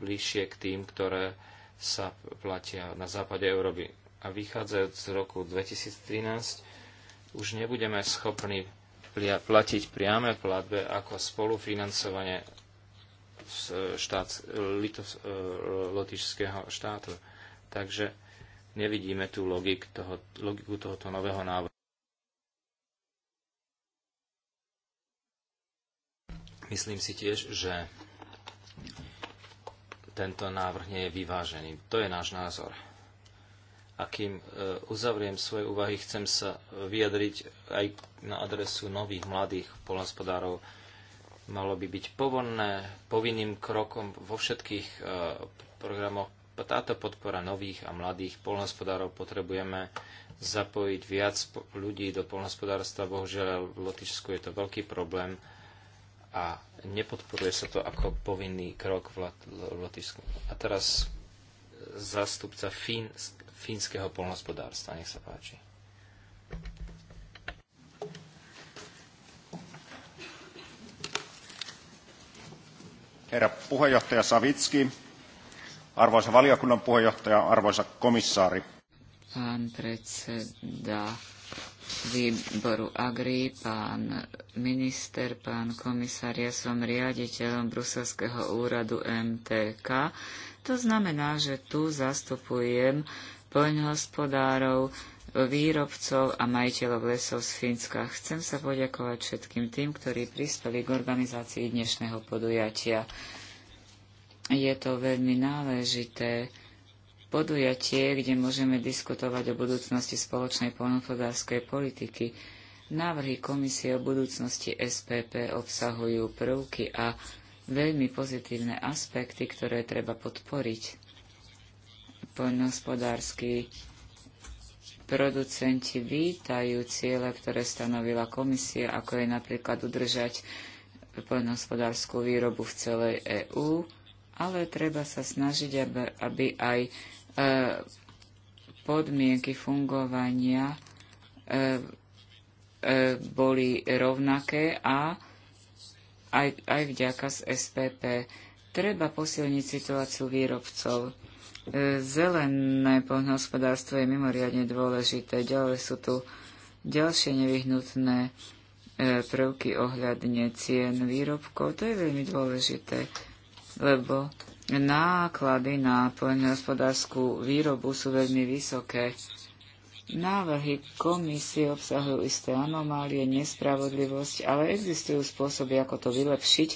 [SPEAKER 4] bližšie k tým, ktoré sa platia na západe Európy. A vychádzajúc z roku 2013 už nebudeme schopní platiť priame platbe ako spolufinancovanie e, štát, litos, e, lotišského štátu. Takže nevidíme tú logik toho, logiku tohoto nového návrhu. Myslím si tiež, že tento návrh nie je vyvážený. To je náš názor. A kým e, uzavriem svoje úvahy, chcem sa vyjadriť aj na adresu nových mladých polnospodárov. Malo by byť povolné povinným krokom vo všetkých e, programoch táto podpora nových a mladých polnospodárov potrebujeme zapojiť viac ľudí do polnospodárstva. Bohužiaľ, v Lotičsku je to veľký problém a nepodporuje sa to ako povinný krok v Lotyšsku. A teraz e, zástupca Fín, fínskeho polnospodárstva. Nech sa páči.
[SPEAKER 1] Herra puheenjohtaja Savitski, arvoisa valiokunnan puheenjohtaja, arvoisa komissaari.
[SPEAKER 3] Pán predseda výboru Agri, pán minister, pán komisár, ja som riaditeľom Bruselského úradu MTK. To znamená, že tu zastupujem poľnohospodárov, výrobcov a majiteľov lesov z Fínska. Chcem sa poďakovať všetkým tým, ktorí prispeli k organizácii dnešného podujatia. Je to veľmi náležité podujatie, kde môžeme diskutovať o budúcnosti spoločnej poľnohospodárskej politiky. Návrhy komisie o budúcnosti SPP obsahujú prvky a veľmi pozitívne aspekty, ktoré treba podporiť. Poľnohospodársky producenti vítajú ciele, ktoré stanovila komisia, ako je napríklad udržať poľnohospodárskú výrobu v celej EÚ, ale treba sa snažiť, aby aj E, podmienky fungovania e, e, boli rovnaké a aj, aj vďaka z SPP. Treba posilniť situáciu výrobcov. Zelené poľnohospodárstvo je mimoriadne dôležité. Ďalej sú tu ďalšie nevyhnutné prvky ohľadne cien výrobkov. To je veľmi dôležité, lebo náklady na poľnohospodárskú výrobu sú veľmi vysoké. Návrhy komisie obsahujú isté anomálie, nespravodlivosť, ale existujú spôsoby, ako to vylepšiť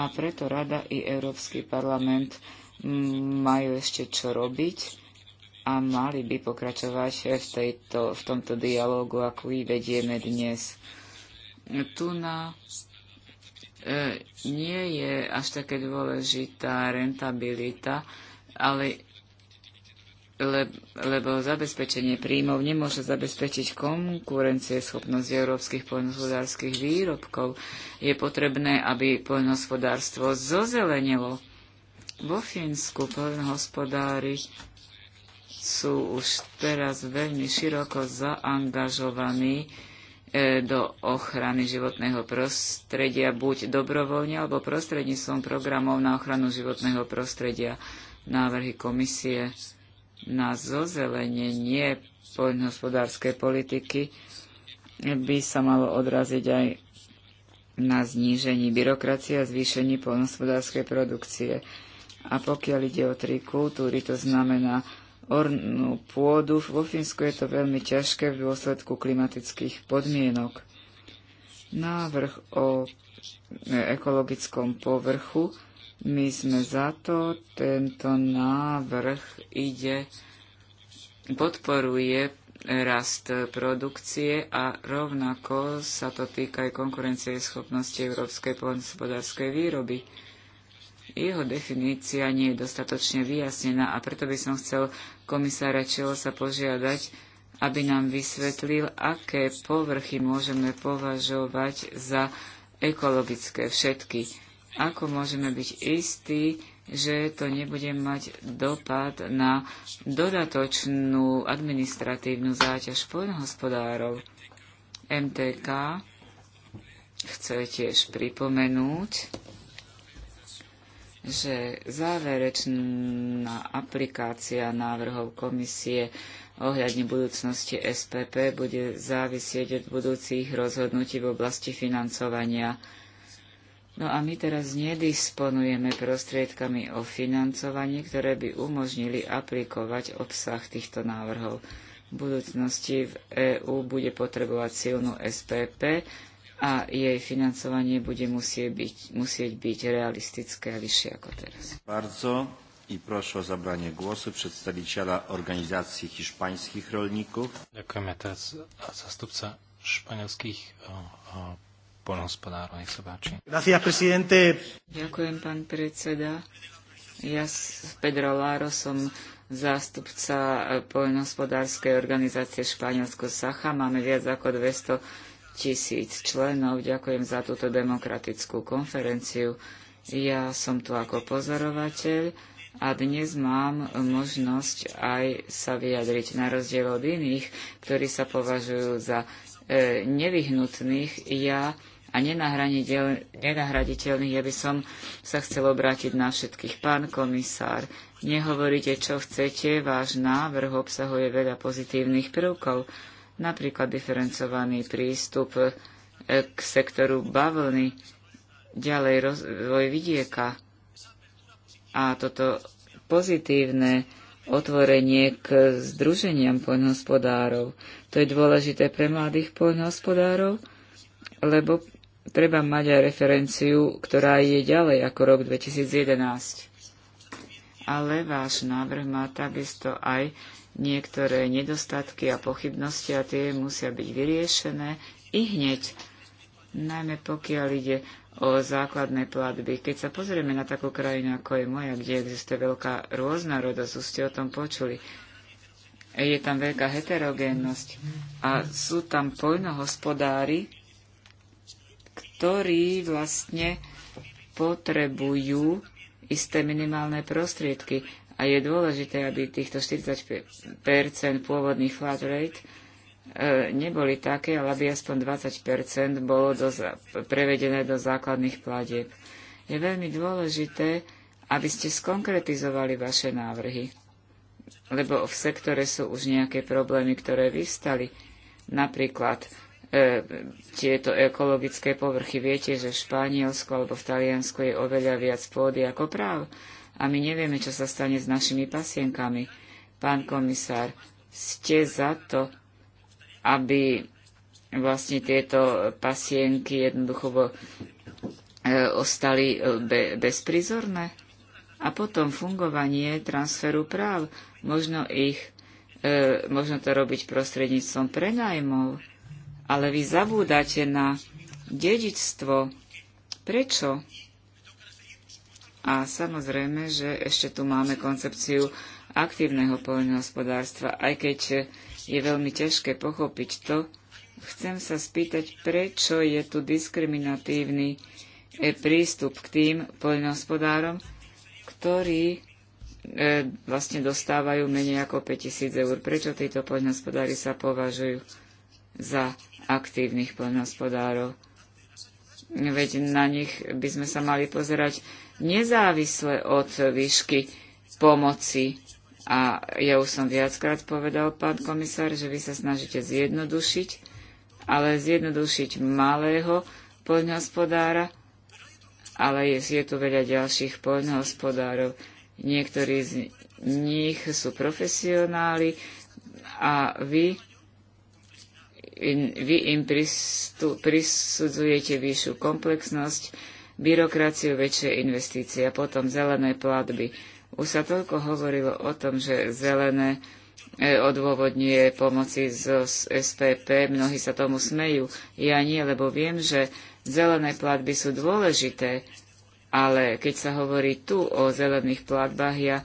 [SPEAKER 3] a preto Rada i Európsky parlament majú ešte čo robiť a mali by pokračovať v, tejto, v tomto dialógu, ako vedieme dnes. Tu na E, nie je až také dôležitá rentabilita, ale le, lebo zabezpečenie príjmov nemôže zabezpečiť schopnosť európskych poľnohospodárskych výrobkov. Je potrebné, aby poľnohospodárstvo zozelenilo. Vo Fínsku poľnohospodári sú už teraz veľmi široko zaangažovaní E, do ochrany životného prostredia buď dobrovoľne alebo prostredníctvom programov na ochranu životného prostredia. Návrhy komisie na zozelenie poľnohospodárskej politiky by sa malo odraziť aj na znížení byrokracie a zvýšení poľnohospodárskej produkcie. A pokiaľ ide o tri kultúry, to znamená ornú pôdu. Vo Fínsku je to veľmi ťažké v dôsledku klimatických podmienok. Návrh o e, ekologickom povrchu. My sme za to, tento návrh ide, podporuje rast produkcie a rovnako sa to týka aj konkurencie schopnosti európskej poľnohospodárskej výroby. Jeho definícia nie je dostatočne vyjasnená a preto by som chcel komisára Čelo sa požiadať, aby nám vysvetlil, aké povrchy môžeme považovať za ekologické všetky. Ako môžeme byť istí, že to nebude mať dopad na dodatočnú administratívnu záťaž poľnohospodárov. MTK chce tiež pripomenúť, že záverečná aplikácia návrhov komisie ohľadne budúcnosti SPP bude závisieť od budúcich rozhodnutí v oblasti financovania. No a my teraz nedisponujeme prostriedkami o financovaní, ktoré by umožnili aplikovať obsah týchto návrhov. V budúcnosti v EÚ bude potrebovať silnú SPP, a jej financovanie bude musieť byť, musieť byť realistické a vyššie ako teraz.
[SPEAKER 1] Bardzo i proszę o zabranie głosu przedstawiciela organizacji hiszpańskich
[SPEAKER 4] rolników. teraz Nech sa páči.
[SPEAKER 3] Ďakujem, pán predseda. Ja, Pedro Laro, som zástupca e, poľnohospodárskej organizácie Španielsko Sacha. Máme viac ako 200 tisíc členov. Ďakujem za túto demokratickú konferenciu. Ja som tu ako pozorovateľ a dnes mám možnosť aj sa vyjadriť na rozdiel od iných, ktorí sa považujú za e, nevyhnutných. Ja a nenahraditeľných. Ja by som sa chcel obrátiť na všetkých. Pán komisár, nehovoríte, čo chcete, váš návrh obsahuje veľa pozitívnych prvkov napríklad diferencovaný prístup eh, k sektoru bavlny, ďalej rozvoj vidieka a toto pozitívne otvorenie k združeniam poľnohospodárov. To je dôležité pre mladých poľnohospodárov, lebo treba mať aj referenciu, ktorá je ďalej ako rok 2011. Ale váš návrh má takisto aj niektoré nedostatky a pochybnosti a tie musia byť vyriešené i hneď, najmä pokiaľ ide o základné platby. Keď sa pozrieme na takú krajinu, ako je moja, kde existuje veľká rôznorodosť, už ste o tom počuli, je tam veľká heterogénnosť a sú tam poľnohospodári, ktorí vlastne potrebujú isté minimálne prostriedky. A je dôležité, aby týchto 40 pôvodných flat rate e, neboli také, ale aby aspoň 20 bolo do, prevedené do základných platieb. Je veľmi dôležité, aby ste skonkretizovali vaše návrhy, lebo v sektore sú už nejaké problémy, ktoré vyvstali. Napríklad e, tieto ekologické povrchy. Viete, že v Španielsku alebo v Taliansku je oveľa viac pôdy ako práv a my nevieme, čo sa stane s našimi pasienkami. Pán komisár, ste za to, aby vlastne tieto pasienky jednoducho bo, e, ostali e, be, bezprizorné? A potom fungovanie transferu práv. Možno ich, e, možno to robiť prostredníctvom prenajmov, ale vy zabúdate na dedičstvo. Prečo? A samozrejme, že ešte tu máme koncepciu aktívneho poľnohospodárstva, aj keď je veľmi ťažké pochopiť to, chcem sa spýtať, prečo je tu diskriminatívny e, prístup k tým poľnohospodárom, ktorí e, vlastne dostávajú menej ako 5000 eur. Prečo títo poľnohospodári sa považujú za aktívnych poľnohospodárov? Veď na nich by sme sa mali pozerať nezávisle od výšky pomoci. A ja už som viackrát povedal, pán komisár, že vy sa snažíte zjednodušiť, ale zjednodušiť malého poľnohospodára, ale je, je tu veľa ďalších poľnohospodárov. Niektorí z nich sú profesionáli a vy, vy im prisudzujete vyššiu komplexnosť, byrokraciu, väčšie investície a potom zelené platby. Už sa toľko hovorilo o tom, že zelené e, odôvodňuje pomoci z SPP, mnohí sa tomu smejú. Ja nie, lebo viem, že zelené platby sú dôležité, ale keď sa hovorí tu o zelených platbách, ja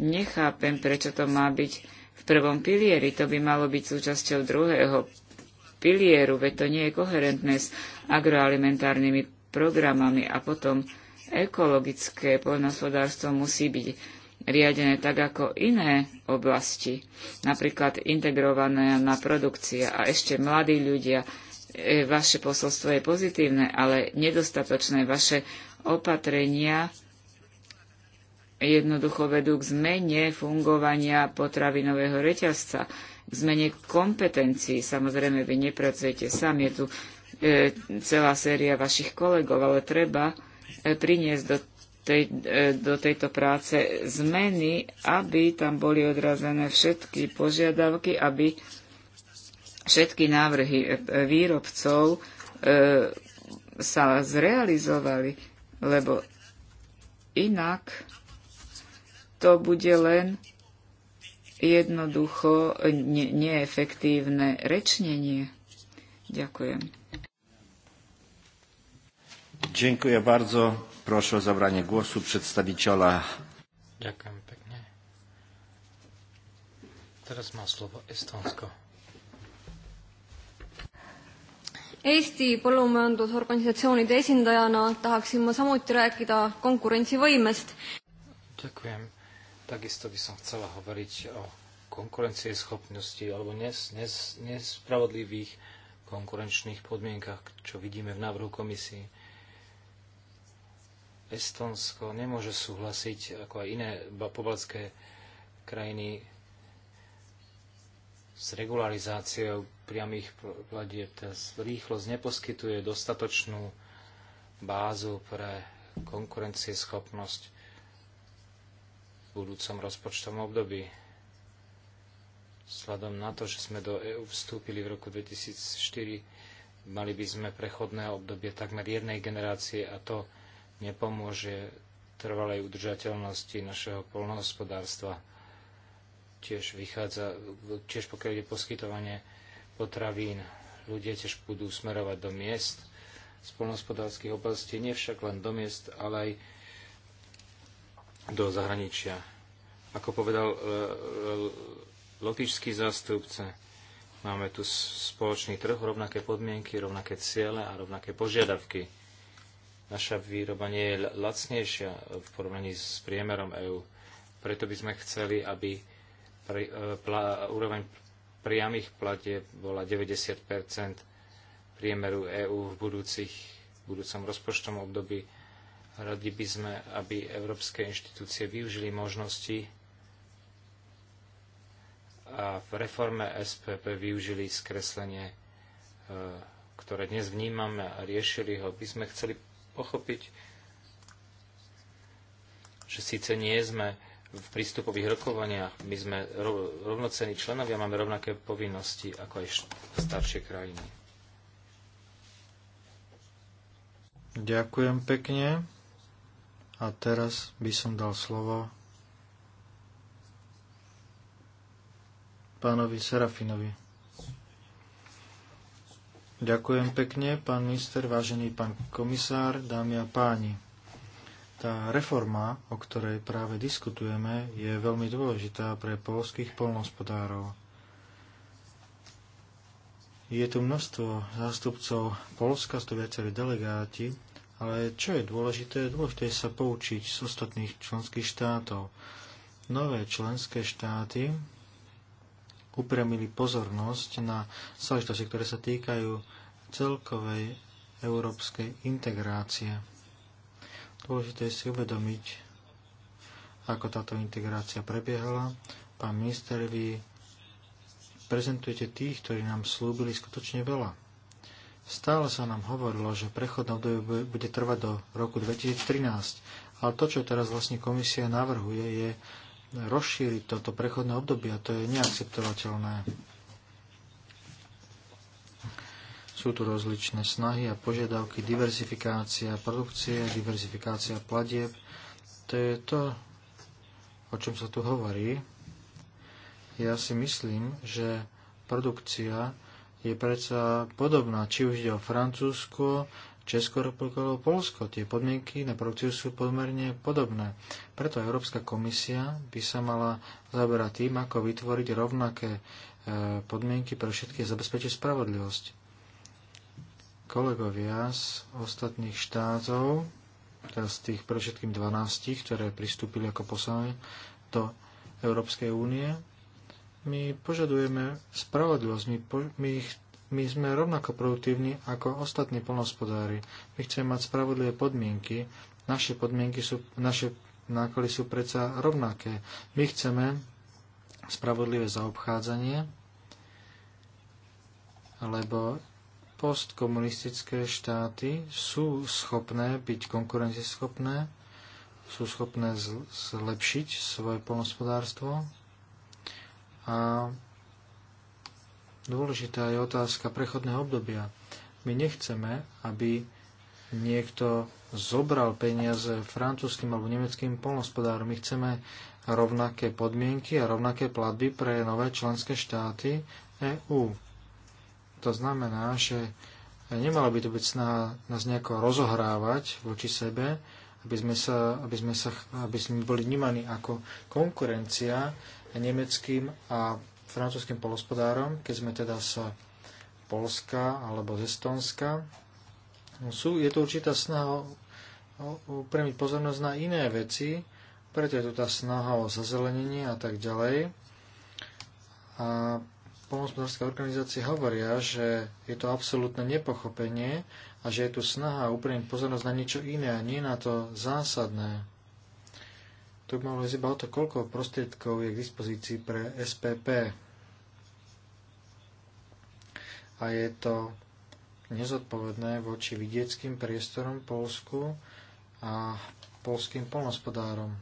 [SPEAKER 3] nechápem, prečo to má byť v prvom pilieri. To by malo byť súčasťou druhého pilieru, veď to nie je koherentné s agroalimentárnymi programami a potom ekologické poľnohospodárstvo musí byť riadené tak ako iné oblasti, napríklad integrované na produkcia a ešte mladí ľudia. E, vaše posolstvo je pozitívne, ale nedostatočné. Vaše opatrenia jednoducho vedú k zmene fungovania potravinového reťazca, k zmene kompetencií. Samozrejme, vy nepracujete sám, je tu E, celá séria vašich kolegov, ale treba e, priniesť do, tej, e, do tejto práce zmeny, aby tam boli odrazené všetky požiadavky, aby všetky návrhy výrobcov sa zrealizovali, lebo inak to bude len jednoducho neefektívne rečnenie. Ďakujem.
[SPEAKER 1] Dziękuję bardzo. Proszę o zabranie głosu przedstawiciela.
[SPEAKER 4] Ďakujem pekne. Teraz ma slovo Estonsko.
[SPEAKER 3] Eesti põllumajandusorganisatsioonide esindajana tahaksin ma samuti rääkida konkurentsivõimest.
[SPEAKER 4] Ďakujem. Takisto by som chcela hovoriť o konkurencieschopnosti alebo nes, nes, nespravodlivých konkurenčných podmienkach, čo vidíme v návrhu komisii. Estonsko nemôže súhlasiť, ako aj iné pobalské krajiny, s regularizáciou priamých platieb. Rýchlosť neposkytuje dostatočnú bázu pre konkurencieschopnosť v budúcom rozpočtovom období. Vzhľadom na to, že sme do EÚ vstúpili v roku 2004, mali by sme prechodné obdobie takmer jednej generácie a to nepomôže trvalej udržateľnosti našeho polnohospodárstva. Tiež vychádza, tiež pokiaľ ide poskytovanie potravín, ľudia tiež budú smerovať do miest, z polnohospodárských oblastí, nie však len do miest, ale aj do zahraničia. Ako povedal e, e, lotičský zástupca. Máme tu spoločný trh, rovnaké podmienky, rovnaké ciele a rovnaké požiadavky. Naša výroba nie je lacnejšia v porovnaní s priemerom EÚ. Preto by sme chceli, aby pri, e, pla, úroveň priamých platie bola 90 priemeru EÚ v budúcich, v budúcom rozpočtom období. Radi by sme, aby európske inštitúcie využili možnosti a v reforme SPP využili skreslenie, e, ktoré dnes vnímame a riešili ho, by sme chceli pochopiť, že síce nie sme v prístupových rokovaniach, my sme rovnocení členovia, máme rovnaké povinnosti ako aj staršie krajiny.
[SPEAKER 2] Ďakujem pekne. A teraz by som dal slovo pánovi Serafinovi. Ďakujem pekne, pán minister, vážený pán komisár, dámy a páni. Tá reforma, o ktorej práve diskutujeme, je veľmi dôležitá pre polských polnospodárov. Je tu množstvo zástupcov Polska, sú viacerí delegáti, ale čo je dôležité, dôležité sa poučiť z ostatných členských štátov. Nové členské štáty Upremili pozornosť na záležitosti, ktoré sa týkajú celkovej európskej integrácie. Dôležité je si uvedomiť, ako táto integrácia prebiehala. Pán minister, vy prezentujete tých, ktorí nám slúbili skutočne veľa. Stále sa nám hovorilo, že prechodná obdobie bude trvať do roku 2013, ale to, čo teraz vlastne komisia navrhuje, je rozšíriť toto prechodné obdobie a to je neakceptovateľné. Sú tu rozličné snahy a požiadavky, diverzifikácia produkcie, diverzifikácia platieb. To je to, o čom sa tu hovorí. Ja si myslím, že produkcia je predsa podobná, či už ide o Francúzsko, Česko republikou Polsko. Tie podmienky na produkciu sú pomerne podobné. Preto Európska komisia by sa mala zaberať tým, ako vytvoriť rovnaké e, podmienky pre všetky a zabezpečiť spravodlivosť. Kolegovia z ostatných štátov, teda z tých pre všetkým 12, ktoré pristúpili ako poslane do Európskej únie, my požadujeme spravodlivosť, my, po, my ich my sme rovnako produktívni ako ostatní polnospodári. My chceme mať spravodlivé podmienky. Naše podmienky sú, naše náklady sú predsa rovnaké. My chceme spravodlivé zaobchádzanie, lebo postkomunistické štáty sú schopné byť konkurencieschopné, sú schopné zlepšiť svoje polnospodárstvo a Dôležitá je otázka prechodného obdobia. My nechceme, aby niekto zobral peniaze francúzským alebo nemeckým polnospodárom. My chceme rovnaké podmienky a rovnaké platby pre nové členské štáty EÚ. To znamená, že nemalo by to byť snaha nás nejako rozohrávať voči sebe, aby sme, sa, aby sme, sa, aby sme boli vnímaní ako konkurencia nemeckým a francúzským polospodárom, keď sme teda sa Polska alebo z Estonska, no sú, je tu určitá snaha upremiť pozornosť na iné veci, preto je tu tá snaha o zazelenenie a tak ďalej. A polnospodárske organizácie hovoria, že je to absolútne nepochopenie a že je tu snaha upremiť pozornosť na niečo iné a nie na to zásadné tu malo iba o to, koľko prostriedkov je k dispozícii pre SPP. A je to nezodpovedné voči vidieckým priestorom Polsku a polským polnospodárom.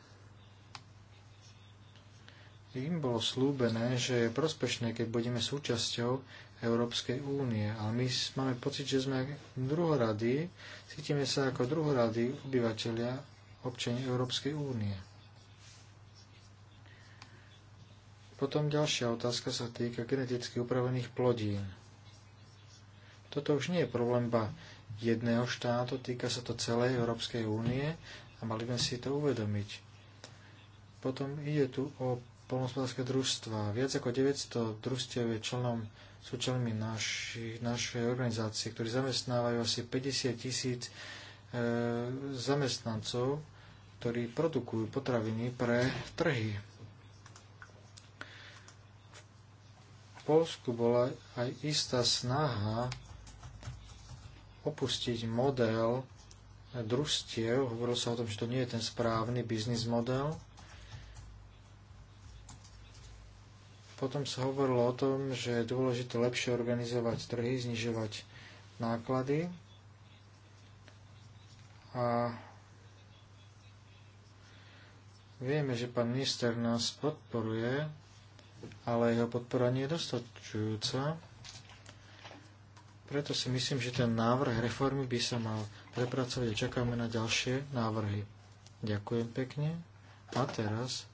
[SPEAKER 2] Im bolo slúbené, že je prospešné, keď budeme súčasťou Európskej únie, ale my máme pocit, že sme druhoradí, cítime sa ako druhoradí obyvateľia občania Európskej únie. Potom ďalšia otázka sa týka geneticky upravených plodín. Toto už nie je problém ba jedného štátu, týka sa to celej Európskej únie a mali by si to uvedomiť. Potom ide tu o polnospodárske družstva. Viac ako 900 družstiev je členom, sú členmi naši, našej organizácie, ktorí zamestnávajú asi 50 tisíc e, zamestnancov, ktorí produkujú potraviny pre trhy Polsku bola aj istá snaha opustiť model družstiev. Hovorilo sa o tom, že to nie je ten správny biznis model. Potom sa hovorilo o tom, že je dôležité lepšie organizovať trhy, znižovať náklady. A vieme, že pán minister nás podporuje ale jeho podpora nie je dostačujúca. Preto si myslím, že ten návrh reformy by sa mal prepracovať a čakáme na ďalšie návrhy. Ďakujem pekne. A teraz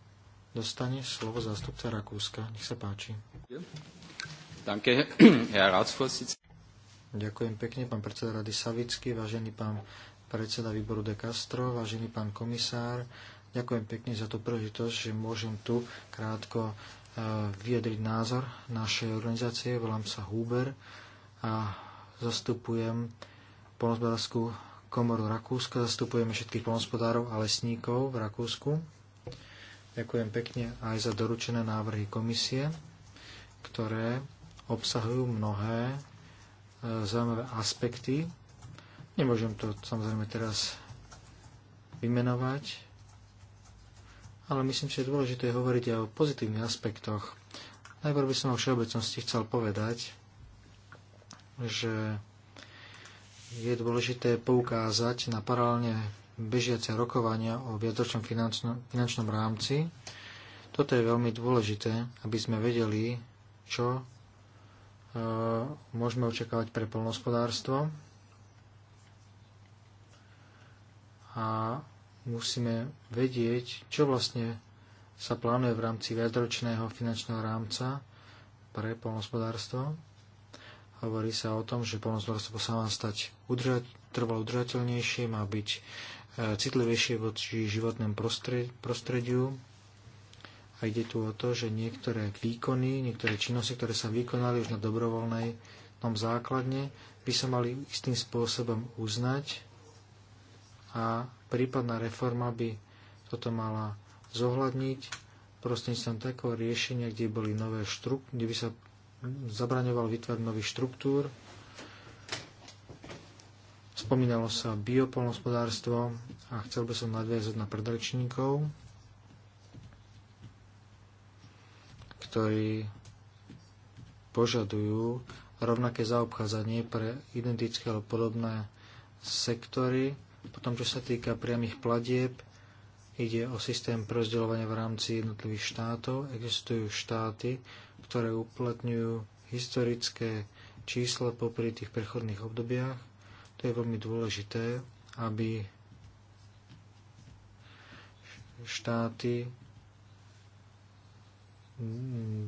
[SPEAKER 2] dostane slovo zástupca Rakúska. Nech sa páči. Ďakujem pekne, pán predseda Rady Savický, vážený pán predseda výboru de Castro, vážený pán komisár. Ďakujem pekne za tú príležitosť, že môžem tu krátko Eh, vyjadriť názor našej organizácie. Volám sa Huber a zastupujem polnospodárskú komoru Rakúska, zastupujeme všetkých polnospodárov a lesníkov v Rakúsku. Ďakujem pekne aj za doručené návrhy komisie, ktoré obsahujú mnohé eh, zaujímavé aspekty. Nemôžem to samozrejme teraz vymenovať, ale myslím, že je dôležité hovoriť aj o pozitívnych aspektoch. Najprv by som o všeobecnosti chcel povedať, že je dôležité poukázať na paralelne bežiace rokovania o viacročnom finančnom, finančnom rámci. Toto je veľmi dôležité, aby sme vedeli, čo e, môžeme očakávať pre polnospodárstvo. A musíme vedieť, čo vlastne sa plánuje v rámci viacročného finančného rámca pre polnospodárstvo. Hovorí sa o tom, že polnospodárstvo sa má stať udržať, trvalo udržateľnejšie, má byť e, citlivejšie voči životnému prostrediu. A ide tu o to, že niektoré výkony, niektoré činnosti, ktoré sa vykonali už na dobrovoľnej tom základne, by sa mali istým spôsobom uznať a prípadná reforma by toto mala zohľadniť prostredníctvom takého riešenia, kde boli nové štruktúry, kde by sa zabraňoval vytvárať nových štruktúr. Spomínalo sa biopolnospodárstvo a chcel by som nadviazať na predrečníkov, ktorí požadujú rovnaké zaobchádzanie pre identické alebo podobné sektory potom, čo sa týka priamých platieb, ide o systém prerozdeľovania v rámci jednotlivých štátov. Existujú štáty, ktoré uplatňujú historické číslo popri tých prechodných obdobiach. To je veľmi dôležité, aby štáty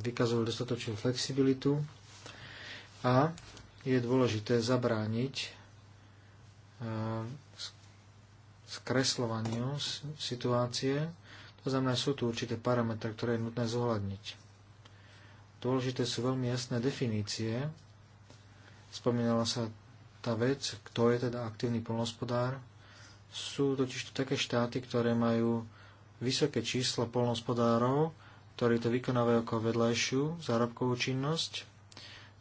[SPEAKER 2] vykazovali dostatočnú flexibilitu a je dôležité zabrániť eh, skreslovaniu situácie. To znamená, sú tu určité parametre, ktoré je nutné zohľadniť. Dôležité sú veľmi jasné definície. Spomínala sa tá vec, kto je teda aktívny polnospodár. Sú totiž to také štáty, ktoré majú vysoké číslo polnospodárov, ktorí to vykonávajú ako vedľajšiu zárobkovú činnosť,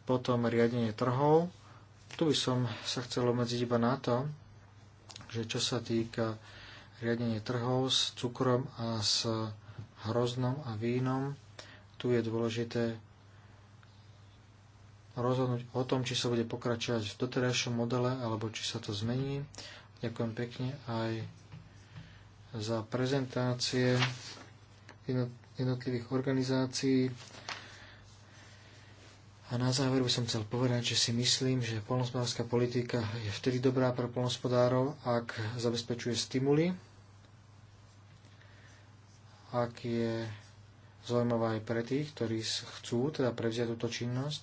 [SPEAKER 2] potom riadenie trhov. Tu by som sa chcel obmedziť iba na to, že čo sa týka riadenie trhov s cukrom a s hroznom a vínom, tu je dôležité rozhodnúť o tom, či sa bude pokračovať v doterajšom modele alebo či sa to zmení. Ďakujem pekne aj za prezentácie jednotlivých organizácií. A na záver by som chcel povedať, že si myslím, že polnospodárska politika je vtedy dobrá pre polnospodárov, ak zabezpečuje stimuly, ak je zaujímavá aj pre tých, ktorí chcú teda prevziať túto činnosť.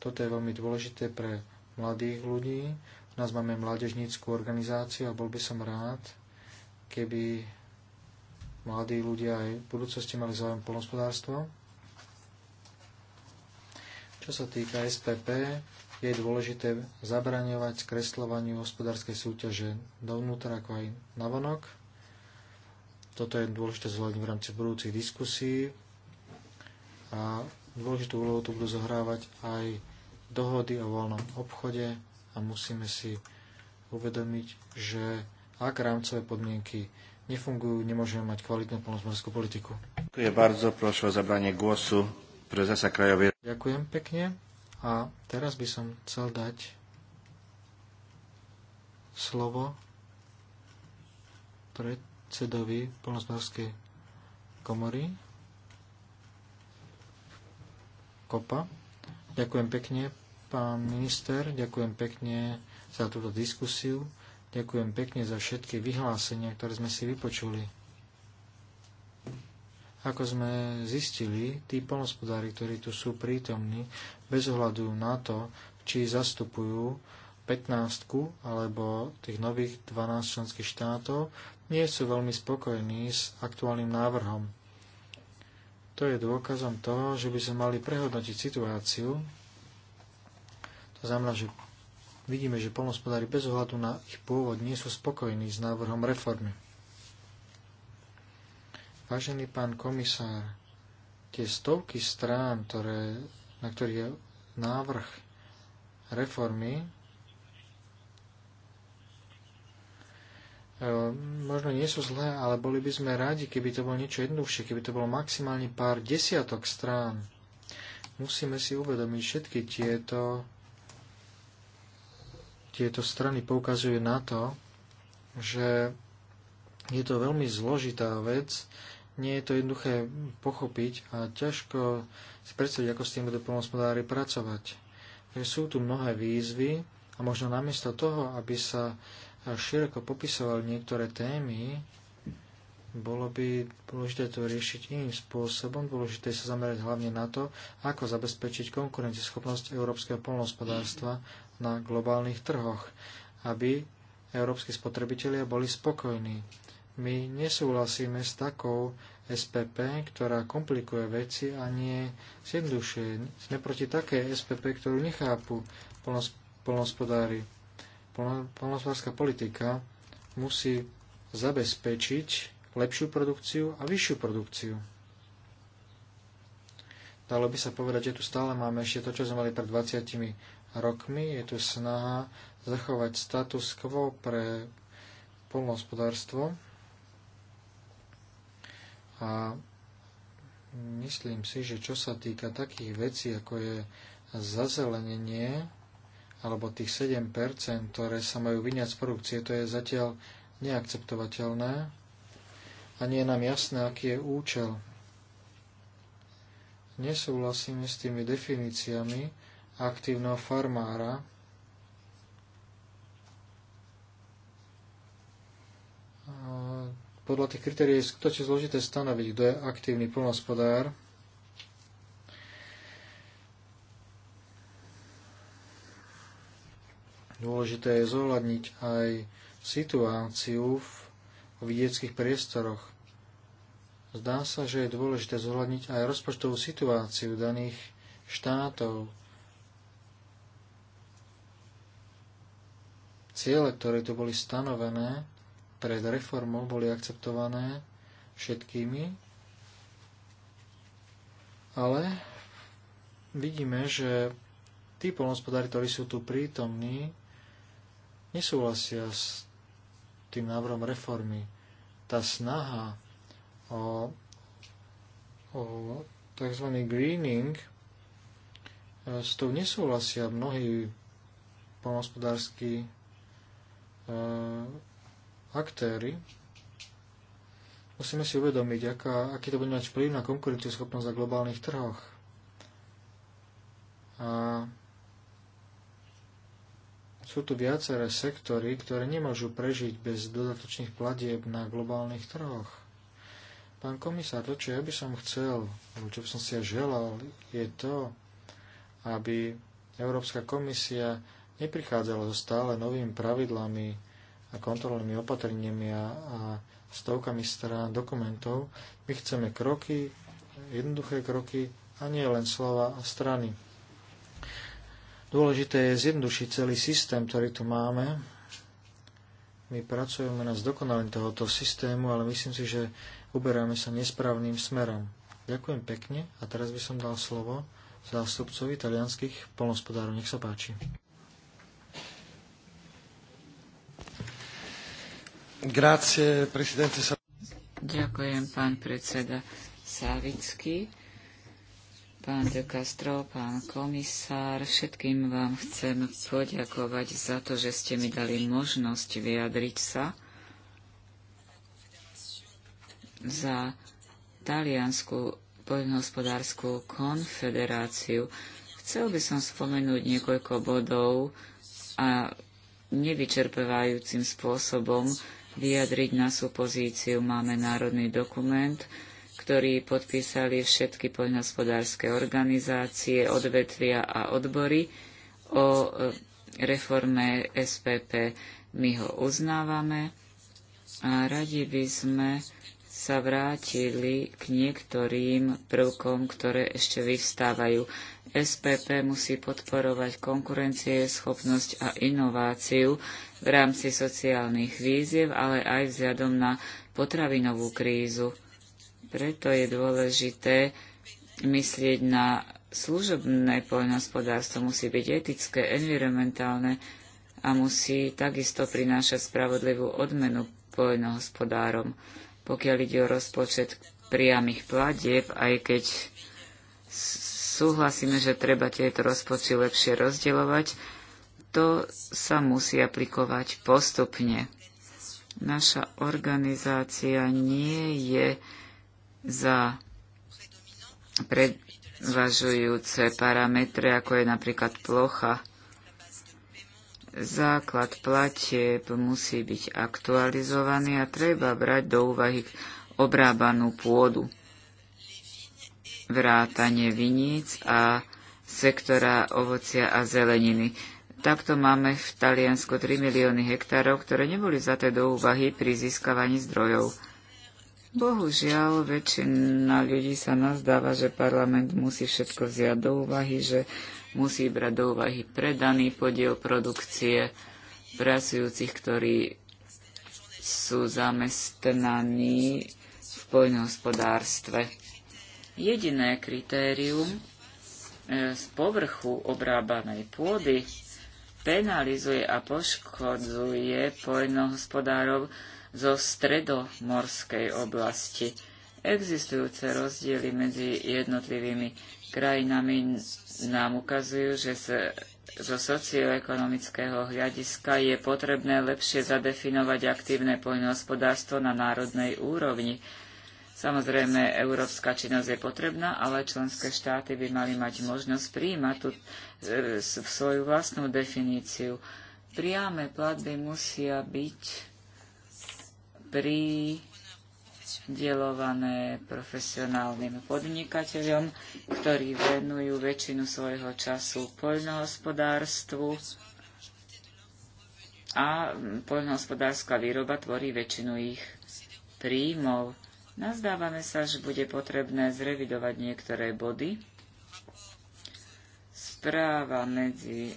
[SPEAKER 2] Toto je veľmi dôležité pre mladých ľudí. U nás máme mládežníckú organizáciu a bol by som rád, keby mladí ľudia aj v budúcnosti mali záujem polnospodárstvo. Čo sa týka SPP, je dôležité zabraňovať skresľovaniu hospodárskej súťaže dovnútra ako aj navonok. Toto je dôležité zvoľniť v rámci budúcich diskusí a dôležitú úlohu tu budú zohrávať aj dohody o voľnom obchode a musíme si uvedomiť, že ak rámcové podmienky nefungujú, nemôžeme mať kvalitnú polnospodárskú politiku.
[SPEAKER 1] Ďakujem bardzo, prosím o zabranie głosu zasa krajovej.
[SPEAKER 2] Ďakujem pekne a teraz by som chcel dať slovo predsedovi Polnospodárskej komory Kopa. Ďakujem pekne, pán minister, ďakujem pekne za túto diskusiu, ďakujem pekne za všetky vyhlásenia, ktoré sme si vypočuli. Ako sme zistili, tí polnospodári, ktorí tu sú prítomní, bez ohľadu na to, či zastupujú 15 alebo tých nových 12 členských štátov, nie sú veľmi spokojní s aktuálnym návrhom. To je dôkazom toho, že by sme mali prehodnotiť situáciu. To znamená, že vidíme, že polnospodári bez ohľadu na ich pôvod nie sú spokojní s návrhom reformy. Vážený pán komisár, tie stovky strán, ktoré, na ktorých je návrh reformy, e, možno nie sú zlé, ale boli by sme radi, keby to bolo niečo jednoduchšie, keby to bolo maximálne pár desiatok strán. Musíme si uvedomiť všetky tieto tieto strany poukazujú na to, že je to veľmi zložitá vec, nie je to jednoduché pochopiť a ťažko si predstaviť, ako s tým budú pomospodári pracovať. Takže sú tu mnohé výzvy a možno namiesto toho, aby sa široko popisovali niektoré témy, bolo by dôležité to riešiť iným spôsobom. Dôležité sa zamerať hlavne na to, ako zabezpečiť konkurencieschopnosť európskeho polnohospodárstva na globálnych trhoch, aby európsky spotrebitelia boli spokojní. My nesúhlasíme s takou SPP, ktorá komplikuje veci a nie zjednodušuje. Sme proti takej SPP, ktorú nechápu polnospodári. Polnospodárska politika musí zabezpečiť lepšiu produkciu a vyššiu produkciu. Dalo by sa povedať, že tu stále máme ešte to, čo sme mali pred 20 rokmi. Je tu snaha zachovať status quo pre polnohospodárstvo. A myslím si, že čo sa týka takých vecí, ako je zazelenenie, alebo tých 7%, ktoré sa majú vyňať z produkcie, to je zatiaľ neakceptovateľné a nie je nám jasné, aký je účel. Nesúhlasíme s tými definíciami aktívneho farmára, podľa tých kritérií je skutočne zložité stanoviť, kto je aktívny plnohospodár. Dôležité je zohľadniť aj situáciu v vidieckých priestoroch. Zdá sa, že je dôležité zohľadniť aj rozpočtovú situáciu daných štátov. Ciele, ktoré tu boli stanovené, pred reformou boli akceptované všetkými, ale vidíme, že tí polnospodári, ktorí sú tu prítomní, nesúhlasia s tým návrhom reformy. Tá snaha o, o tzv. greening, e, s tou nesúhlasia mnohí polnospodárskí e, aktéry, musíme si uvedomiť, aká, aký to bude mať vplyv na konkurencieschopnosť na globálnych trhoch. A sú tu viaceré sektory, ktoré nemôžu prežiť bez dodatočných platieb na globálnych trhoch. Pán komisár, to, čo ja by som chcel, alebo čo by som si ja želal, je to, aby Európska komisia neprichádzala so stále novými pravidlami a kontrolnými opatreniami a, a stovkami strán dokumentov. My chceme kroky, jednoduché kroky a nie len slova a strany. Dôležité je zjednodušiť celý systém, ktorý tu máme. My pracujeme na zdokonalení tohoto systému, ale myslím si, že uberáme sa nesprávnym smerom. Ďakujem pekne a teraz by som dal slovo zástupcovi italianských polnospodárov.
[SPEAKER 3] Nech sa páči. Ďakujem, pán predseda Savický, pán de Castro, pán komisár. Všetkým vám chcem poďakovať za to, že ste mi dali možnosť vyjadriť sa za Taliansku poľnohospodárskú konfederáciu. Chcel by som spomenúť niekoľko bodov a nevyčerpevajúcim spôsobom vyjadriť na našu pozíciu. Máme národný dokument, ktorý podpísali všetky poľnohospodárske organizácie, odvetvia a odbory o e, reforme SPP. My ho uznávame a radi by sme sa vrátili k niektorým prvkom, ktoré ešte vyvstávajú. SPP musí podporovať konkurencie, schopnosť a inováciu v rámci sociálnych výziev, ale aj vzhľadom na potravinovú krízu. Preto je dôležité myslieť na služobné poľnohospodárstvo, musí byť etické, environmentálne a musí takisto prinášať spravodlivú odmenu poľnohospodárom. Pokiaľ ide o rozpočet priamých platieb, aj keď súhlasíme, že treba tieto rozpočty lepšie rozdielovať, to sa musí aplikovať postupne. Naša organizácia nie je za predvažujúce parametre, ako je napríklad plocha. Základ platieb musí byť aktualizovaný a treba brať do úvahy obrábanú pôdu, vrátanie viníc a sektora ovocia a zeleniny. Takto máme v Taliansku 3 milióny hektárov, ktoré neboli za do úvahy pri získavaní zdrojov. Bohužiaľ, väčšina ľudí sa nazdáva, že parlament musí všetko vziať do úvahy, že musí brať do úvahy predaný podiel produkcie pracujúcich, ktorí sú zamestnaní v poľnohospodárstve. Jediné kritérium e, z povrchu obrábanej pôdy penalizuje a poškodzuje poľnohospodárov zo stredomorskej oblasti. Existujúce rozdiely medzi jednotlivými krajinami nám ukazujú, že sa zo socioekonomického hľadiska je potrebné lepšie zadefinovať aktívne poľnohospodárstvo na národnej úrovni Samozrejme, európska činnosť je potrebná, ale členské štáty by mali mať možnosť prijímať tú, e, svoju vlastnú definíciu. Priame platby musia byť pridelované profesionálnym podnikateľom, ktorí venujú väčšinu svojho času poľnohospodárstvu a poľnohospodárska výroba tvorí väčšinu ich príjmov. Nazdávame sa, že bude potrebné zrevidovať niektoré body. Správa medzi e,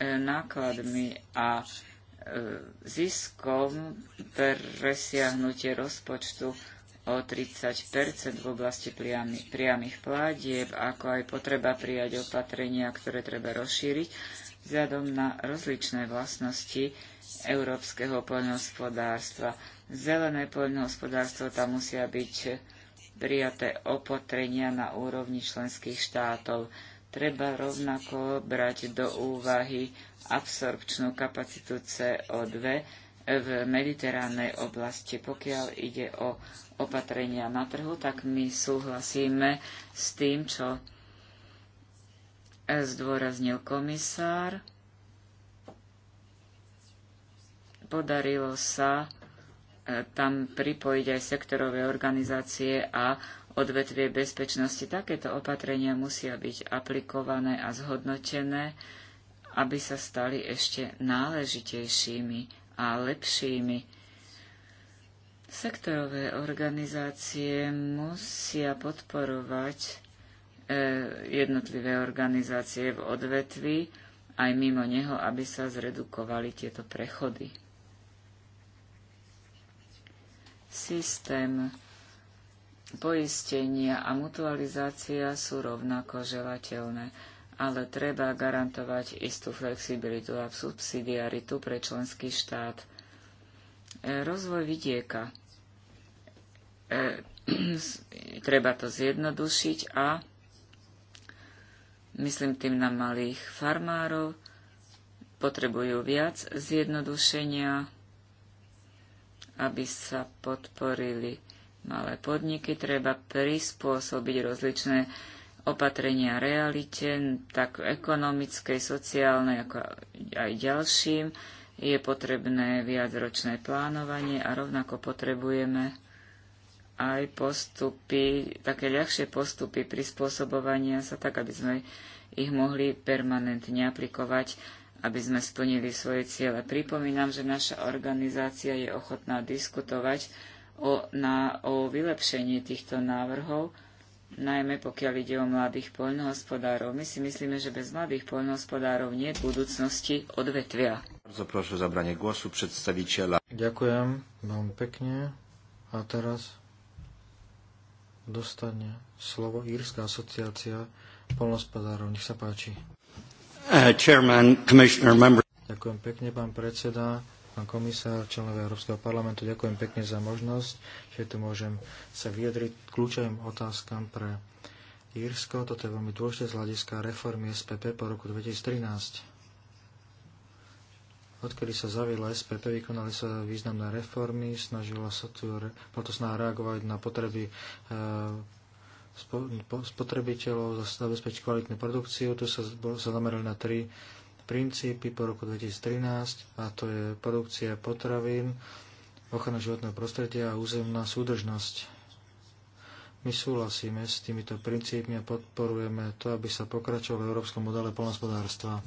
[SPEAKER 3] nákladmi a e, ziskom presiahnutie rozpočtu o 30 v oblasti priamých pládieb, ako aj potreba prijať opatrenia, ktoré treba rozšíriť vzhľadom na rozličné vlastnosti európskeho poľnohospodárstva. Zelené poľnohospodárstvo tam musia byť prijaté opatrenia na úrovni členských štátov. Treba rovnako brať do úvahy absorpčnú kapacitu CO2 v mediteránnej oblasti. Pokiaľ ide o opatrenia na trhu, tak my súhlasíme s tým, čo zdôraznil komisár. Podarilo sa e, tam pripojiť aj sektorové organizácie a odvetvie bezpečnosti. Takéto opatrenia musia byť aplikované a zhodnotené, aby sa stali ešte náležitejšími a lepšími. Sektorové organizácie musia podporovať E, jednotlivé organizácie v odvetvi aj mimo neho, aby sa zredukovali tieto prechody. Systém poistenia a mutualizácia sú rovnako želateľné, ale treba garantovať istú flexibilitu a subsidiaritu pre členský štát. E, rozvoj vidieka. E, [clears throat] treba to zjednodušiť a myslím tým na malých farmárov, potrebujú viac zjednodušenia, aby sa podporili malé podniky, treba prispôsobiť rozličné opatrenia realite, tak ekonomickej, sociálnej, ako aj ďalším. Je potrebné viacročné plánovanie a rovnako potrebujeme aj postupy, také ľahšie postupy prispôsobovania sa tak, aby sme ich mohli permanentne aplikovať, aby sme splnili svoje ciele. Pripomínam, že naša organizácia je ochotná diskutovať o, na, o vylepšení týchto návrhov, najmä pokiaľ ide o mladých poľnohospodárov. My si myslíme, že bez mladých poľnohospodárov nie je budúcnosti odvetvia.
[SPEAKER 2] Zaprošu zabranie głosu predstaviteľa. Ďakujem veľmi pekne. A teraz dostane slovo Írska asociácia polnospodárov. Nech sa páči.
[SPEAKER 1] Uh, chairman,
[SPEAKER 2] Ďakujem pekne, pán predseda, pán komisár, členové Európskeho parlamentu. Ďakujem pekne za možnosť, že tu môžem sa vyjadriť kľúčovým otázkam pre Írsko. Toto je veľmi dôležité z hľadiska reformy SPP po roku 2013 odkedy sa zaviedla SPP, vykonali sa významné reformy, snažila sa tu, bol to snaha reagovať na potreby eh, spotrebiteľov, zabezpečiť kvalitnú produkciu. Tu sa, sa zamerali na tri princípy po roku 2013 a to je produkcia potravín, ochrana životného prostredia a územná súdržnosť. My súhlasíme s týmito princípmi a podporujeme to, aby sa pokračovalo v európskom modele polnospodárstva.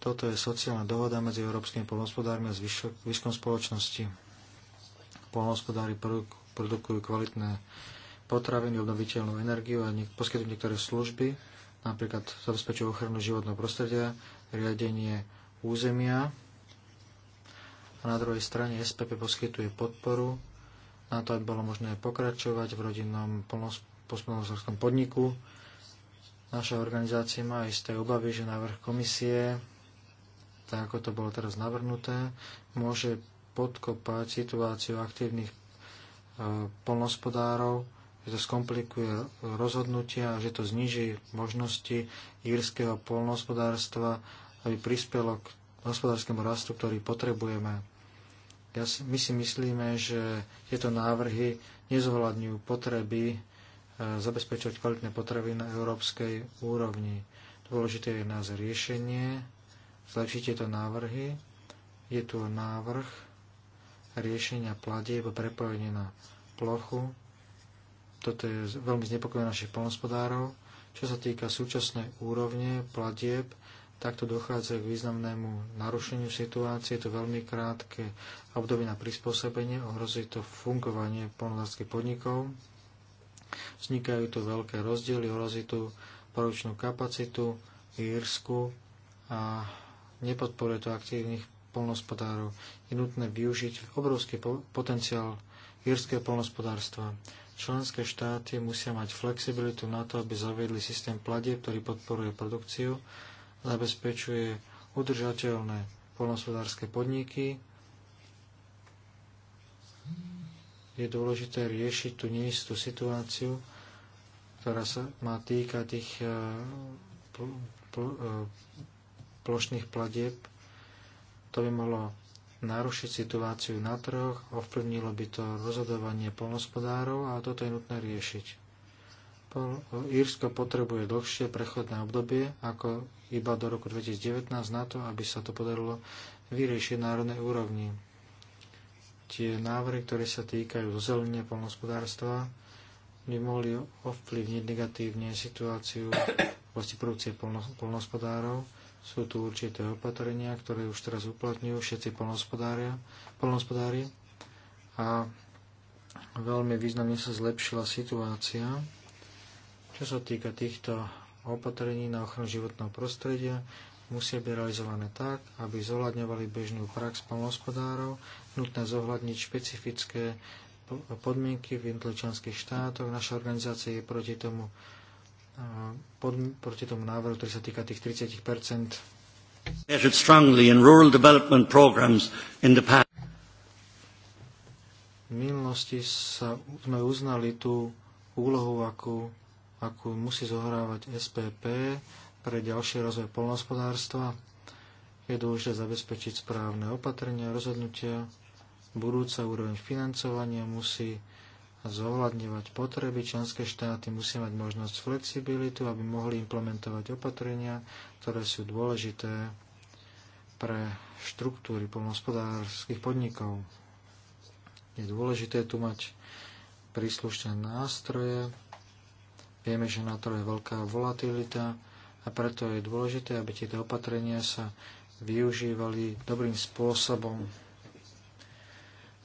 [SPEAKER 2] Toto je sociálna dohoda medzi európskymi polnospodármi a zvyškom spoločnosti. Polnospodári produkujú kvalitné potraviny, obnoviteľnú energiu a poskytujú niektoré služby, napríklad zabezpečujú ochranu životného prostredia, riadenie územia. A na druhej strane SPP poskytuje podporu na to, aby bolo možné pokračovať v rodinnom polnospodárskom podniku. Naša organizácia má isté obavy, že návrh komisie tak ako to bolo teraz navrhnuté, môže podkopať situáciu aktívnych e, polnospodárov, že to skomplikuje rozhodnutia, a že to zniží možnosti írskeho polnospodárstva, aby prispelo k hospodárskému rastu, ktorý potrebujeme. Ja, my si myslíme, že tieto návrhy nezohľadňujú potreby e, zabezpečovať kvalitné potravy na európskej úrovni. Dôležité je nás riešenie zlepšiť tieto návrhy. Je tu návrh riešenia platieb a prepojenie na plochu. Toto je veľmi znepokojené našich polnospodárov. Čo sa týka súčasnej úrovne platieb, takto dochádza k významnému narušeniu situácie. Je to veľmi krátke obdobie na prispôsobenie, ohrozí to fungovanie polnohospodárských podnikov. Vznikajú tu veľké rozdiely, ohrozí tu poručnú kapacitu, Írsku a nepodporuje to aktívnych polnospodárov. Je nutné využiť obrovský potenciál írskeho polnospodárstva. Členské štáty musia mať flexibilitu na to, aby zaviedli systém pladie, ktorý podporuje produkciu, zabezpečuje udržateľné polnospodárske podniky. Je dôležité riešiť tú neistú situáciu, ktorá sa má týka tých eh, eh, plošných platieb. To by malo narušiť situáciu na trhoch, ovplyvnilo by to rozhodovanie polnospodárov a toto je nutné riešiť. Írsko potrebuje dlhšie prechodné obdobie ako iba do roku 2019 na to, aby sa to podarilo vyriešiť na národnej úrovni. Tie návrhy, ktoré sa týkajú zelenia polnospodárstva, by mohli ovplyvniť negatívne situáciu v produkcie polnospodárov sú tu určité opatrenia, ktoré už teraz uplatňujú všetci polnospodári a veľmi významne sa zlepšila situácia, čo sa týka týchto opatrení na ochranu životného prostredia, musia byť realizované tak, aby zohľadňovali bežnú prax polnohospodárov, nutné zohľadniť špecifické podmienky v jednotlivých členských štátoch. Naša organizácia je proti tomu pod, proti tomu návrhu, ktorý sa týka tých 30 V minulosti sa, sme uznali tú úlohu, akú, akú musí zohrávať SPP pre ďalší rozvoj polnohospodárstva. Je dôležité zabezpečiť správne opatrenia, rozhodnutia, budúca úroveň financovania musí zohľadňovať potreby. Členské štáty musia mať možnosť flexibilitu, aby mohli implementovať opatrenia, ktoré sú dôležité pre štruktúry polnospodárských podnikov. Je dôležité tu mať príslušné nástroje. Vieme, že na to je veľká volatilita a preto je dôležité, aby tieto opatrenia sa využívali dobrým spôsobom.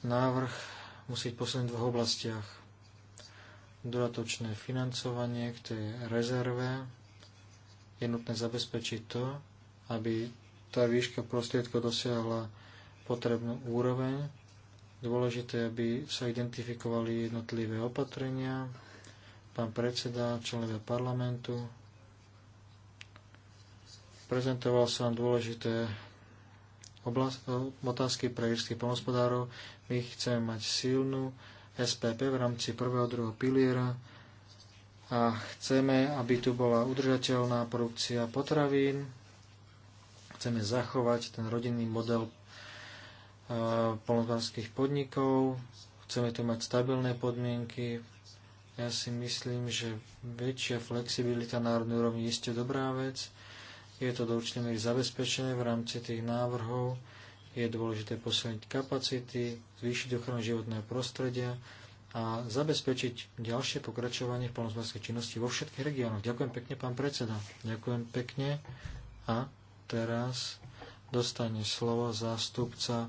[SPEAKER 2] Návrh musieť v posledných dvoch oblastiach. Dodatočné financovanie k tej rezerve je nutné zabezpečiť to, aby tá výška prostriedkov dosiahla potrebnú úroveň. Dôležité, aby sa identifikovali jednotlivé opatrenia, pán predseda, členovia parlamentu. Prezentoval som vám dôležité oblast, otázky pre irských polnospodárov. My chceme mať silnú SPP v rámci prvého a druhého piliera a chceme, aby tu bola udržateľná produkcia potravín. Chceme zachovať ten rodinný model e, polnospodárských podnikov. Chceme tu mať stabilné podmienky, ja si myslím, že väčšia flexibilita národnej úrovni je isté dobrá vec. Je to do určitej miery zabezpečené v rámci tých návrhov. Je dôležité posilniť kapacity, zvýšiť ochranu životného prostredia a zabezpečiť ďalšie pokračovanie v polnospodárskej činnosti vo všetkých regiónoch. Ďakujem pekne, pán predseda. Ďakujem pekne. A teraz dostane slovo zástupca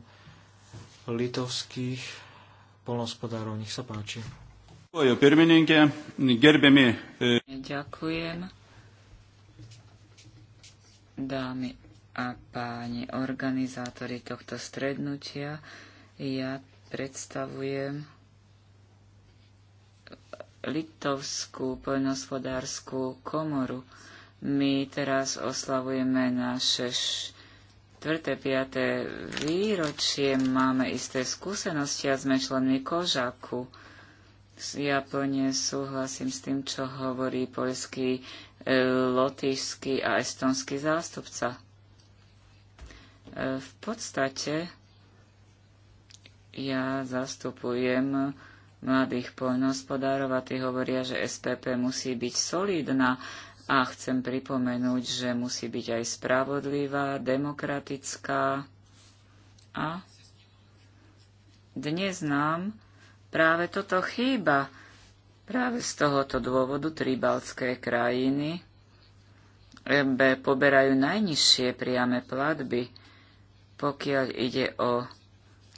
[SPEAKER 2] litovských polnospodárov. Nech sa páči.
[SPEAKER 1] Ďakujem. Eh,
[SPEAKER 3] Ďakujem. Dámy a páni organizátori tohto strednutia, ja predstavujem Litovskú poľnohospodárskú komoru. My teraz oslavujeme naše štvrté, piaté výročie, máme isté skúsenosti a sme členmi Kožaku. Ja plne súhlasím s tým, čo hovorí poľský lotyšský a estonský zástupca. E, v podstate ja zastupujem mladých poľnohospodárov a tí hovoria, že SPP musí byť solidná a chcem pripomenúť, že musí byť aj spravodlivá, demokratická a dnes nám práve toto chýba Práve z tohoto dôvodu tri baltské krajiny MB poberajú najnižšie priame platby, pokiaľ ide o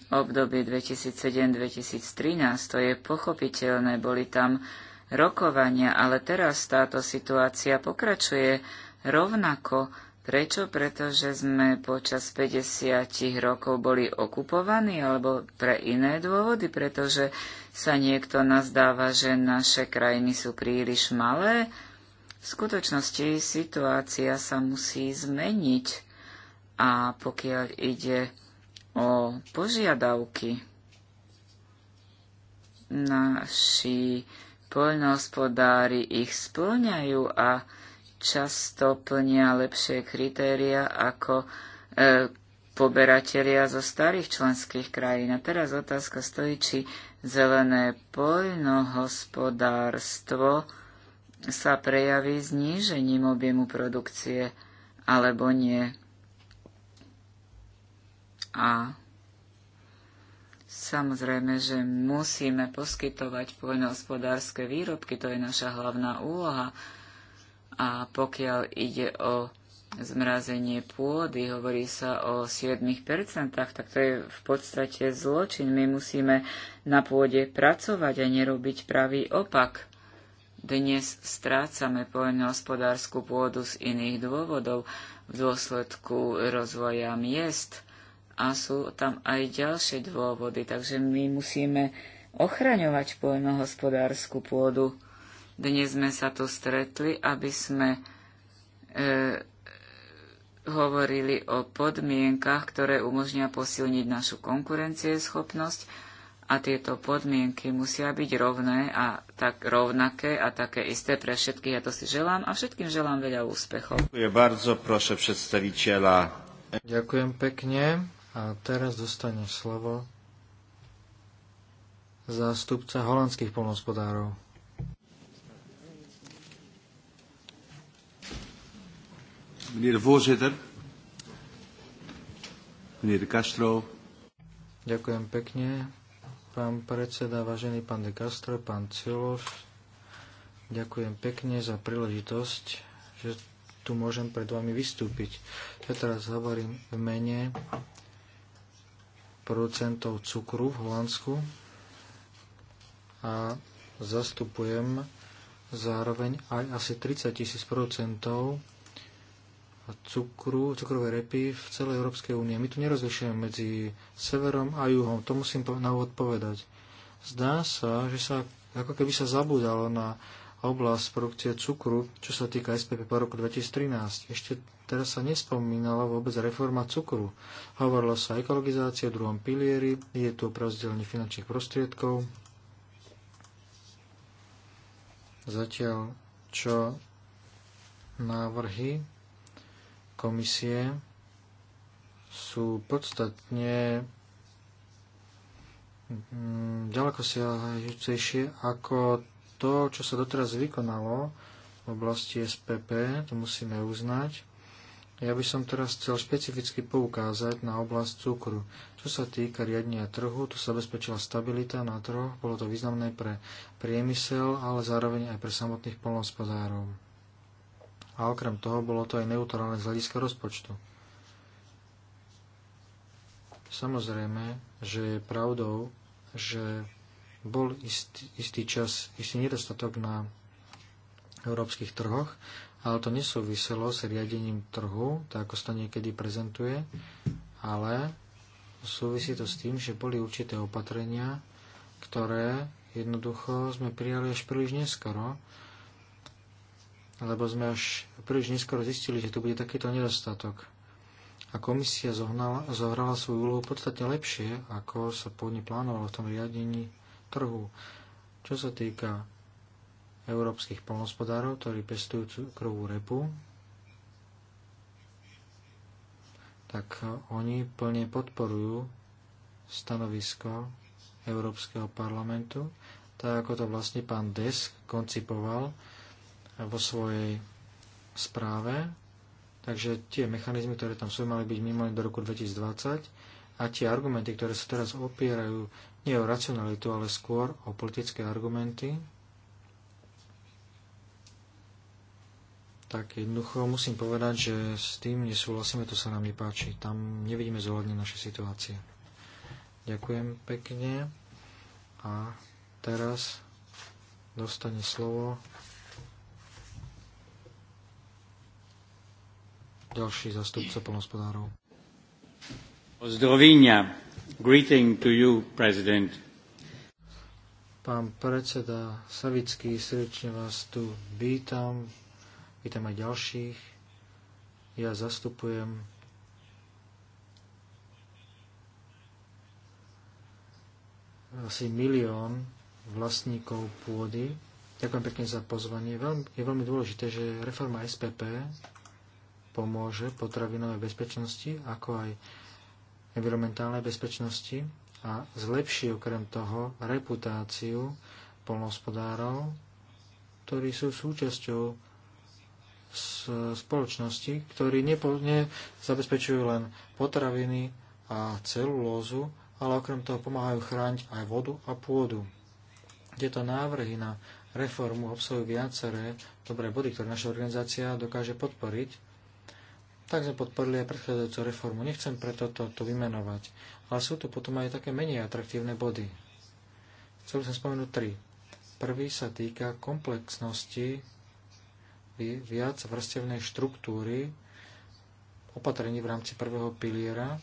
[SPEAKER 3] obdobie 2007-2013. To je pochopiteľné, boli tam rokovania, ale teraz táto situácia pokračuje rovnako Prečo? Pretože sme počas 50 rokov boli okupovaní alebo pre iné dôvody, pretože sa niekto nazdáva, že naše krajiny sú príliš malé. V skutočnosti situácia sa musí zmeniť a pokiaľ ide o požiadavky naši poľnohospodári ich splňajú a často plnia lepšie kritéria ako e, poberatelia zo starých členských krajín. A teraz otázka stojí, či zelené poľnohospodárstvo sa prejaví znížením objemu produkcie alebo nie. A Samozrejme, že musíme poskytovať poľnohospodárske výrobky, to je naša hlavná úloha, a pokiaľ ide o zmrazenie pôdy, hovorí sa o 7%, tak to je v podstate zločin. My musíme na pôde pracovať a nerobiť pravý opak. Dnes strácame poľnohospodárskú pôdu z iných dôvodov v dôsledku rozvoja miest a sú tam aj ďalšie dôvody, takže my musíme ochraňovať poľnohospodárskú pôdu. Dnes sme sa tu stretli, aby sme e, hovorili o podmienkach, ktoré umožnia posilniť našu konkurencieschopnosť a tieto podmienky musia byť rovné a tak rovnaké a také isté pre všetkých. Ja to si želám a všetkým želám veľa úspechov.
[SPEAKER 2] Ďakujem bardzo, proszę predstaviteľa. Ďakujem pekne a teraz dostane slovo zástupca holandských polnospodárov. Meneer de voorzitter,
[SPEAKER 1] meneer de Castro.
[SPEAKER 2] Ďakujem pekne, pán predseda, vážený pán de Castro, pán Ciloš. Ďakujem pekne za príležitosť, že tu môžem pred vami vystúpiť. Ja teraz hovorím v mene producentov cukru v Holandsku a zastupujem zároveň aj asi 30 tisíc producentov cukru, cukrovej repy v celej Európskej únie. My tu nerozlišujeme medzi severom a juhom, to musím na úvod povedať. Zdá sa, že sa ako keby sa zabudalo na oblasť produkcie cukru, čo sa týka SPP po roku 2013. Ešte teraz sa nespomínala vôbec reforma cukru. Hovorilo sa o ekologizácii v druhom pilieri, je tu o finančných prostriedkov. Zatiaľ, čo návrhy komisie sú podstatne mm, ďaleko siahajúcejšie ako to, čo sa doteraz vykonalo v oblasti SPP, to musíme uznať. Ja by som teraz chcel špecificky poukázať na oblasť cukru. Čo sa týka riadenia trhu, tu sa zabezpečila stabilita na trhu, bolo to významné pre priemysel, ale zároveň aj pre samotných polnospodárov a okrem toho bolo to aj neutrálne z hľadiska rozpočtu. Samozrejme, že je pravdou, že bol istý, istý čas, istý nedostatok na európskych trhoch, ale to nesúviselo s riadením trhu, tak ako sa to niekedy prezentuje, ale súvisí to s tým, že boli určité opatrenia, ktoré jednoducho sme prijali až príliš neskoro, lebo sme až príliš neskoro zistili, že tu bude takýto nedostatok. A komisia zohnala, zohrala svoju úlohu podstatne lepšie, ako sa pôvodne plánovalo v tom riadení trhu. Čo sa týka európskych polnospodárov, ktorí pestujú krovú repu, tak oni plne podporujú stanovisko Európskeho parlamentu, tak ako to vlastne pán Desk koncipoval vo svojej správe. Takže tie mechanizmy, ktoré tam sú, mali byť mimo do roku 2020 a tie argumenty, ktoré sa teraz opierajú nie o racionalitu, ale skôr o politické argumenty, tak jednoducho musím povedať, že s tým nesúhlasíme, to sa nám nepáči. Tam nevidíme zohľadne naše situácie. Ďakujem pekne. A teraz dostane slovo ďalší zastupca polnospodárov.
[SPEAKER 1] Zdrovíňa, greeting to you, president.
[SPEAKER 2] Pán predseda Savický, srdečne vás tu vítam. Vítam aj ďalších. Ja zastupujem asi milión vlastníkov pôdy. Ďakujem pekne za pozvanie. Je veľmi dôležité, že reforma SPP pomôže potravinovej bezpečnosti, ako aj environmentálnej bezpečnosti a zlepší okrem toho reputáciu polnohospodárov, ktorí sú súčasťou spoločnosti, ktorí nezabezpečujú len potraviny a celulózu, ale okrem toho pomáhajú chrániť aj vodu a pôdu. Tieto návrhy na reformu obsahujú viaceré dobré body, ktoré naša organizácia dokáže podporiť tak sme podporili aj predchádzajúcu reformu. Nechcem preto to, to vymenovať, ale sú tu potom aj také menej atraktívne body. Chcel som spomenúť tri. Prvý sa týka komplexnosti viac vrstevnej štruktúry opatrení v rámci prvého piliera.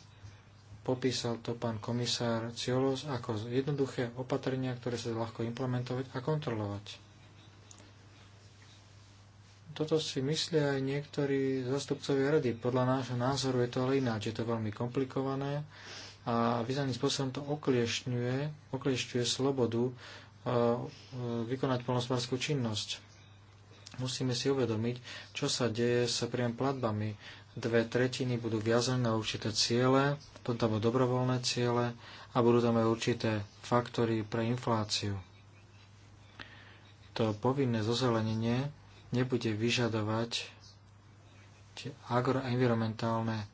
[SPEAKER 2] Popísal to pán komisár Ciolos ako jednoduché opatrenia, ktoré sa ľahko implementovať a kontrolovať. Toto si myslia aj niektorí zastupcovia rady. Podľa nášho názoru je to ale ináč. Je to veľmi komplikované a významným spôsobom to okliešťuje, okliešťuje slobodu e, e, vykonať polnospodárskú činnosť. Musíme si uvedomiť, čo sa deje s priam platbami. Dve tretiny budú viazané na určité ciele, potom tam dobrovoľné ciele a budú tam aj určité faktory pre infláciu. To povinné zozelenenie nebude vyžadovať tie agroenvironmentálne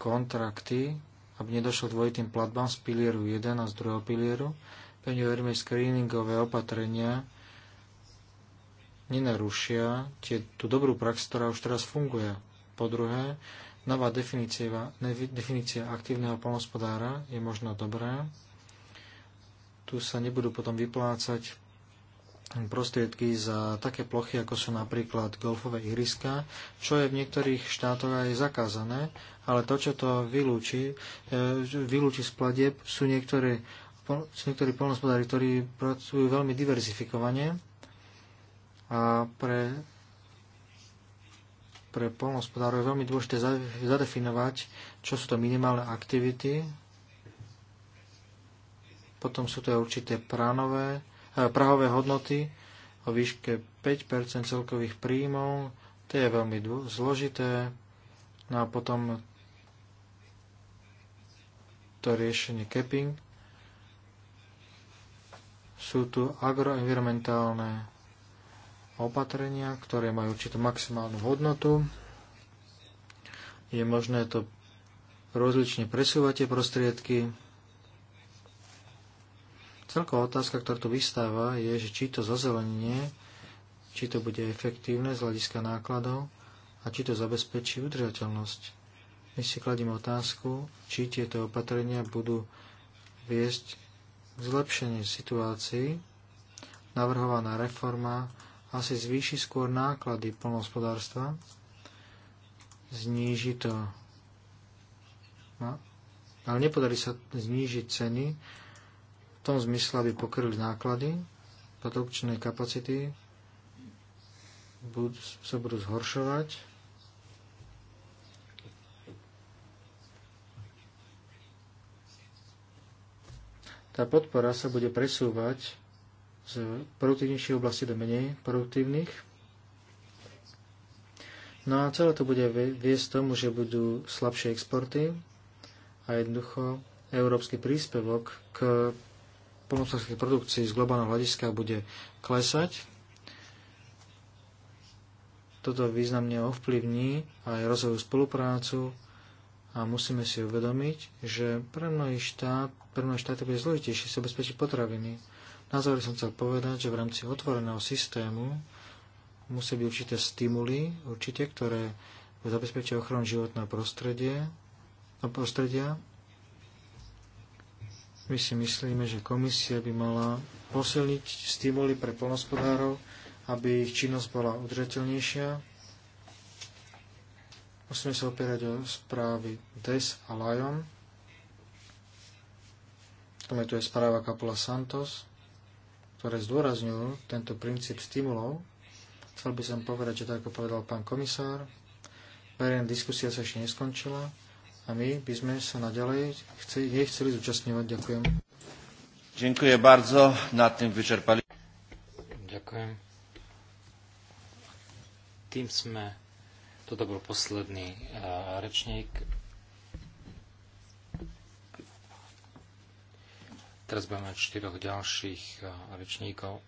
[SPEAKER 2] kontrakty, aby nedošlo dvojitým platbám z pilieru 1 a z druhého pilieru. Pevne veríme, screeningové opatrenia nenarušia tie, tú dobrú prax, ktorá už teraz funguje. Po druhé, nová definícia, definícia aktívneho polnospodára je možno dobrá. Tu sa nebudú potom vyplácať prostriedky za také plochy, ako sú napríklad golfové ihriska, čo je v niektorých štátoch aj zakázané, ale to, čo to vylúči, e, vylúči z pladeb, sú niektoré sú niektorí polnospodári, ktorí pracujú veľmi diverzifikovane a pre, pre polnospodárov je veľmi dôležité zadefinovať, čo sú to minimálne aktivity, potom sú to aj určité pránové prahové hodnoty o výške 5 celkových príjmov. To je veľmi zložité. No a potom to riešenie capping. Sú tu agroenvironmentálne opatrenia, ktoré majú určitú maximálnu hodnotu. Je možné to rozlične presúvať tie prostriedky. Celková otázka, ktorá tu vystáva, je, že či to zazelenie, či to bude efektívne z hľadiska nákladov a či to zabezpečí udržateľnosť. My si kladíme otázku, či tieto opatrenia budú viesť k zlepšeniu situácií. Navrhovaná reforma asi zvýši skôr náklady plnohospodárstva, zníži to, no, ale nepodarí sa znížiť ceny, tom zmysle, aby pokryli náklady produkčnej kapacity, budú, sa budú zhoršovať. Tá podpora sa bude presúvať z produktívnejšej oblasti do menej produktívnych. No a celé to bude viesť tomu, že budú slabšie exporty a jednoducho európsky príspevok k plnospodárskej produkcii z globálneho hľadiska bude klesať. Toto významne ovplyvní aj rozvoju spoluprácu a musíme si uvedomiť, že pre mnohých štát, pre mnohé štát bude zložitejšie sa bezpečiť potraviny. Na záver som chcel povedať, že v rámci otvoreného systému musí byť určité stimuly, určite, ktoré zabezpečia ochranu životného prostredie, no prostredia my si myslíme, že komisia by mala posilniť stimuly pre polnospodárov, aby ich činnosť bola udržateľnejšia. Musíme sa opierať o správy DES a LION. Potom je tu aj správa Kapula Santos, ktoré zdôrazňujú tento princíp stimulov. Chcel by som povedať, že tak ako povedal pán komisár, verejná diskusia sa ešte neskončila a my by sme sa naďalej chce, jej chceli zúčastňovať. Ďakujem.
[SPEAKER 1] Ďakujem bardzo. Na tým vyčerpali.
[SPEAKER 4] Ďakujem. Tým sme... Toto bol posledný uh, rečník. Teraz budeme mať štyroch ďalších uh, rečníkov.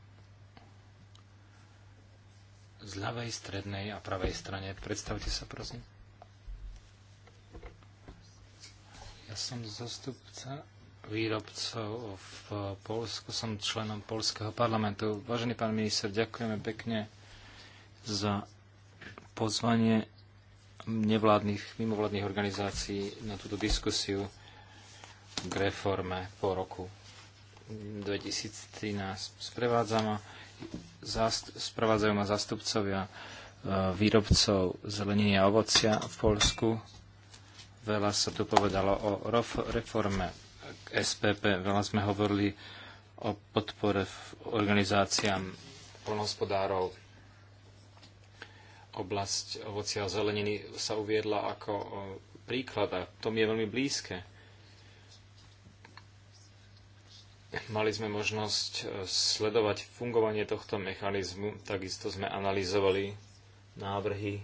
[SPEAKER 4] Z ľavej, strednej a pravej strane. Predstavte sa, prosím. Ja som zastupca výrobcov v Polsku, som členom Polského parlamentu. Vážený pán minister, ďakujeme pekne za pozvanie nevládnych, mimovládnych organizácií na túto diskusiu k reforme po roku 2013. Sprevádza ma, zást, sprevádzajú ma zastupcovia e, výrobcov zeleniny a ovocia v Polsku, Veľa sa tu povedalo o reforme SPP, veľa sme hovorili o podpore organizáciám polnohospodárov. Oblasť ovocia a zeleniny sa uviedla ako príklad a to mi je veľmi blízke. Mali sme možnosť e, sledovať fungovanie tohto mechanizmu, takisto sme analyzovali návrhy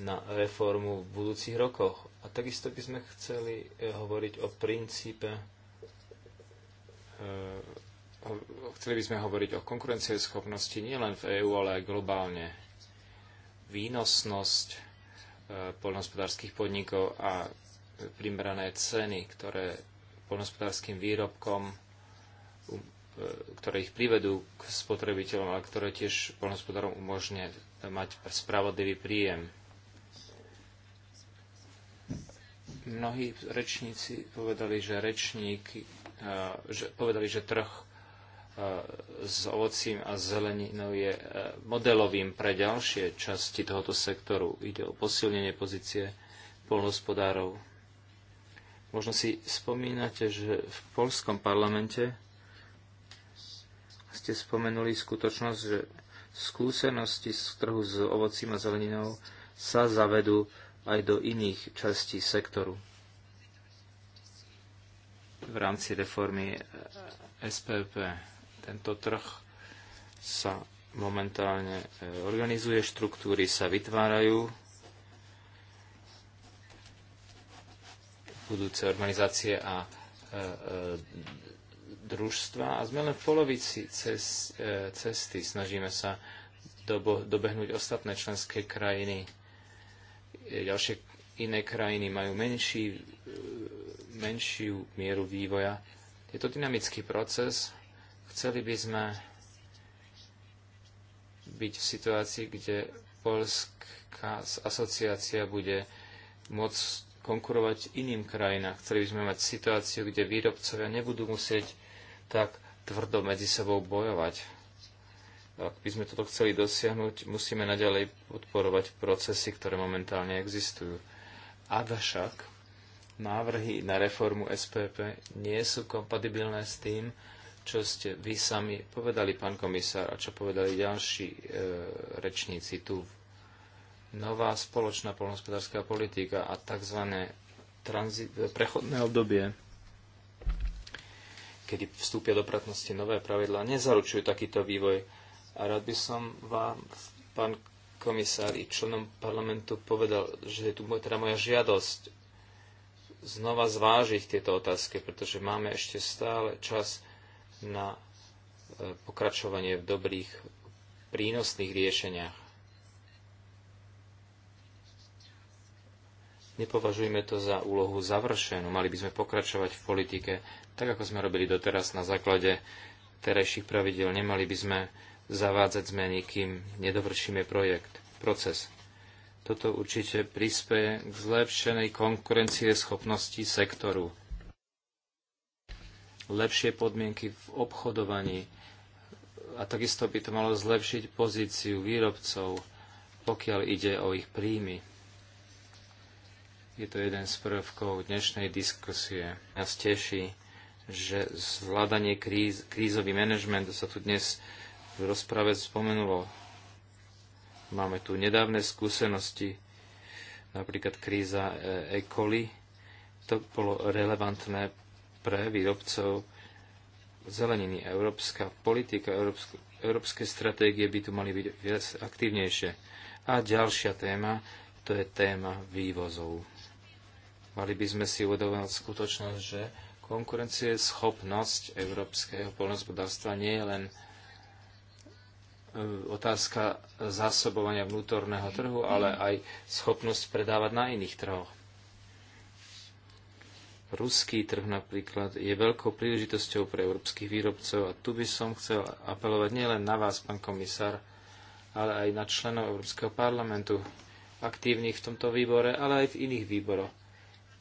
[SPEAKER 4] na reformu v budúcich rokoch. A takisto by sme chceli e, hovoriť o princípe, e, chceli by sme hovoriť o konkurencieschopnosti nielen v EÚ, ale aj globálne. Výnosnosť e, poľnohospodárskych podnikov a primerané ceny, ktoré poľnohospodárským výrobkom, ktoré ich privedú k spotrebiteľom, ale ktoré tiež poľnohospodárom umožňuje mať spravodlivý príjem Mnohí rečníci povedali, že rečník, e, že, povedali, že trh e, s ovocím a zeleninou je e, modelovým pre ďalšie časti tohoto sektoru. Ide o posilnenie pozície polnospodárov. Možno si spomínate, že v polskom parlamente ste spomenuli skutočnosť, že skúsenosti z trhu s ovocím a zeleninou sa zavedú aj do iných častí sektoru. V rámci reformy e, SPP tento trh sa momentálne e, organizuje, štruktúry sa vytvárajú, budúce organizácie a e, družstva a sme len v polovici cez, cesty. Snažíme sa dobo, dobehnúť ostatné členské krajiny E, ďalšie iné krajiny majú menší, e, menšiu mieru vývoja. Je to dynamický proces. Chceli by sme byť v situácii, kde Polská asociácia bude môcť konkurovať iným krajinám. Chceli by sme mať situáciu, kde výrobcovia nebudú musieť tak tvrdo medzi sebou bojovať ak by sme toto chceli dosiahnuť, musíme naďalej podporovať procesy, ktoré momentálne existujú. Avšak návrhy na reformu SPP nie sú kompatibilné s tým, čo ste vy sami povedali, pán komisár, a čo povedali ďalší e, rečníci tu. Nová spoločná polnospodárska politika a tzv. Transi- prechodné obdobie, kedy vstúpia do platnosti nové pravidlá, nezaručujú takýto vývoj a rád by som vám, pán komisár i členom parlamentu povedal, že je tu teda moja žiadosť znova zvážiť tieto otázky, pretože máme ešte stále čas na e, pokračovanie v dobrých prínosných riešeniach. Nepovažujme to za úlohu završenú. Mali by sme pokračovať v politike tak, ako sme robili doteraz na základe terajších pravidel. Nemali by sme zavádzať zmeny, kým nedovršíme projekt, proces. Toto určite prispieje k zlepšenej konkurencie schopnosti sektoru. Lepšie podmienky v obchodovaní a takisto by to malo zlepšiť pozíciu výrobcov, pokiaľ ide o ich príjmy. Je to jeden z prvkov dnešnej diskusie. Nás teší, že zvládanie kríz, krízový manažment sa tu dnes v rozprave spomenulo. Máme tu nedávne skúsenosti, napríklad kríza E. e. coli. To bolo relevantné pre výrobcov zeleniny. Európska politika, európske, európske stratégie by tu mali byť viac aktívnejšie. A ďalšia téma, to je téma vývozov. Mali by sme si uvedomovať skutočnosť, že konkurencie schopnosť európskeho poľnohospodárstva nie je len E, otázka zásobovania vnútorného trhu, ale aj schopnosť predávať na iných trhoch. Ruský trh napríklad je veľkou príležitosťou pre európskych výrobcov a tu by som chcel apelovať nielen na vás, pán komisár, ale aj na členov Európskeho parlamentu, aktívnych v tomto výbore, ale aj v iných výboroch,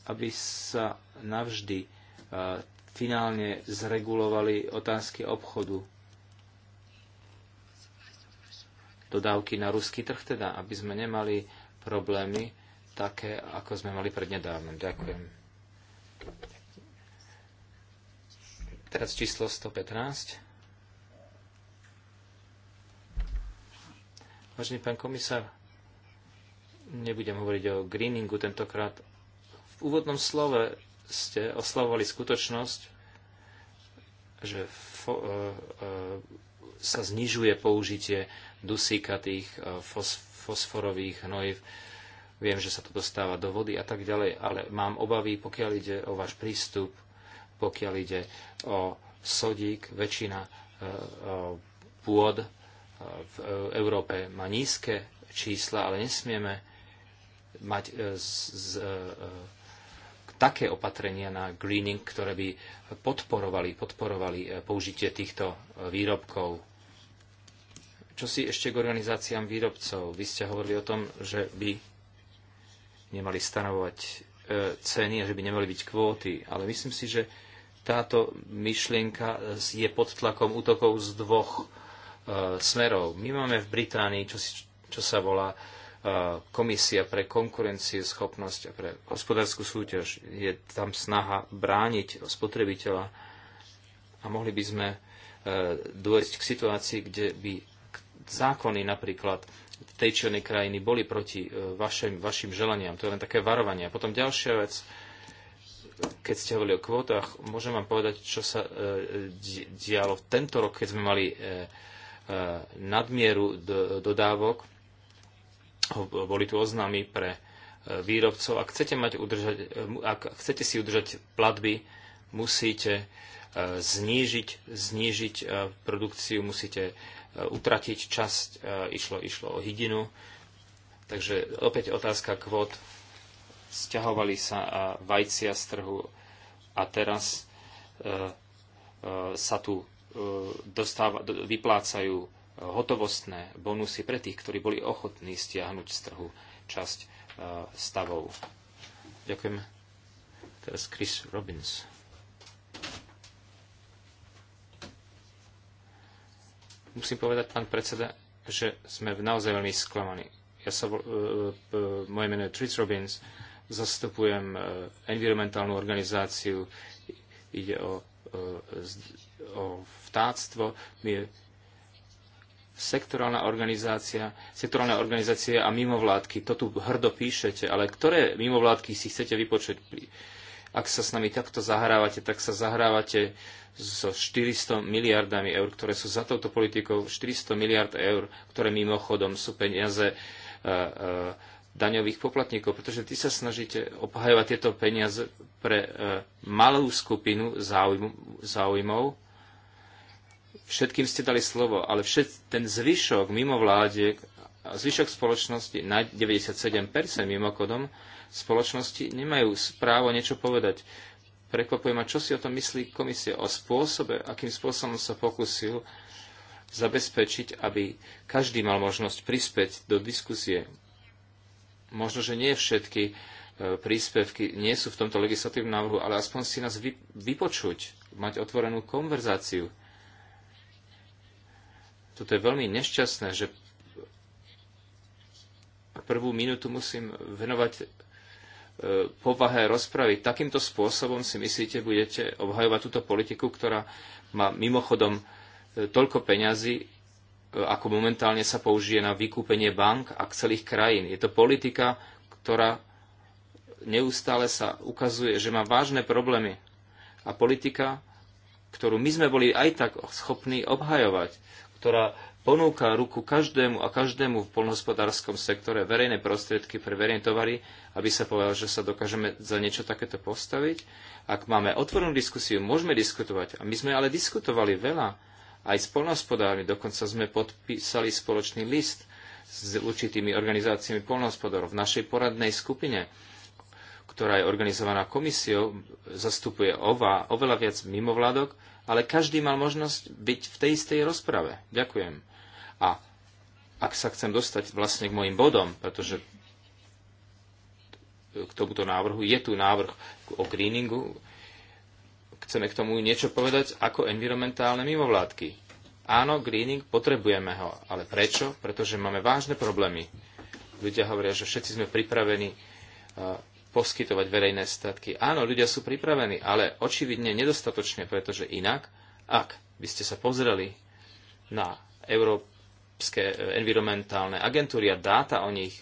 [SPEAKER 4] aby sa navždy e, finálne zregulovali otázky obchodu dodávky na ruský trh, teda aby sme nemali problémy také, ako sme mali prednedávnom. Ďakujem. Teraz číslo 115. Vážený pán komisár, nebudem hovoriť o greeningu tentokrát. V úvodnom slove ste oslavovali skutočnosť, že fo, e, e, sa znižuje použitie dusíkatých, e, fosforových hnojiv. Viem, že sa to dostáva do vody a tak ďalej, ale mám obavy, pokiaľ ide o váš prístup, pokiaľ ide o sodík, väčšina e, e, pôd v Európe má nízke čísla, ale nesmieme mať z, z, také opatrenia na greening, ktoré by podporovali, podporovali použitie týchto výrobkov. Čo si ešte k organizáciám výrobcov? Vy ste hovorili o tom, že by nemali stanovať e, ceny a že by nemali byť kvóty, ale myslím si, že táto myšlienka je pod tlakom útokov z dvoch e, smerov. My máme v Británii, čo, si, čo sa volá e, Komisia pre konkurencieschopnosť a pre hospodárskú súťaž. Je tam snaha brániť spotrebiteľa a mohli by sme dôjsť k situácii, kde by zákony napríklad tej či onej krajiny boli proti e, vašim, vašim želaniam. To je len také varovanie. A potom ďalšia vec, keď ste hovorili o kvótach, môžem vám povedať, čo sa e, dialo tento rok, keď sme mali e, nadmieru dodávok. Boli tu oznámy pre výrobcov. Ak chcete, mať udržať, ak chcete si udržať platby, musíte znížiť, znížiť produkciu, musíte E, utratiť časť, e, išlo, išlo o hydinu. Takže opäť otázka kvót. Sťahovali sa a vajcia z trhu a teraz e, e, sa tu e, dostáva, vyplácajú hotovostné bonusy pre tých, ktorí boli ochotní stiahnuť z trhu časť stavov. Ďakujem. Teraz Chris Robinson. Musím povedať, pán predseda, že sme naozaj veľmi sklamaní. Ja sa, e, e, e, moje meno je Tritz Robbins, zastupujem environmentálnu organizáciu, ide o, o vtáctvo, my sektorálna organizácia, sektorálna organizácia a mimovládky, to tu hrdo píšete, ale ktoré mimovládky si chcete vypočuť? Ak sa s nami takto zahrávate, tak sa zahrávate so 400 miliardami eur, ktoré sú za touto politikou, 400 miliard eur, ktoré mimochodom sú peniaze e, e, daňových poplatníkov, pretože ty sa snažíte obhajovať tieto peniaze pre e, malú skupinu záujmov. Všetkým ste dali slovo, ale všet, ten zvyšok mimo vláde, zvyšok spoločnosti na 97% mimochodom, spoločnosti nemajú právo niečo povedať. Prekvapuje ma, čo si o tom myslí komisie, o spôsobe, akým spôsobom sa pokusil zabezpečiť, aby každý mal možnosť prispäť do diskusie. Možno, že nie všetky e, príspevky nie sú v tomto legislatívnom návrhu, ale aspoň si nás vypočuť, mať otvorenú konverzáciu. Toto je veľmi nešťastné, že prvú minútu musím venovať E, povahe rozpravy takýmto spôsobom si myslíte, budete obhajovať túto politiku, ktorá má mimochodom e, toľko peňazí, e, ako momentálne sa použije na vykúpenie bank a celých krajín. Je to politika, ktorá neustále sa ukazuje, že má vážne problémy. A politika, ktorú my sme boli aj tak schopní obhajovať, ktorá ponúka ruku každému a každému v poľnohospodárskom sektore verejné prostriedky pre verejné tovary, aby sa povedal, že sa dokážeme za niečo takéto postaviť. Ak máme otvorenú diskusiu, môžeme diskutovať. A my sme ale diskutovali veľa, aj s poľnohospodármi. Dokonca sme podpísali spoločný list s určitými organizáciami poľnohospodárov v našej poradnej skupine ktorá je organizovaná komisiou, zastupuje OVA, oveľa viac mimovládok, ale každý mal možnosť byť v tej istej rozprave. Ďakujem. A ak sa chcem dostať vlastne k mojim bodom, pretože k tomuto návrhu je tu návrh o greeningu, chceme k tomu niečo povedať ako environmentálne mimovládky. Áno, greening, potrebujeme ho, ale prečo? Pretože máme vážne problémy. Ľudia hovoria, že všetci sme pripravení e, poskytovať verejné statky. Áno, ľudia sú pripravení, ale očividne nedostatočne, pretože inak, ak by ste sa pozreli na Európu, európske e, environmentálne agentúry a dáta o nich,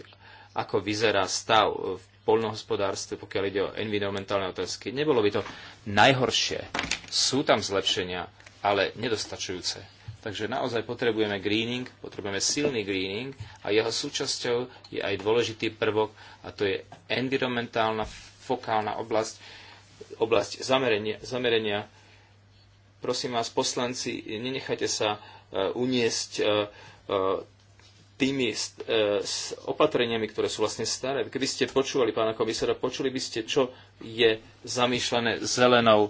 [SPEAKER 4] ako vyzerá stav v poľnohospodárstve, pokiaľ ide o environmentálne otázky. Nebolo by to najhoršie. Sú tam zlepšenia, ale nedostačujúce. Takže naozaj potrebujeme greening, potrebujeme silný greening a jeho súčasťou je aj dôležitý prvok a to je environmentálna fokálna oblasť, oblasť zamerenia, zamerenia. Prosím vás, poslanci, nenechajte sa e, uniesť e, E, tými e, s opatreniami, ktoré sú vlastne staré. Keby ste počúvali pána komisára, počuli by ste, čo je zamýšľané zelenou e,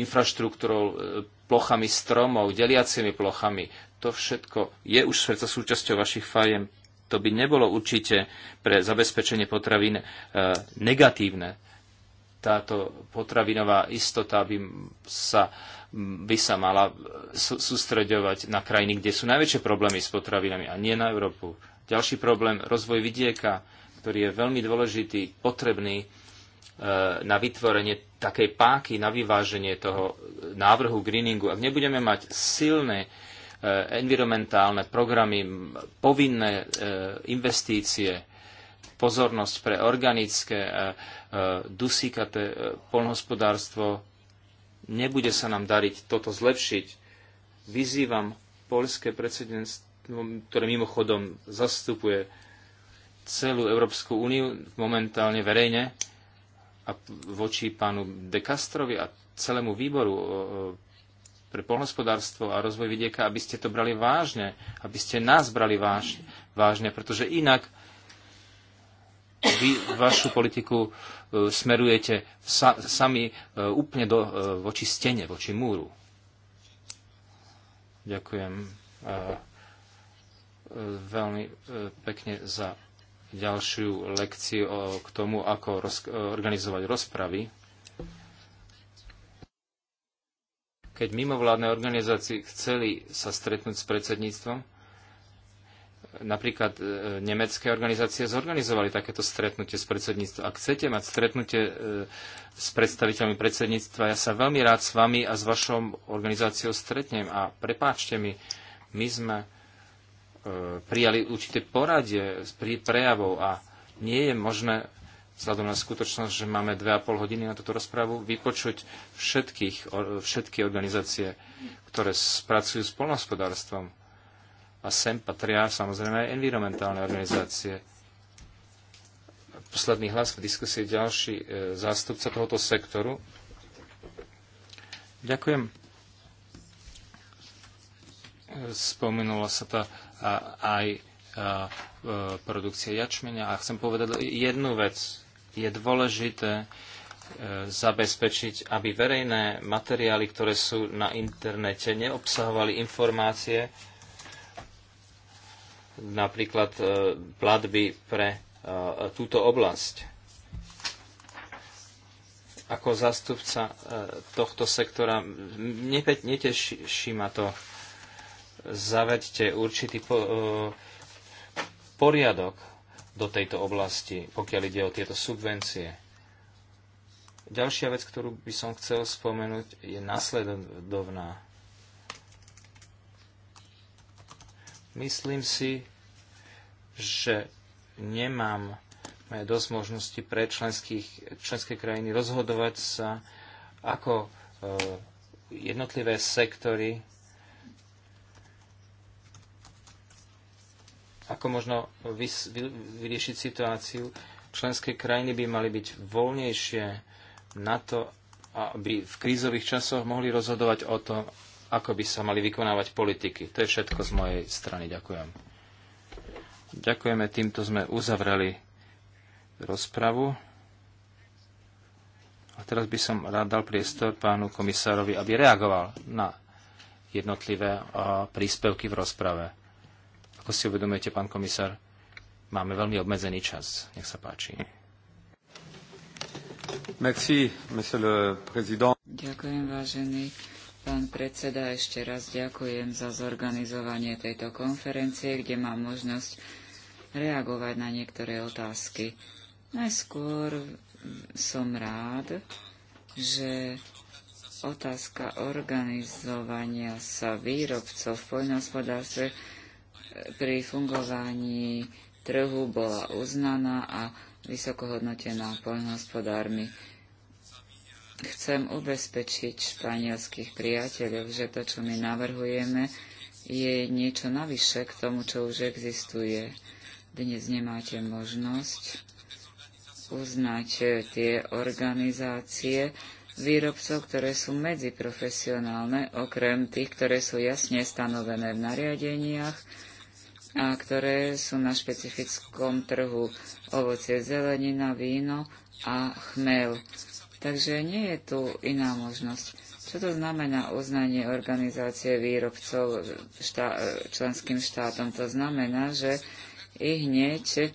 [SPEAKER 4] infraštruktúrou, plochami stromov, deliacimi plochami. To všetko je už predsa súčasťou vašich fajem. To by nebolo určite pre zabezpečenie potravín negatívne. Táto potravinová istota by sa by sa mala e, sústreďovať na krajiny, kde sú najväčšie problémy s potravinami a nie na Európu. Ďalší problém, rozvoj vidieka, ktorý je veľmi dôležitý, potrebný e, na vytvorenie takej páky, na vyváženie toho návrhu greeningu. Ak nebudeme mať silné e, environmentálne programy, povinné investície, pozornosť pre organické dusíkaté polnohospodárstvo, Nebude sa nám dariť toto zlepšiť. Vyzývam poľské predsedníctvo, ktoré mimochodom zastupuje celú Európsku úniu momentálne verejne a voči pánu De Castrovi a celému výboru pre polnospodárstvo a rozvoj vidieka, aby ste to brali vážne, aby ste nás brali vážne, vážne pretože inak vy vašu politiku E, smerujete sa, sami e, úplne do, e, voči stene, voči múru. Ďakujem veľmi pekne za ďalšiu lekciu k tomu, ako roz, organizovať rozpravy. Keď mimovládne organizácie chceli sa stretnúť s predsedníctvom, Napríklad e, nemecké organizácie zorganizovali takéto stretnutie s predsedníctvom. Ak chcete mať stretnutie e, s predstaviteľmi predsedníctva, ja sa veľmi rád s vami a s vašou organizáciou stretnem. A prepáčte mi, my sme e, prijali určité poradie pri prejavou a nie je možné vzhľadom na skutočnosť, že máme 2,5 hodiny na túto rozprávu, vypočuť všetkých, všetky organizácie, ktoré pracujú s polnohospodárstvom a sem patria samozrejme aj environmentálne organizácie. Posledný hlas v diskusii ďalší e, zástupca tohoto sektoru. Ďakujem. Spomenula sa tá a, aj a, e, produkcia jačmenia a chcem povedať jednu vec. Je dôležité e, zabezpečiť, aby verejné materiály, ktoré sú na internete, neobsahovali informácie, napríklad e, platby pre e, túto oblasť. Ako zastupca e, tohto sektora neteší ma to. Zaveďte určitý poriadok do tejto oblasti, pokiaľ ide o tieto subvencie. Ďalšia vec, ktorú by som chcel spomenúť, je nasledovná Myslím si, že nemám dosť možnosti pre členské krajiny rozhodovať sa, ako e, jednotlivé sektory, ako možno vys, vy, vyriešiť situáciu. Členské krajiny by mali byť voľnejšie na to, aby v krízových časoch mohli rozhodovať o tom, ako by sa mali vykonávať politiky. To je všetko z mojej strany. Ďakujem. Ďakujeme. Týmto sme uzavreli rozpravu. A teraz by som rád dal priestor pánu komisárovi, aby reagoval na jednotlivé príspevky v rozprave. Ako si uvedomujete, pán komisár, máme veľmi obmedzený čas. Nech sa páči.
[SPEAKER 3] Merci, monsieur le président. Ďakujem, vážený Pán predseda, ešte raz ďakujem za zorganizovanie tejto konferencie, kde mám možnosť reagovať na niektoré otázky. Najskôr som rád, že otázka organizovania sa výrobcov v poľnohospodárstve pri fungovaní trhu bola uznaná a vysokohodnotená poľnohospodármi. Chcem ubezpečiť španielských priateľov, že to, čo my navrhujeme, je niečo navyše k tomu, čo už existuje. Dnes nemáte možnosť uznať eh, tie organizácie výrobcov, ktoré sú medziprofesionálne, okrem tých, ktoré sú jasne stanovené v nariadeniach a ktoré sú na špecifickom trhu ovocie, zelenina, víno a chmel. Takže nie je tu iná možnosť. Čo to znamená uznanie organizácie výrobcov štá, členským štátom? To znamená, že i hneď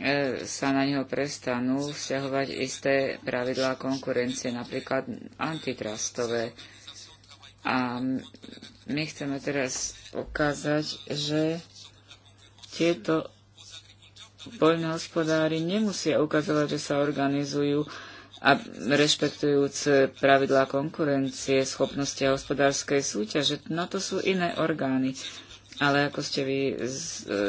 [SPEAKER 3] e, sa na neho prestanú vzťahovať isté pravidlá konkurencie, napríklad antitrustové. A my chceme teraz ukázať, že tieto poľnohospodári nemusia ukazovať, že sa organizujú a rešpektujúc pravidlá konkurencie, schopnosti a hospodárskej súťaže. No to sú iné orgány. Ale ako ste vy e,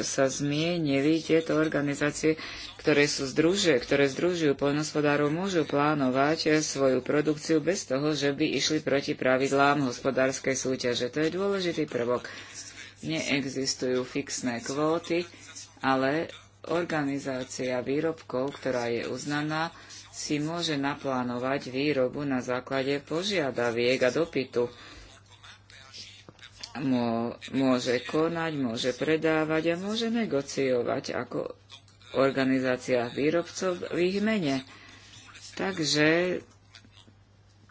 [SPEAKER 3] sa zmienili, tieto organizácie, ktoré, sú združe, ktoré združujú poľnohospodárov, môžu plánovať e, svoju produkciu bez toho, že by išli proti pravidlám hospodárskej súťaže. To je dôležitý prvok. Neexistujú fixné kvóty, ale organizácia výrobkov, ktorá je uznaná, si môže naplánovať výrobu na základe požiadaviek a dopytu. Môže konať, môže predávať a môže negociovať ako organizácia výrobcov v ich mene. Takže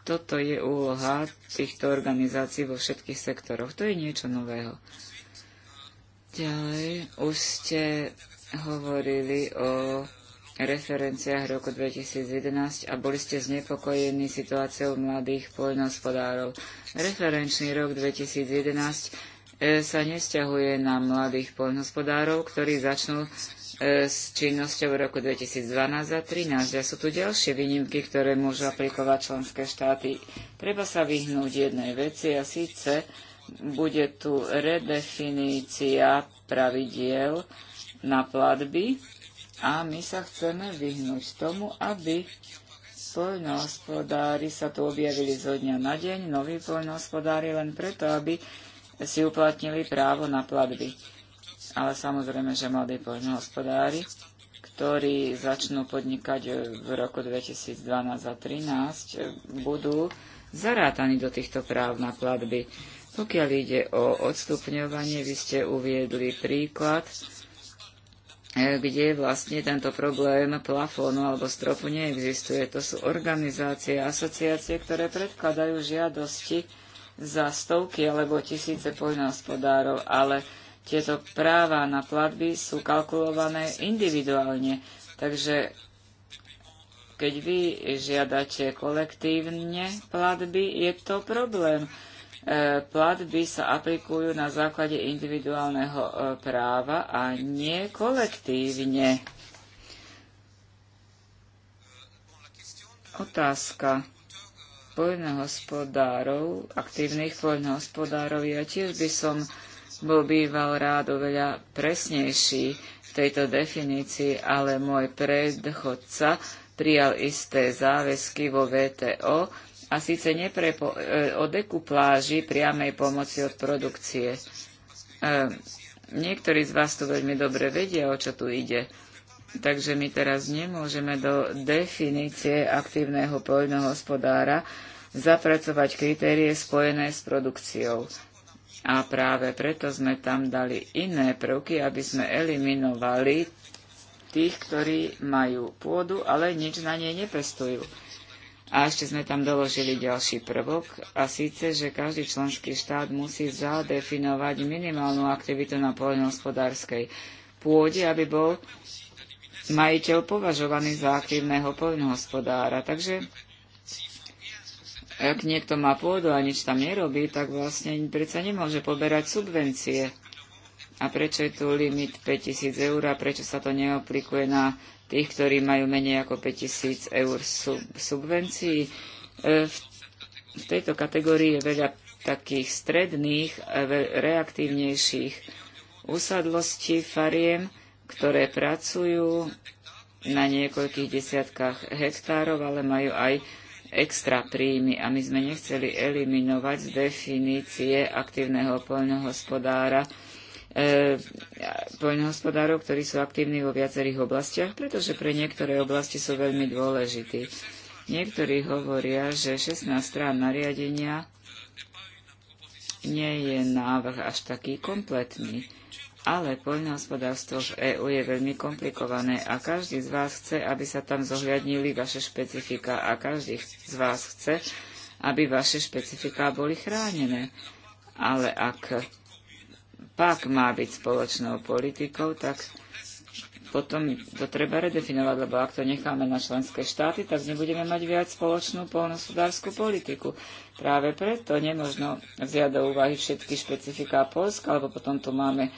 [SPEAKER 3] toto je úloha týchto organizácií vo všetkých sektoroch. To je niečo nového. Ďalej, už ste hovorili o referenciách roku 2011 a boli ste znepokojení situáciou mladých poľnohospodárov. Referenčný rok 2011 e, sa nesťahuje na mladých poľnohospodárov, ktorí začnú e, s činnosťou v roku 2012 a 2013. A sú tu ďalšie výnimky, ktoré môžu aplikovať členské štáty. Treba sa vyhnúť jednej veci a síce bude tu redefinícia pravidiel na platby a my sa chceme vyhnúť tomu, aby poľnohospodári sa tu objavili zo dňa na deň, noví poľnohospodári len preto, aby si uplatnili právo na platby. Ale samozrejme, že mladí poľnohospodári, ktorí začnú podnikať e, v roku 2012 a 2013, e, budú zarátaní do týchto práv na platby. Pokiaľ ide o odstupňovanie, vy ste uviedli príklad kde vlastne tento problém plafónu alebo stropu neexistuje. To sú organizácie, asociácie, ktoré predkladajú žiadosti za stovky alebo tisíce poľnohospodárov, ale tieto práva na platby sú kalkulované individuálne. Takže keď vy žiadate kolektívne platby, je to problém E, platby sa aplikujú na základe individuálneho e, práva a nie kolektívne. Otázka poľnohospodárov, aktívnych poľnohospodárov. Ja tiež by som bol býval rád oveľa presnejší v tejto definícii, ale môj predchodca prijal isté záväzky vo VTO, a síce neprepo- e, o dekupláži priamej pomoci od produkcie. E, niektorí z vás tu veľmi dobre vedia, o čo tu ide. Takže my teraz nemôžeme do definície aktívneho poľnohospodára zapracovať kritérie spojené s produkciou. A práve preto sme tam dali iné prvky, aby sme eliminovali tých, ktorí majú pôdu, ale nič na nej nepestujú. A ešte sme tam doložili ďalší prvok, a síce, že každý členský štát musí zadefinovať minimálnu aktivitu na poľnohospodárskej pôde, aby bol majiteľ považovaný za aktívneho poľnohospodára. Takže ak niekto má pôdu a nič tam nerobí, tak vlastne predsa nemôže poberať subvencie. A prečo je tu limit 5000 eur a prečo sa to neaplikuje na tých, ktorí majú menej ako 5000 eur sub, subvencií. E, v, v tejto kategórii je veľa takých stredných, reaktívnejších usadlostí fariem, ktoré pracujú na niekoľkých desiatkách hektárov, ale majú aj extra príjmy a my sme nechceli eliminovať z definície aktívneho poľnohospodára E, poľnohospodárov, ktorí sú aktívni vo viacerých oblastiach, pretože pre niektoré oblasti sú veľmi dôležití. Niektorí hovoria, že 16 strán nariadenia nie je návrh až taký kompletný, ale poľnohospodárstvo v EÚ je veľmi komplikované a každý z vás chce, aby sa tam zohľadnili vaše špecifika a každý z vás chce, aby vaše špecifika boli chránené. Ale ak pak má byť spoločnou politikou, tak potom to treba redefinovať, lebo ak to necháme na členské štáty, tak nebudeme mať viac spoločnú polnospodárskú politiku. Práve preto nemožno vziať do úvahy všetky špecifiká Polska, alebo potom tu máme e,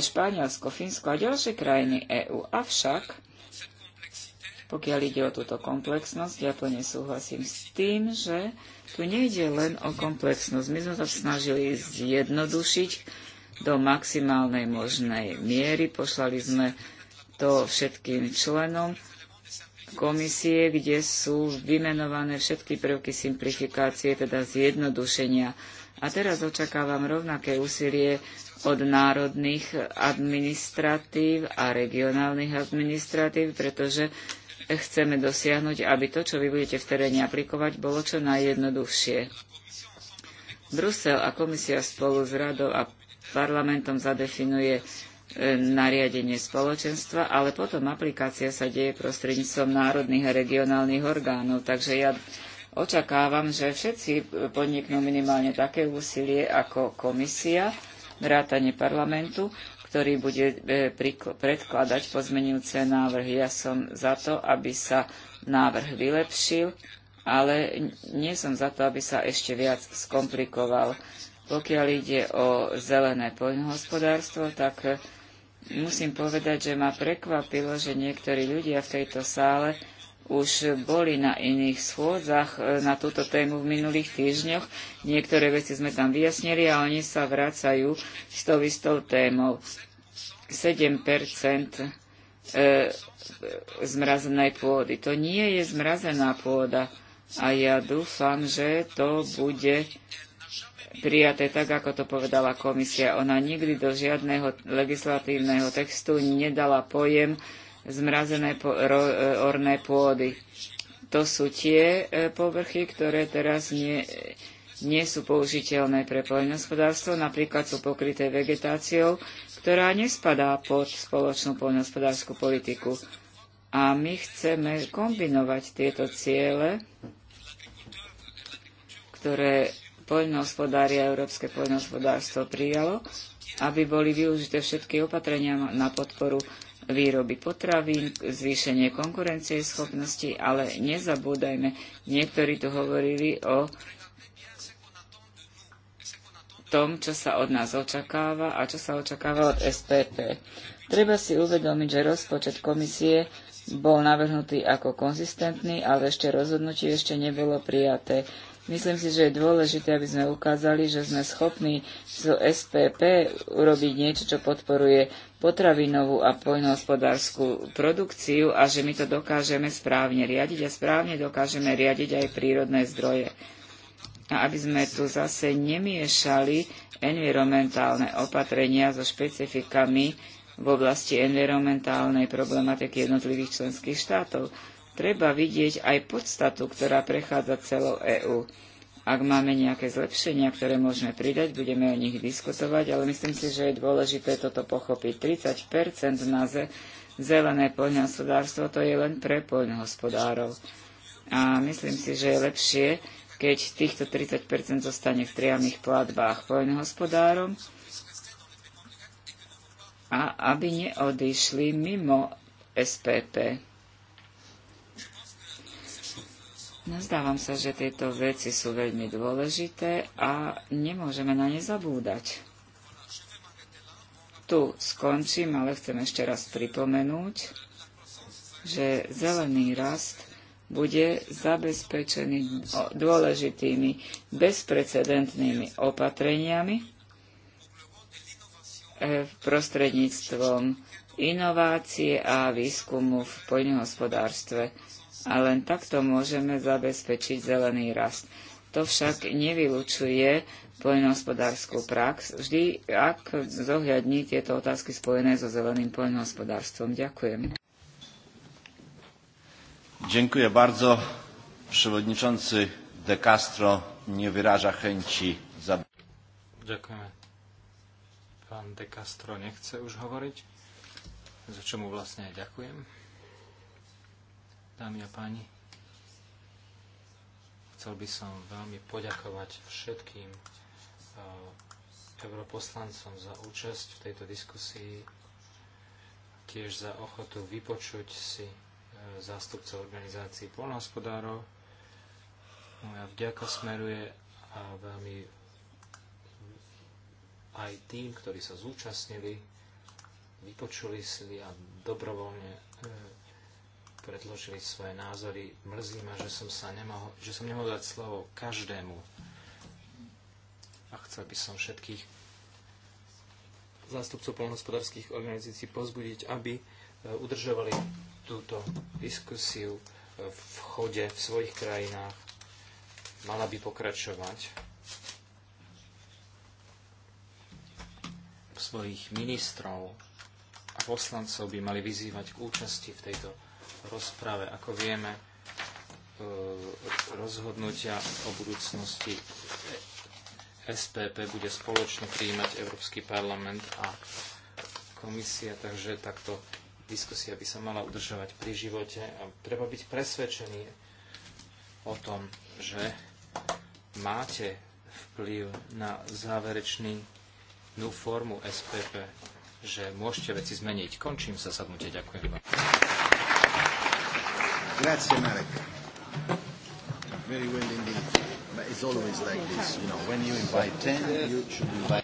[SPEAKER 3] Španielsko, Fínsko a ďalšie krajiny EÚ. Avšak, pokiaľ ide o túto komplexnosť, ja plne súhlasím s tým, že tu nejde len o komplexnosť. My sme sa snažili zjednodušiť do maximálnej možnej miery. Poslali sme to všetkým členom komisie, kde sú vymenované všetky prvky simplifikácie, teda zjednodušenia. A teraz očakávam rovnaké úsilie od národných administratív a regionálnych administratív, pretože chceme dosiahnuť, aby to, čo vy budete v teréne aplikovať, bolo čo najjednoduchšie. Brusel a komisia spolu s radou a parlamentom zadefinuje e, nariadenie spoločenstva, ale potom aplikácia sa deje prostredníctvom národných a regionálnych orgánov. Takže ja očakávam, že všetci podniknú minimálne také úsilie ako komisia, vrátanie parlamentu, ktorý bude e, predkladať pozmenujúce návrhy. Ja som za to, aby sa návrh vylepšil, ale nie som za to, aby sa ešte viac skomplikoval. Pokiaľ ide o zelené poľnohospodárstvo, tak e, musím povedať, že ma prekvapilo, že niektorí ľudia v tejto sále už boli na iných schôdzach e, na túto tému v minulých týždňoch. Niektoré veci sme tam vyjasnili a oni sa vracajú s tou istou témou. 7 e, zmrazenej pôdy. To nie je zmrazená pôda a ja dúfam, že to bude prijaté tak, ako to povedala komisia. Ona nikdy do žiadneho legislatívneho textu nedala pojem zmrazené po, ro, e, orné pôdy. To sú tie e, povrchy, ktoré teraz nie, nie sú použiteľné pre poľnohospodárstvo, napríklad sú pokryté vegetáciou, ktorá nespadá pod spoločnú poľnohospodárskú politiku. A my chceme kombinovať tieto ciele, ktoré poľnohospodári a Európske poľnohospodárstvo prijalo, aby boli využité všetky opatrenia na podporu výroby potravín, zvýšenie konkurencie schopnosti, ale nezabúdajme, niektorí tu hovorili o tom, čo sa od nás očakáva a čo sa očakáva od SPP. Treba si uvedomiť, že rozpočet komisie bol navrhnutý ako konzistentný, ale ešte rozhodnutie ešte nebolo prijaté. Myslím si, že je dôležité, aby sme ukázali, že sme schopní z SPP urobiť niečo, čo podporuje potravinovú a poľnohospodárskú produkciu a že my to dokážeme správne riadiť a správne dokážeme riadiť aj prírodné zdroje. A aby sme tu zase nemiešali environmentálne opatrenia so špecifikami v oblasti environmentálnej problematiky jednotlivých členských štátov treba vidieť aj podstatu, ktorá prechádza celou EÚ. Ak máme nejaké zlepšenia, ktoré môžeme pridať, budeme o nich diskutovať, ale myslím si, že je dôležité toto pochopiť. 30 na ze- zelené poľnohospodárstvo to je len pre poľnohospodárov. A myslím si, že je lepšie, keď týchto 30 zostane v priamých platbách poľnohospodárom a aby neodišli mimo SPP. Nazdávam no, sa, že tieto veci sú veľmi dôležité a nemôžeme na ne zabúdať. Tu skončím, ale chcem ešte raz pripomenúť, že zelený rast bude zabezpečený dôležitými bezprecedentnými opatreniami e, prostredníctvom inovácie a výskumu v poľnohospodárstve a len takto môžeme zabezpečiť zelený rast. To však nevylučuje poľnohospodárskú prax, vždy ak zohľadní tieto otázky spojené so zeleným poľnohospodárstvom. Ďakujem.
[SPEAKER 1] Dziękuję bardzo. Przewodniczący De Castro nie wyraża chęci za...
[SPEAKER 4] Ďakujeme. Pan De Castro nie chce już mówić, za czemu właśnie vlastne dziękuję. Dámy a páni, chcel by som veľmi poďakovať všetkým eh, europoslancom za účasť v tejto diskusii, tiež za ochotu vypočuť si eh, zástupcov organizácií polnohospodárov. Moja no vďaka smeruje a veľmi aj tým, ktorí sa zúčastnili, vypočuli si a dobrovoľne eh, predložili svoje názory. Mrzí ma, že som, sa nemohol, že som nemohol dať slovo každému. A chcel by som všetkých zástupcov polnohospodárských organizácií pozbudiť, aby e, udržovali túto diskusiu e, v chode v svojich krajinách. Mala by pokračovať. svojich ministrov a poslancov by mali vyzývať k účasti v tejto rozprave. Ako vieme, e, rozhodnutia o budúcnosti SPP bude spoločne prijímať Európsky parlament a komisia, takže takto diskusia by sa mala udržovať pri živote a treba byť presvedčený o tom, že máte vplyv na záverečný nú formu SPP, že môžete veci zmeniť. Končím sa sadnutie. Ďakujem vám. Grazie, Marek. Very well indeed. But it's always like this, you know, when you invite 10, you should invite...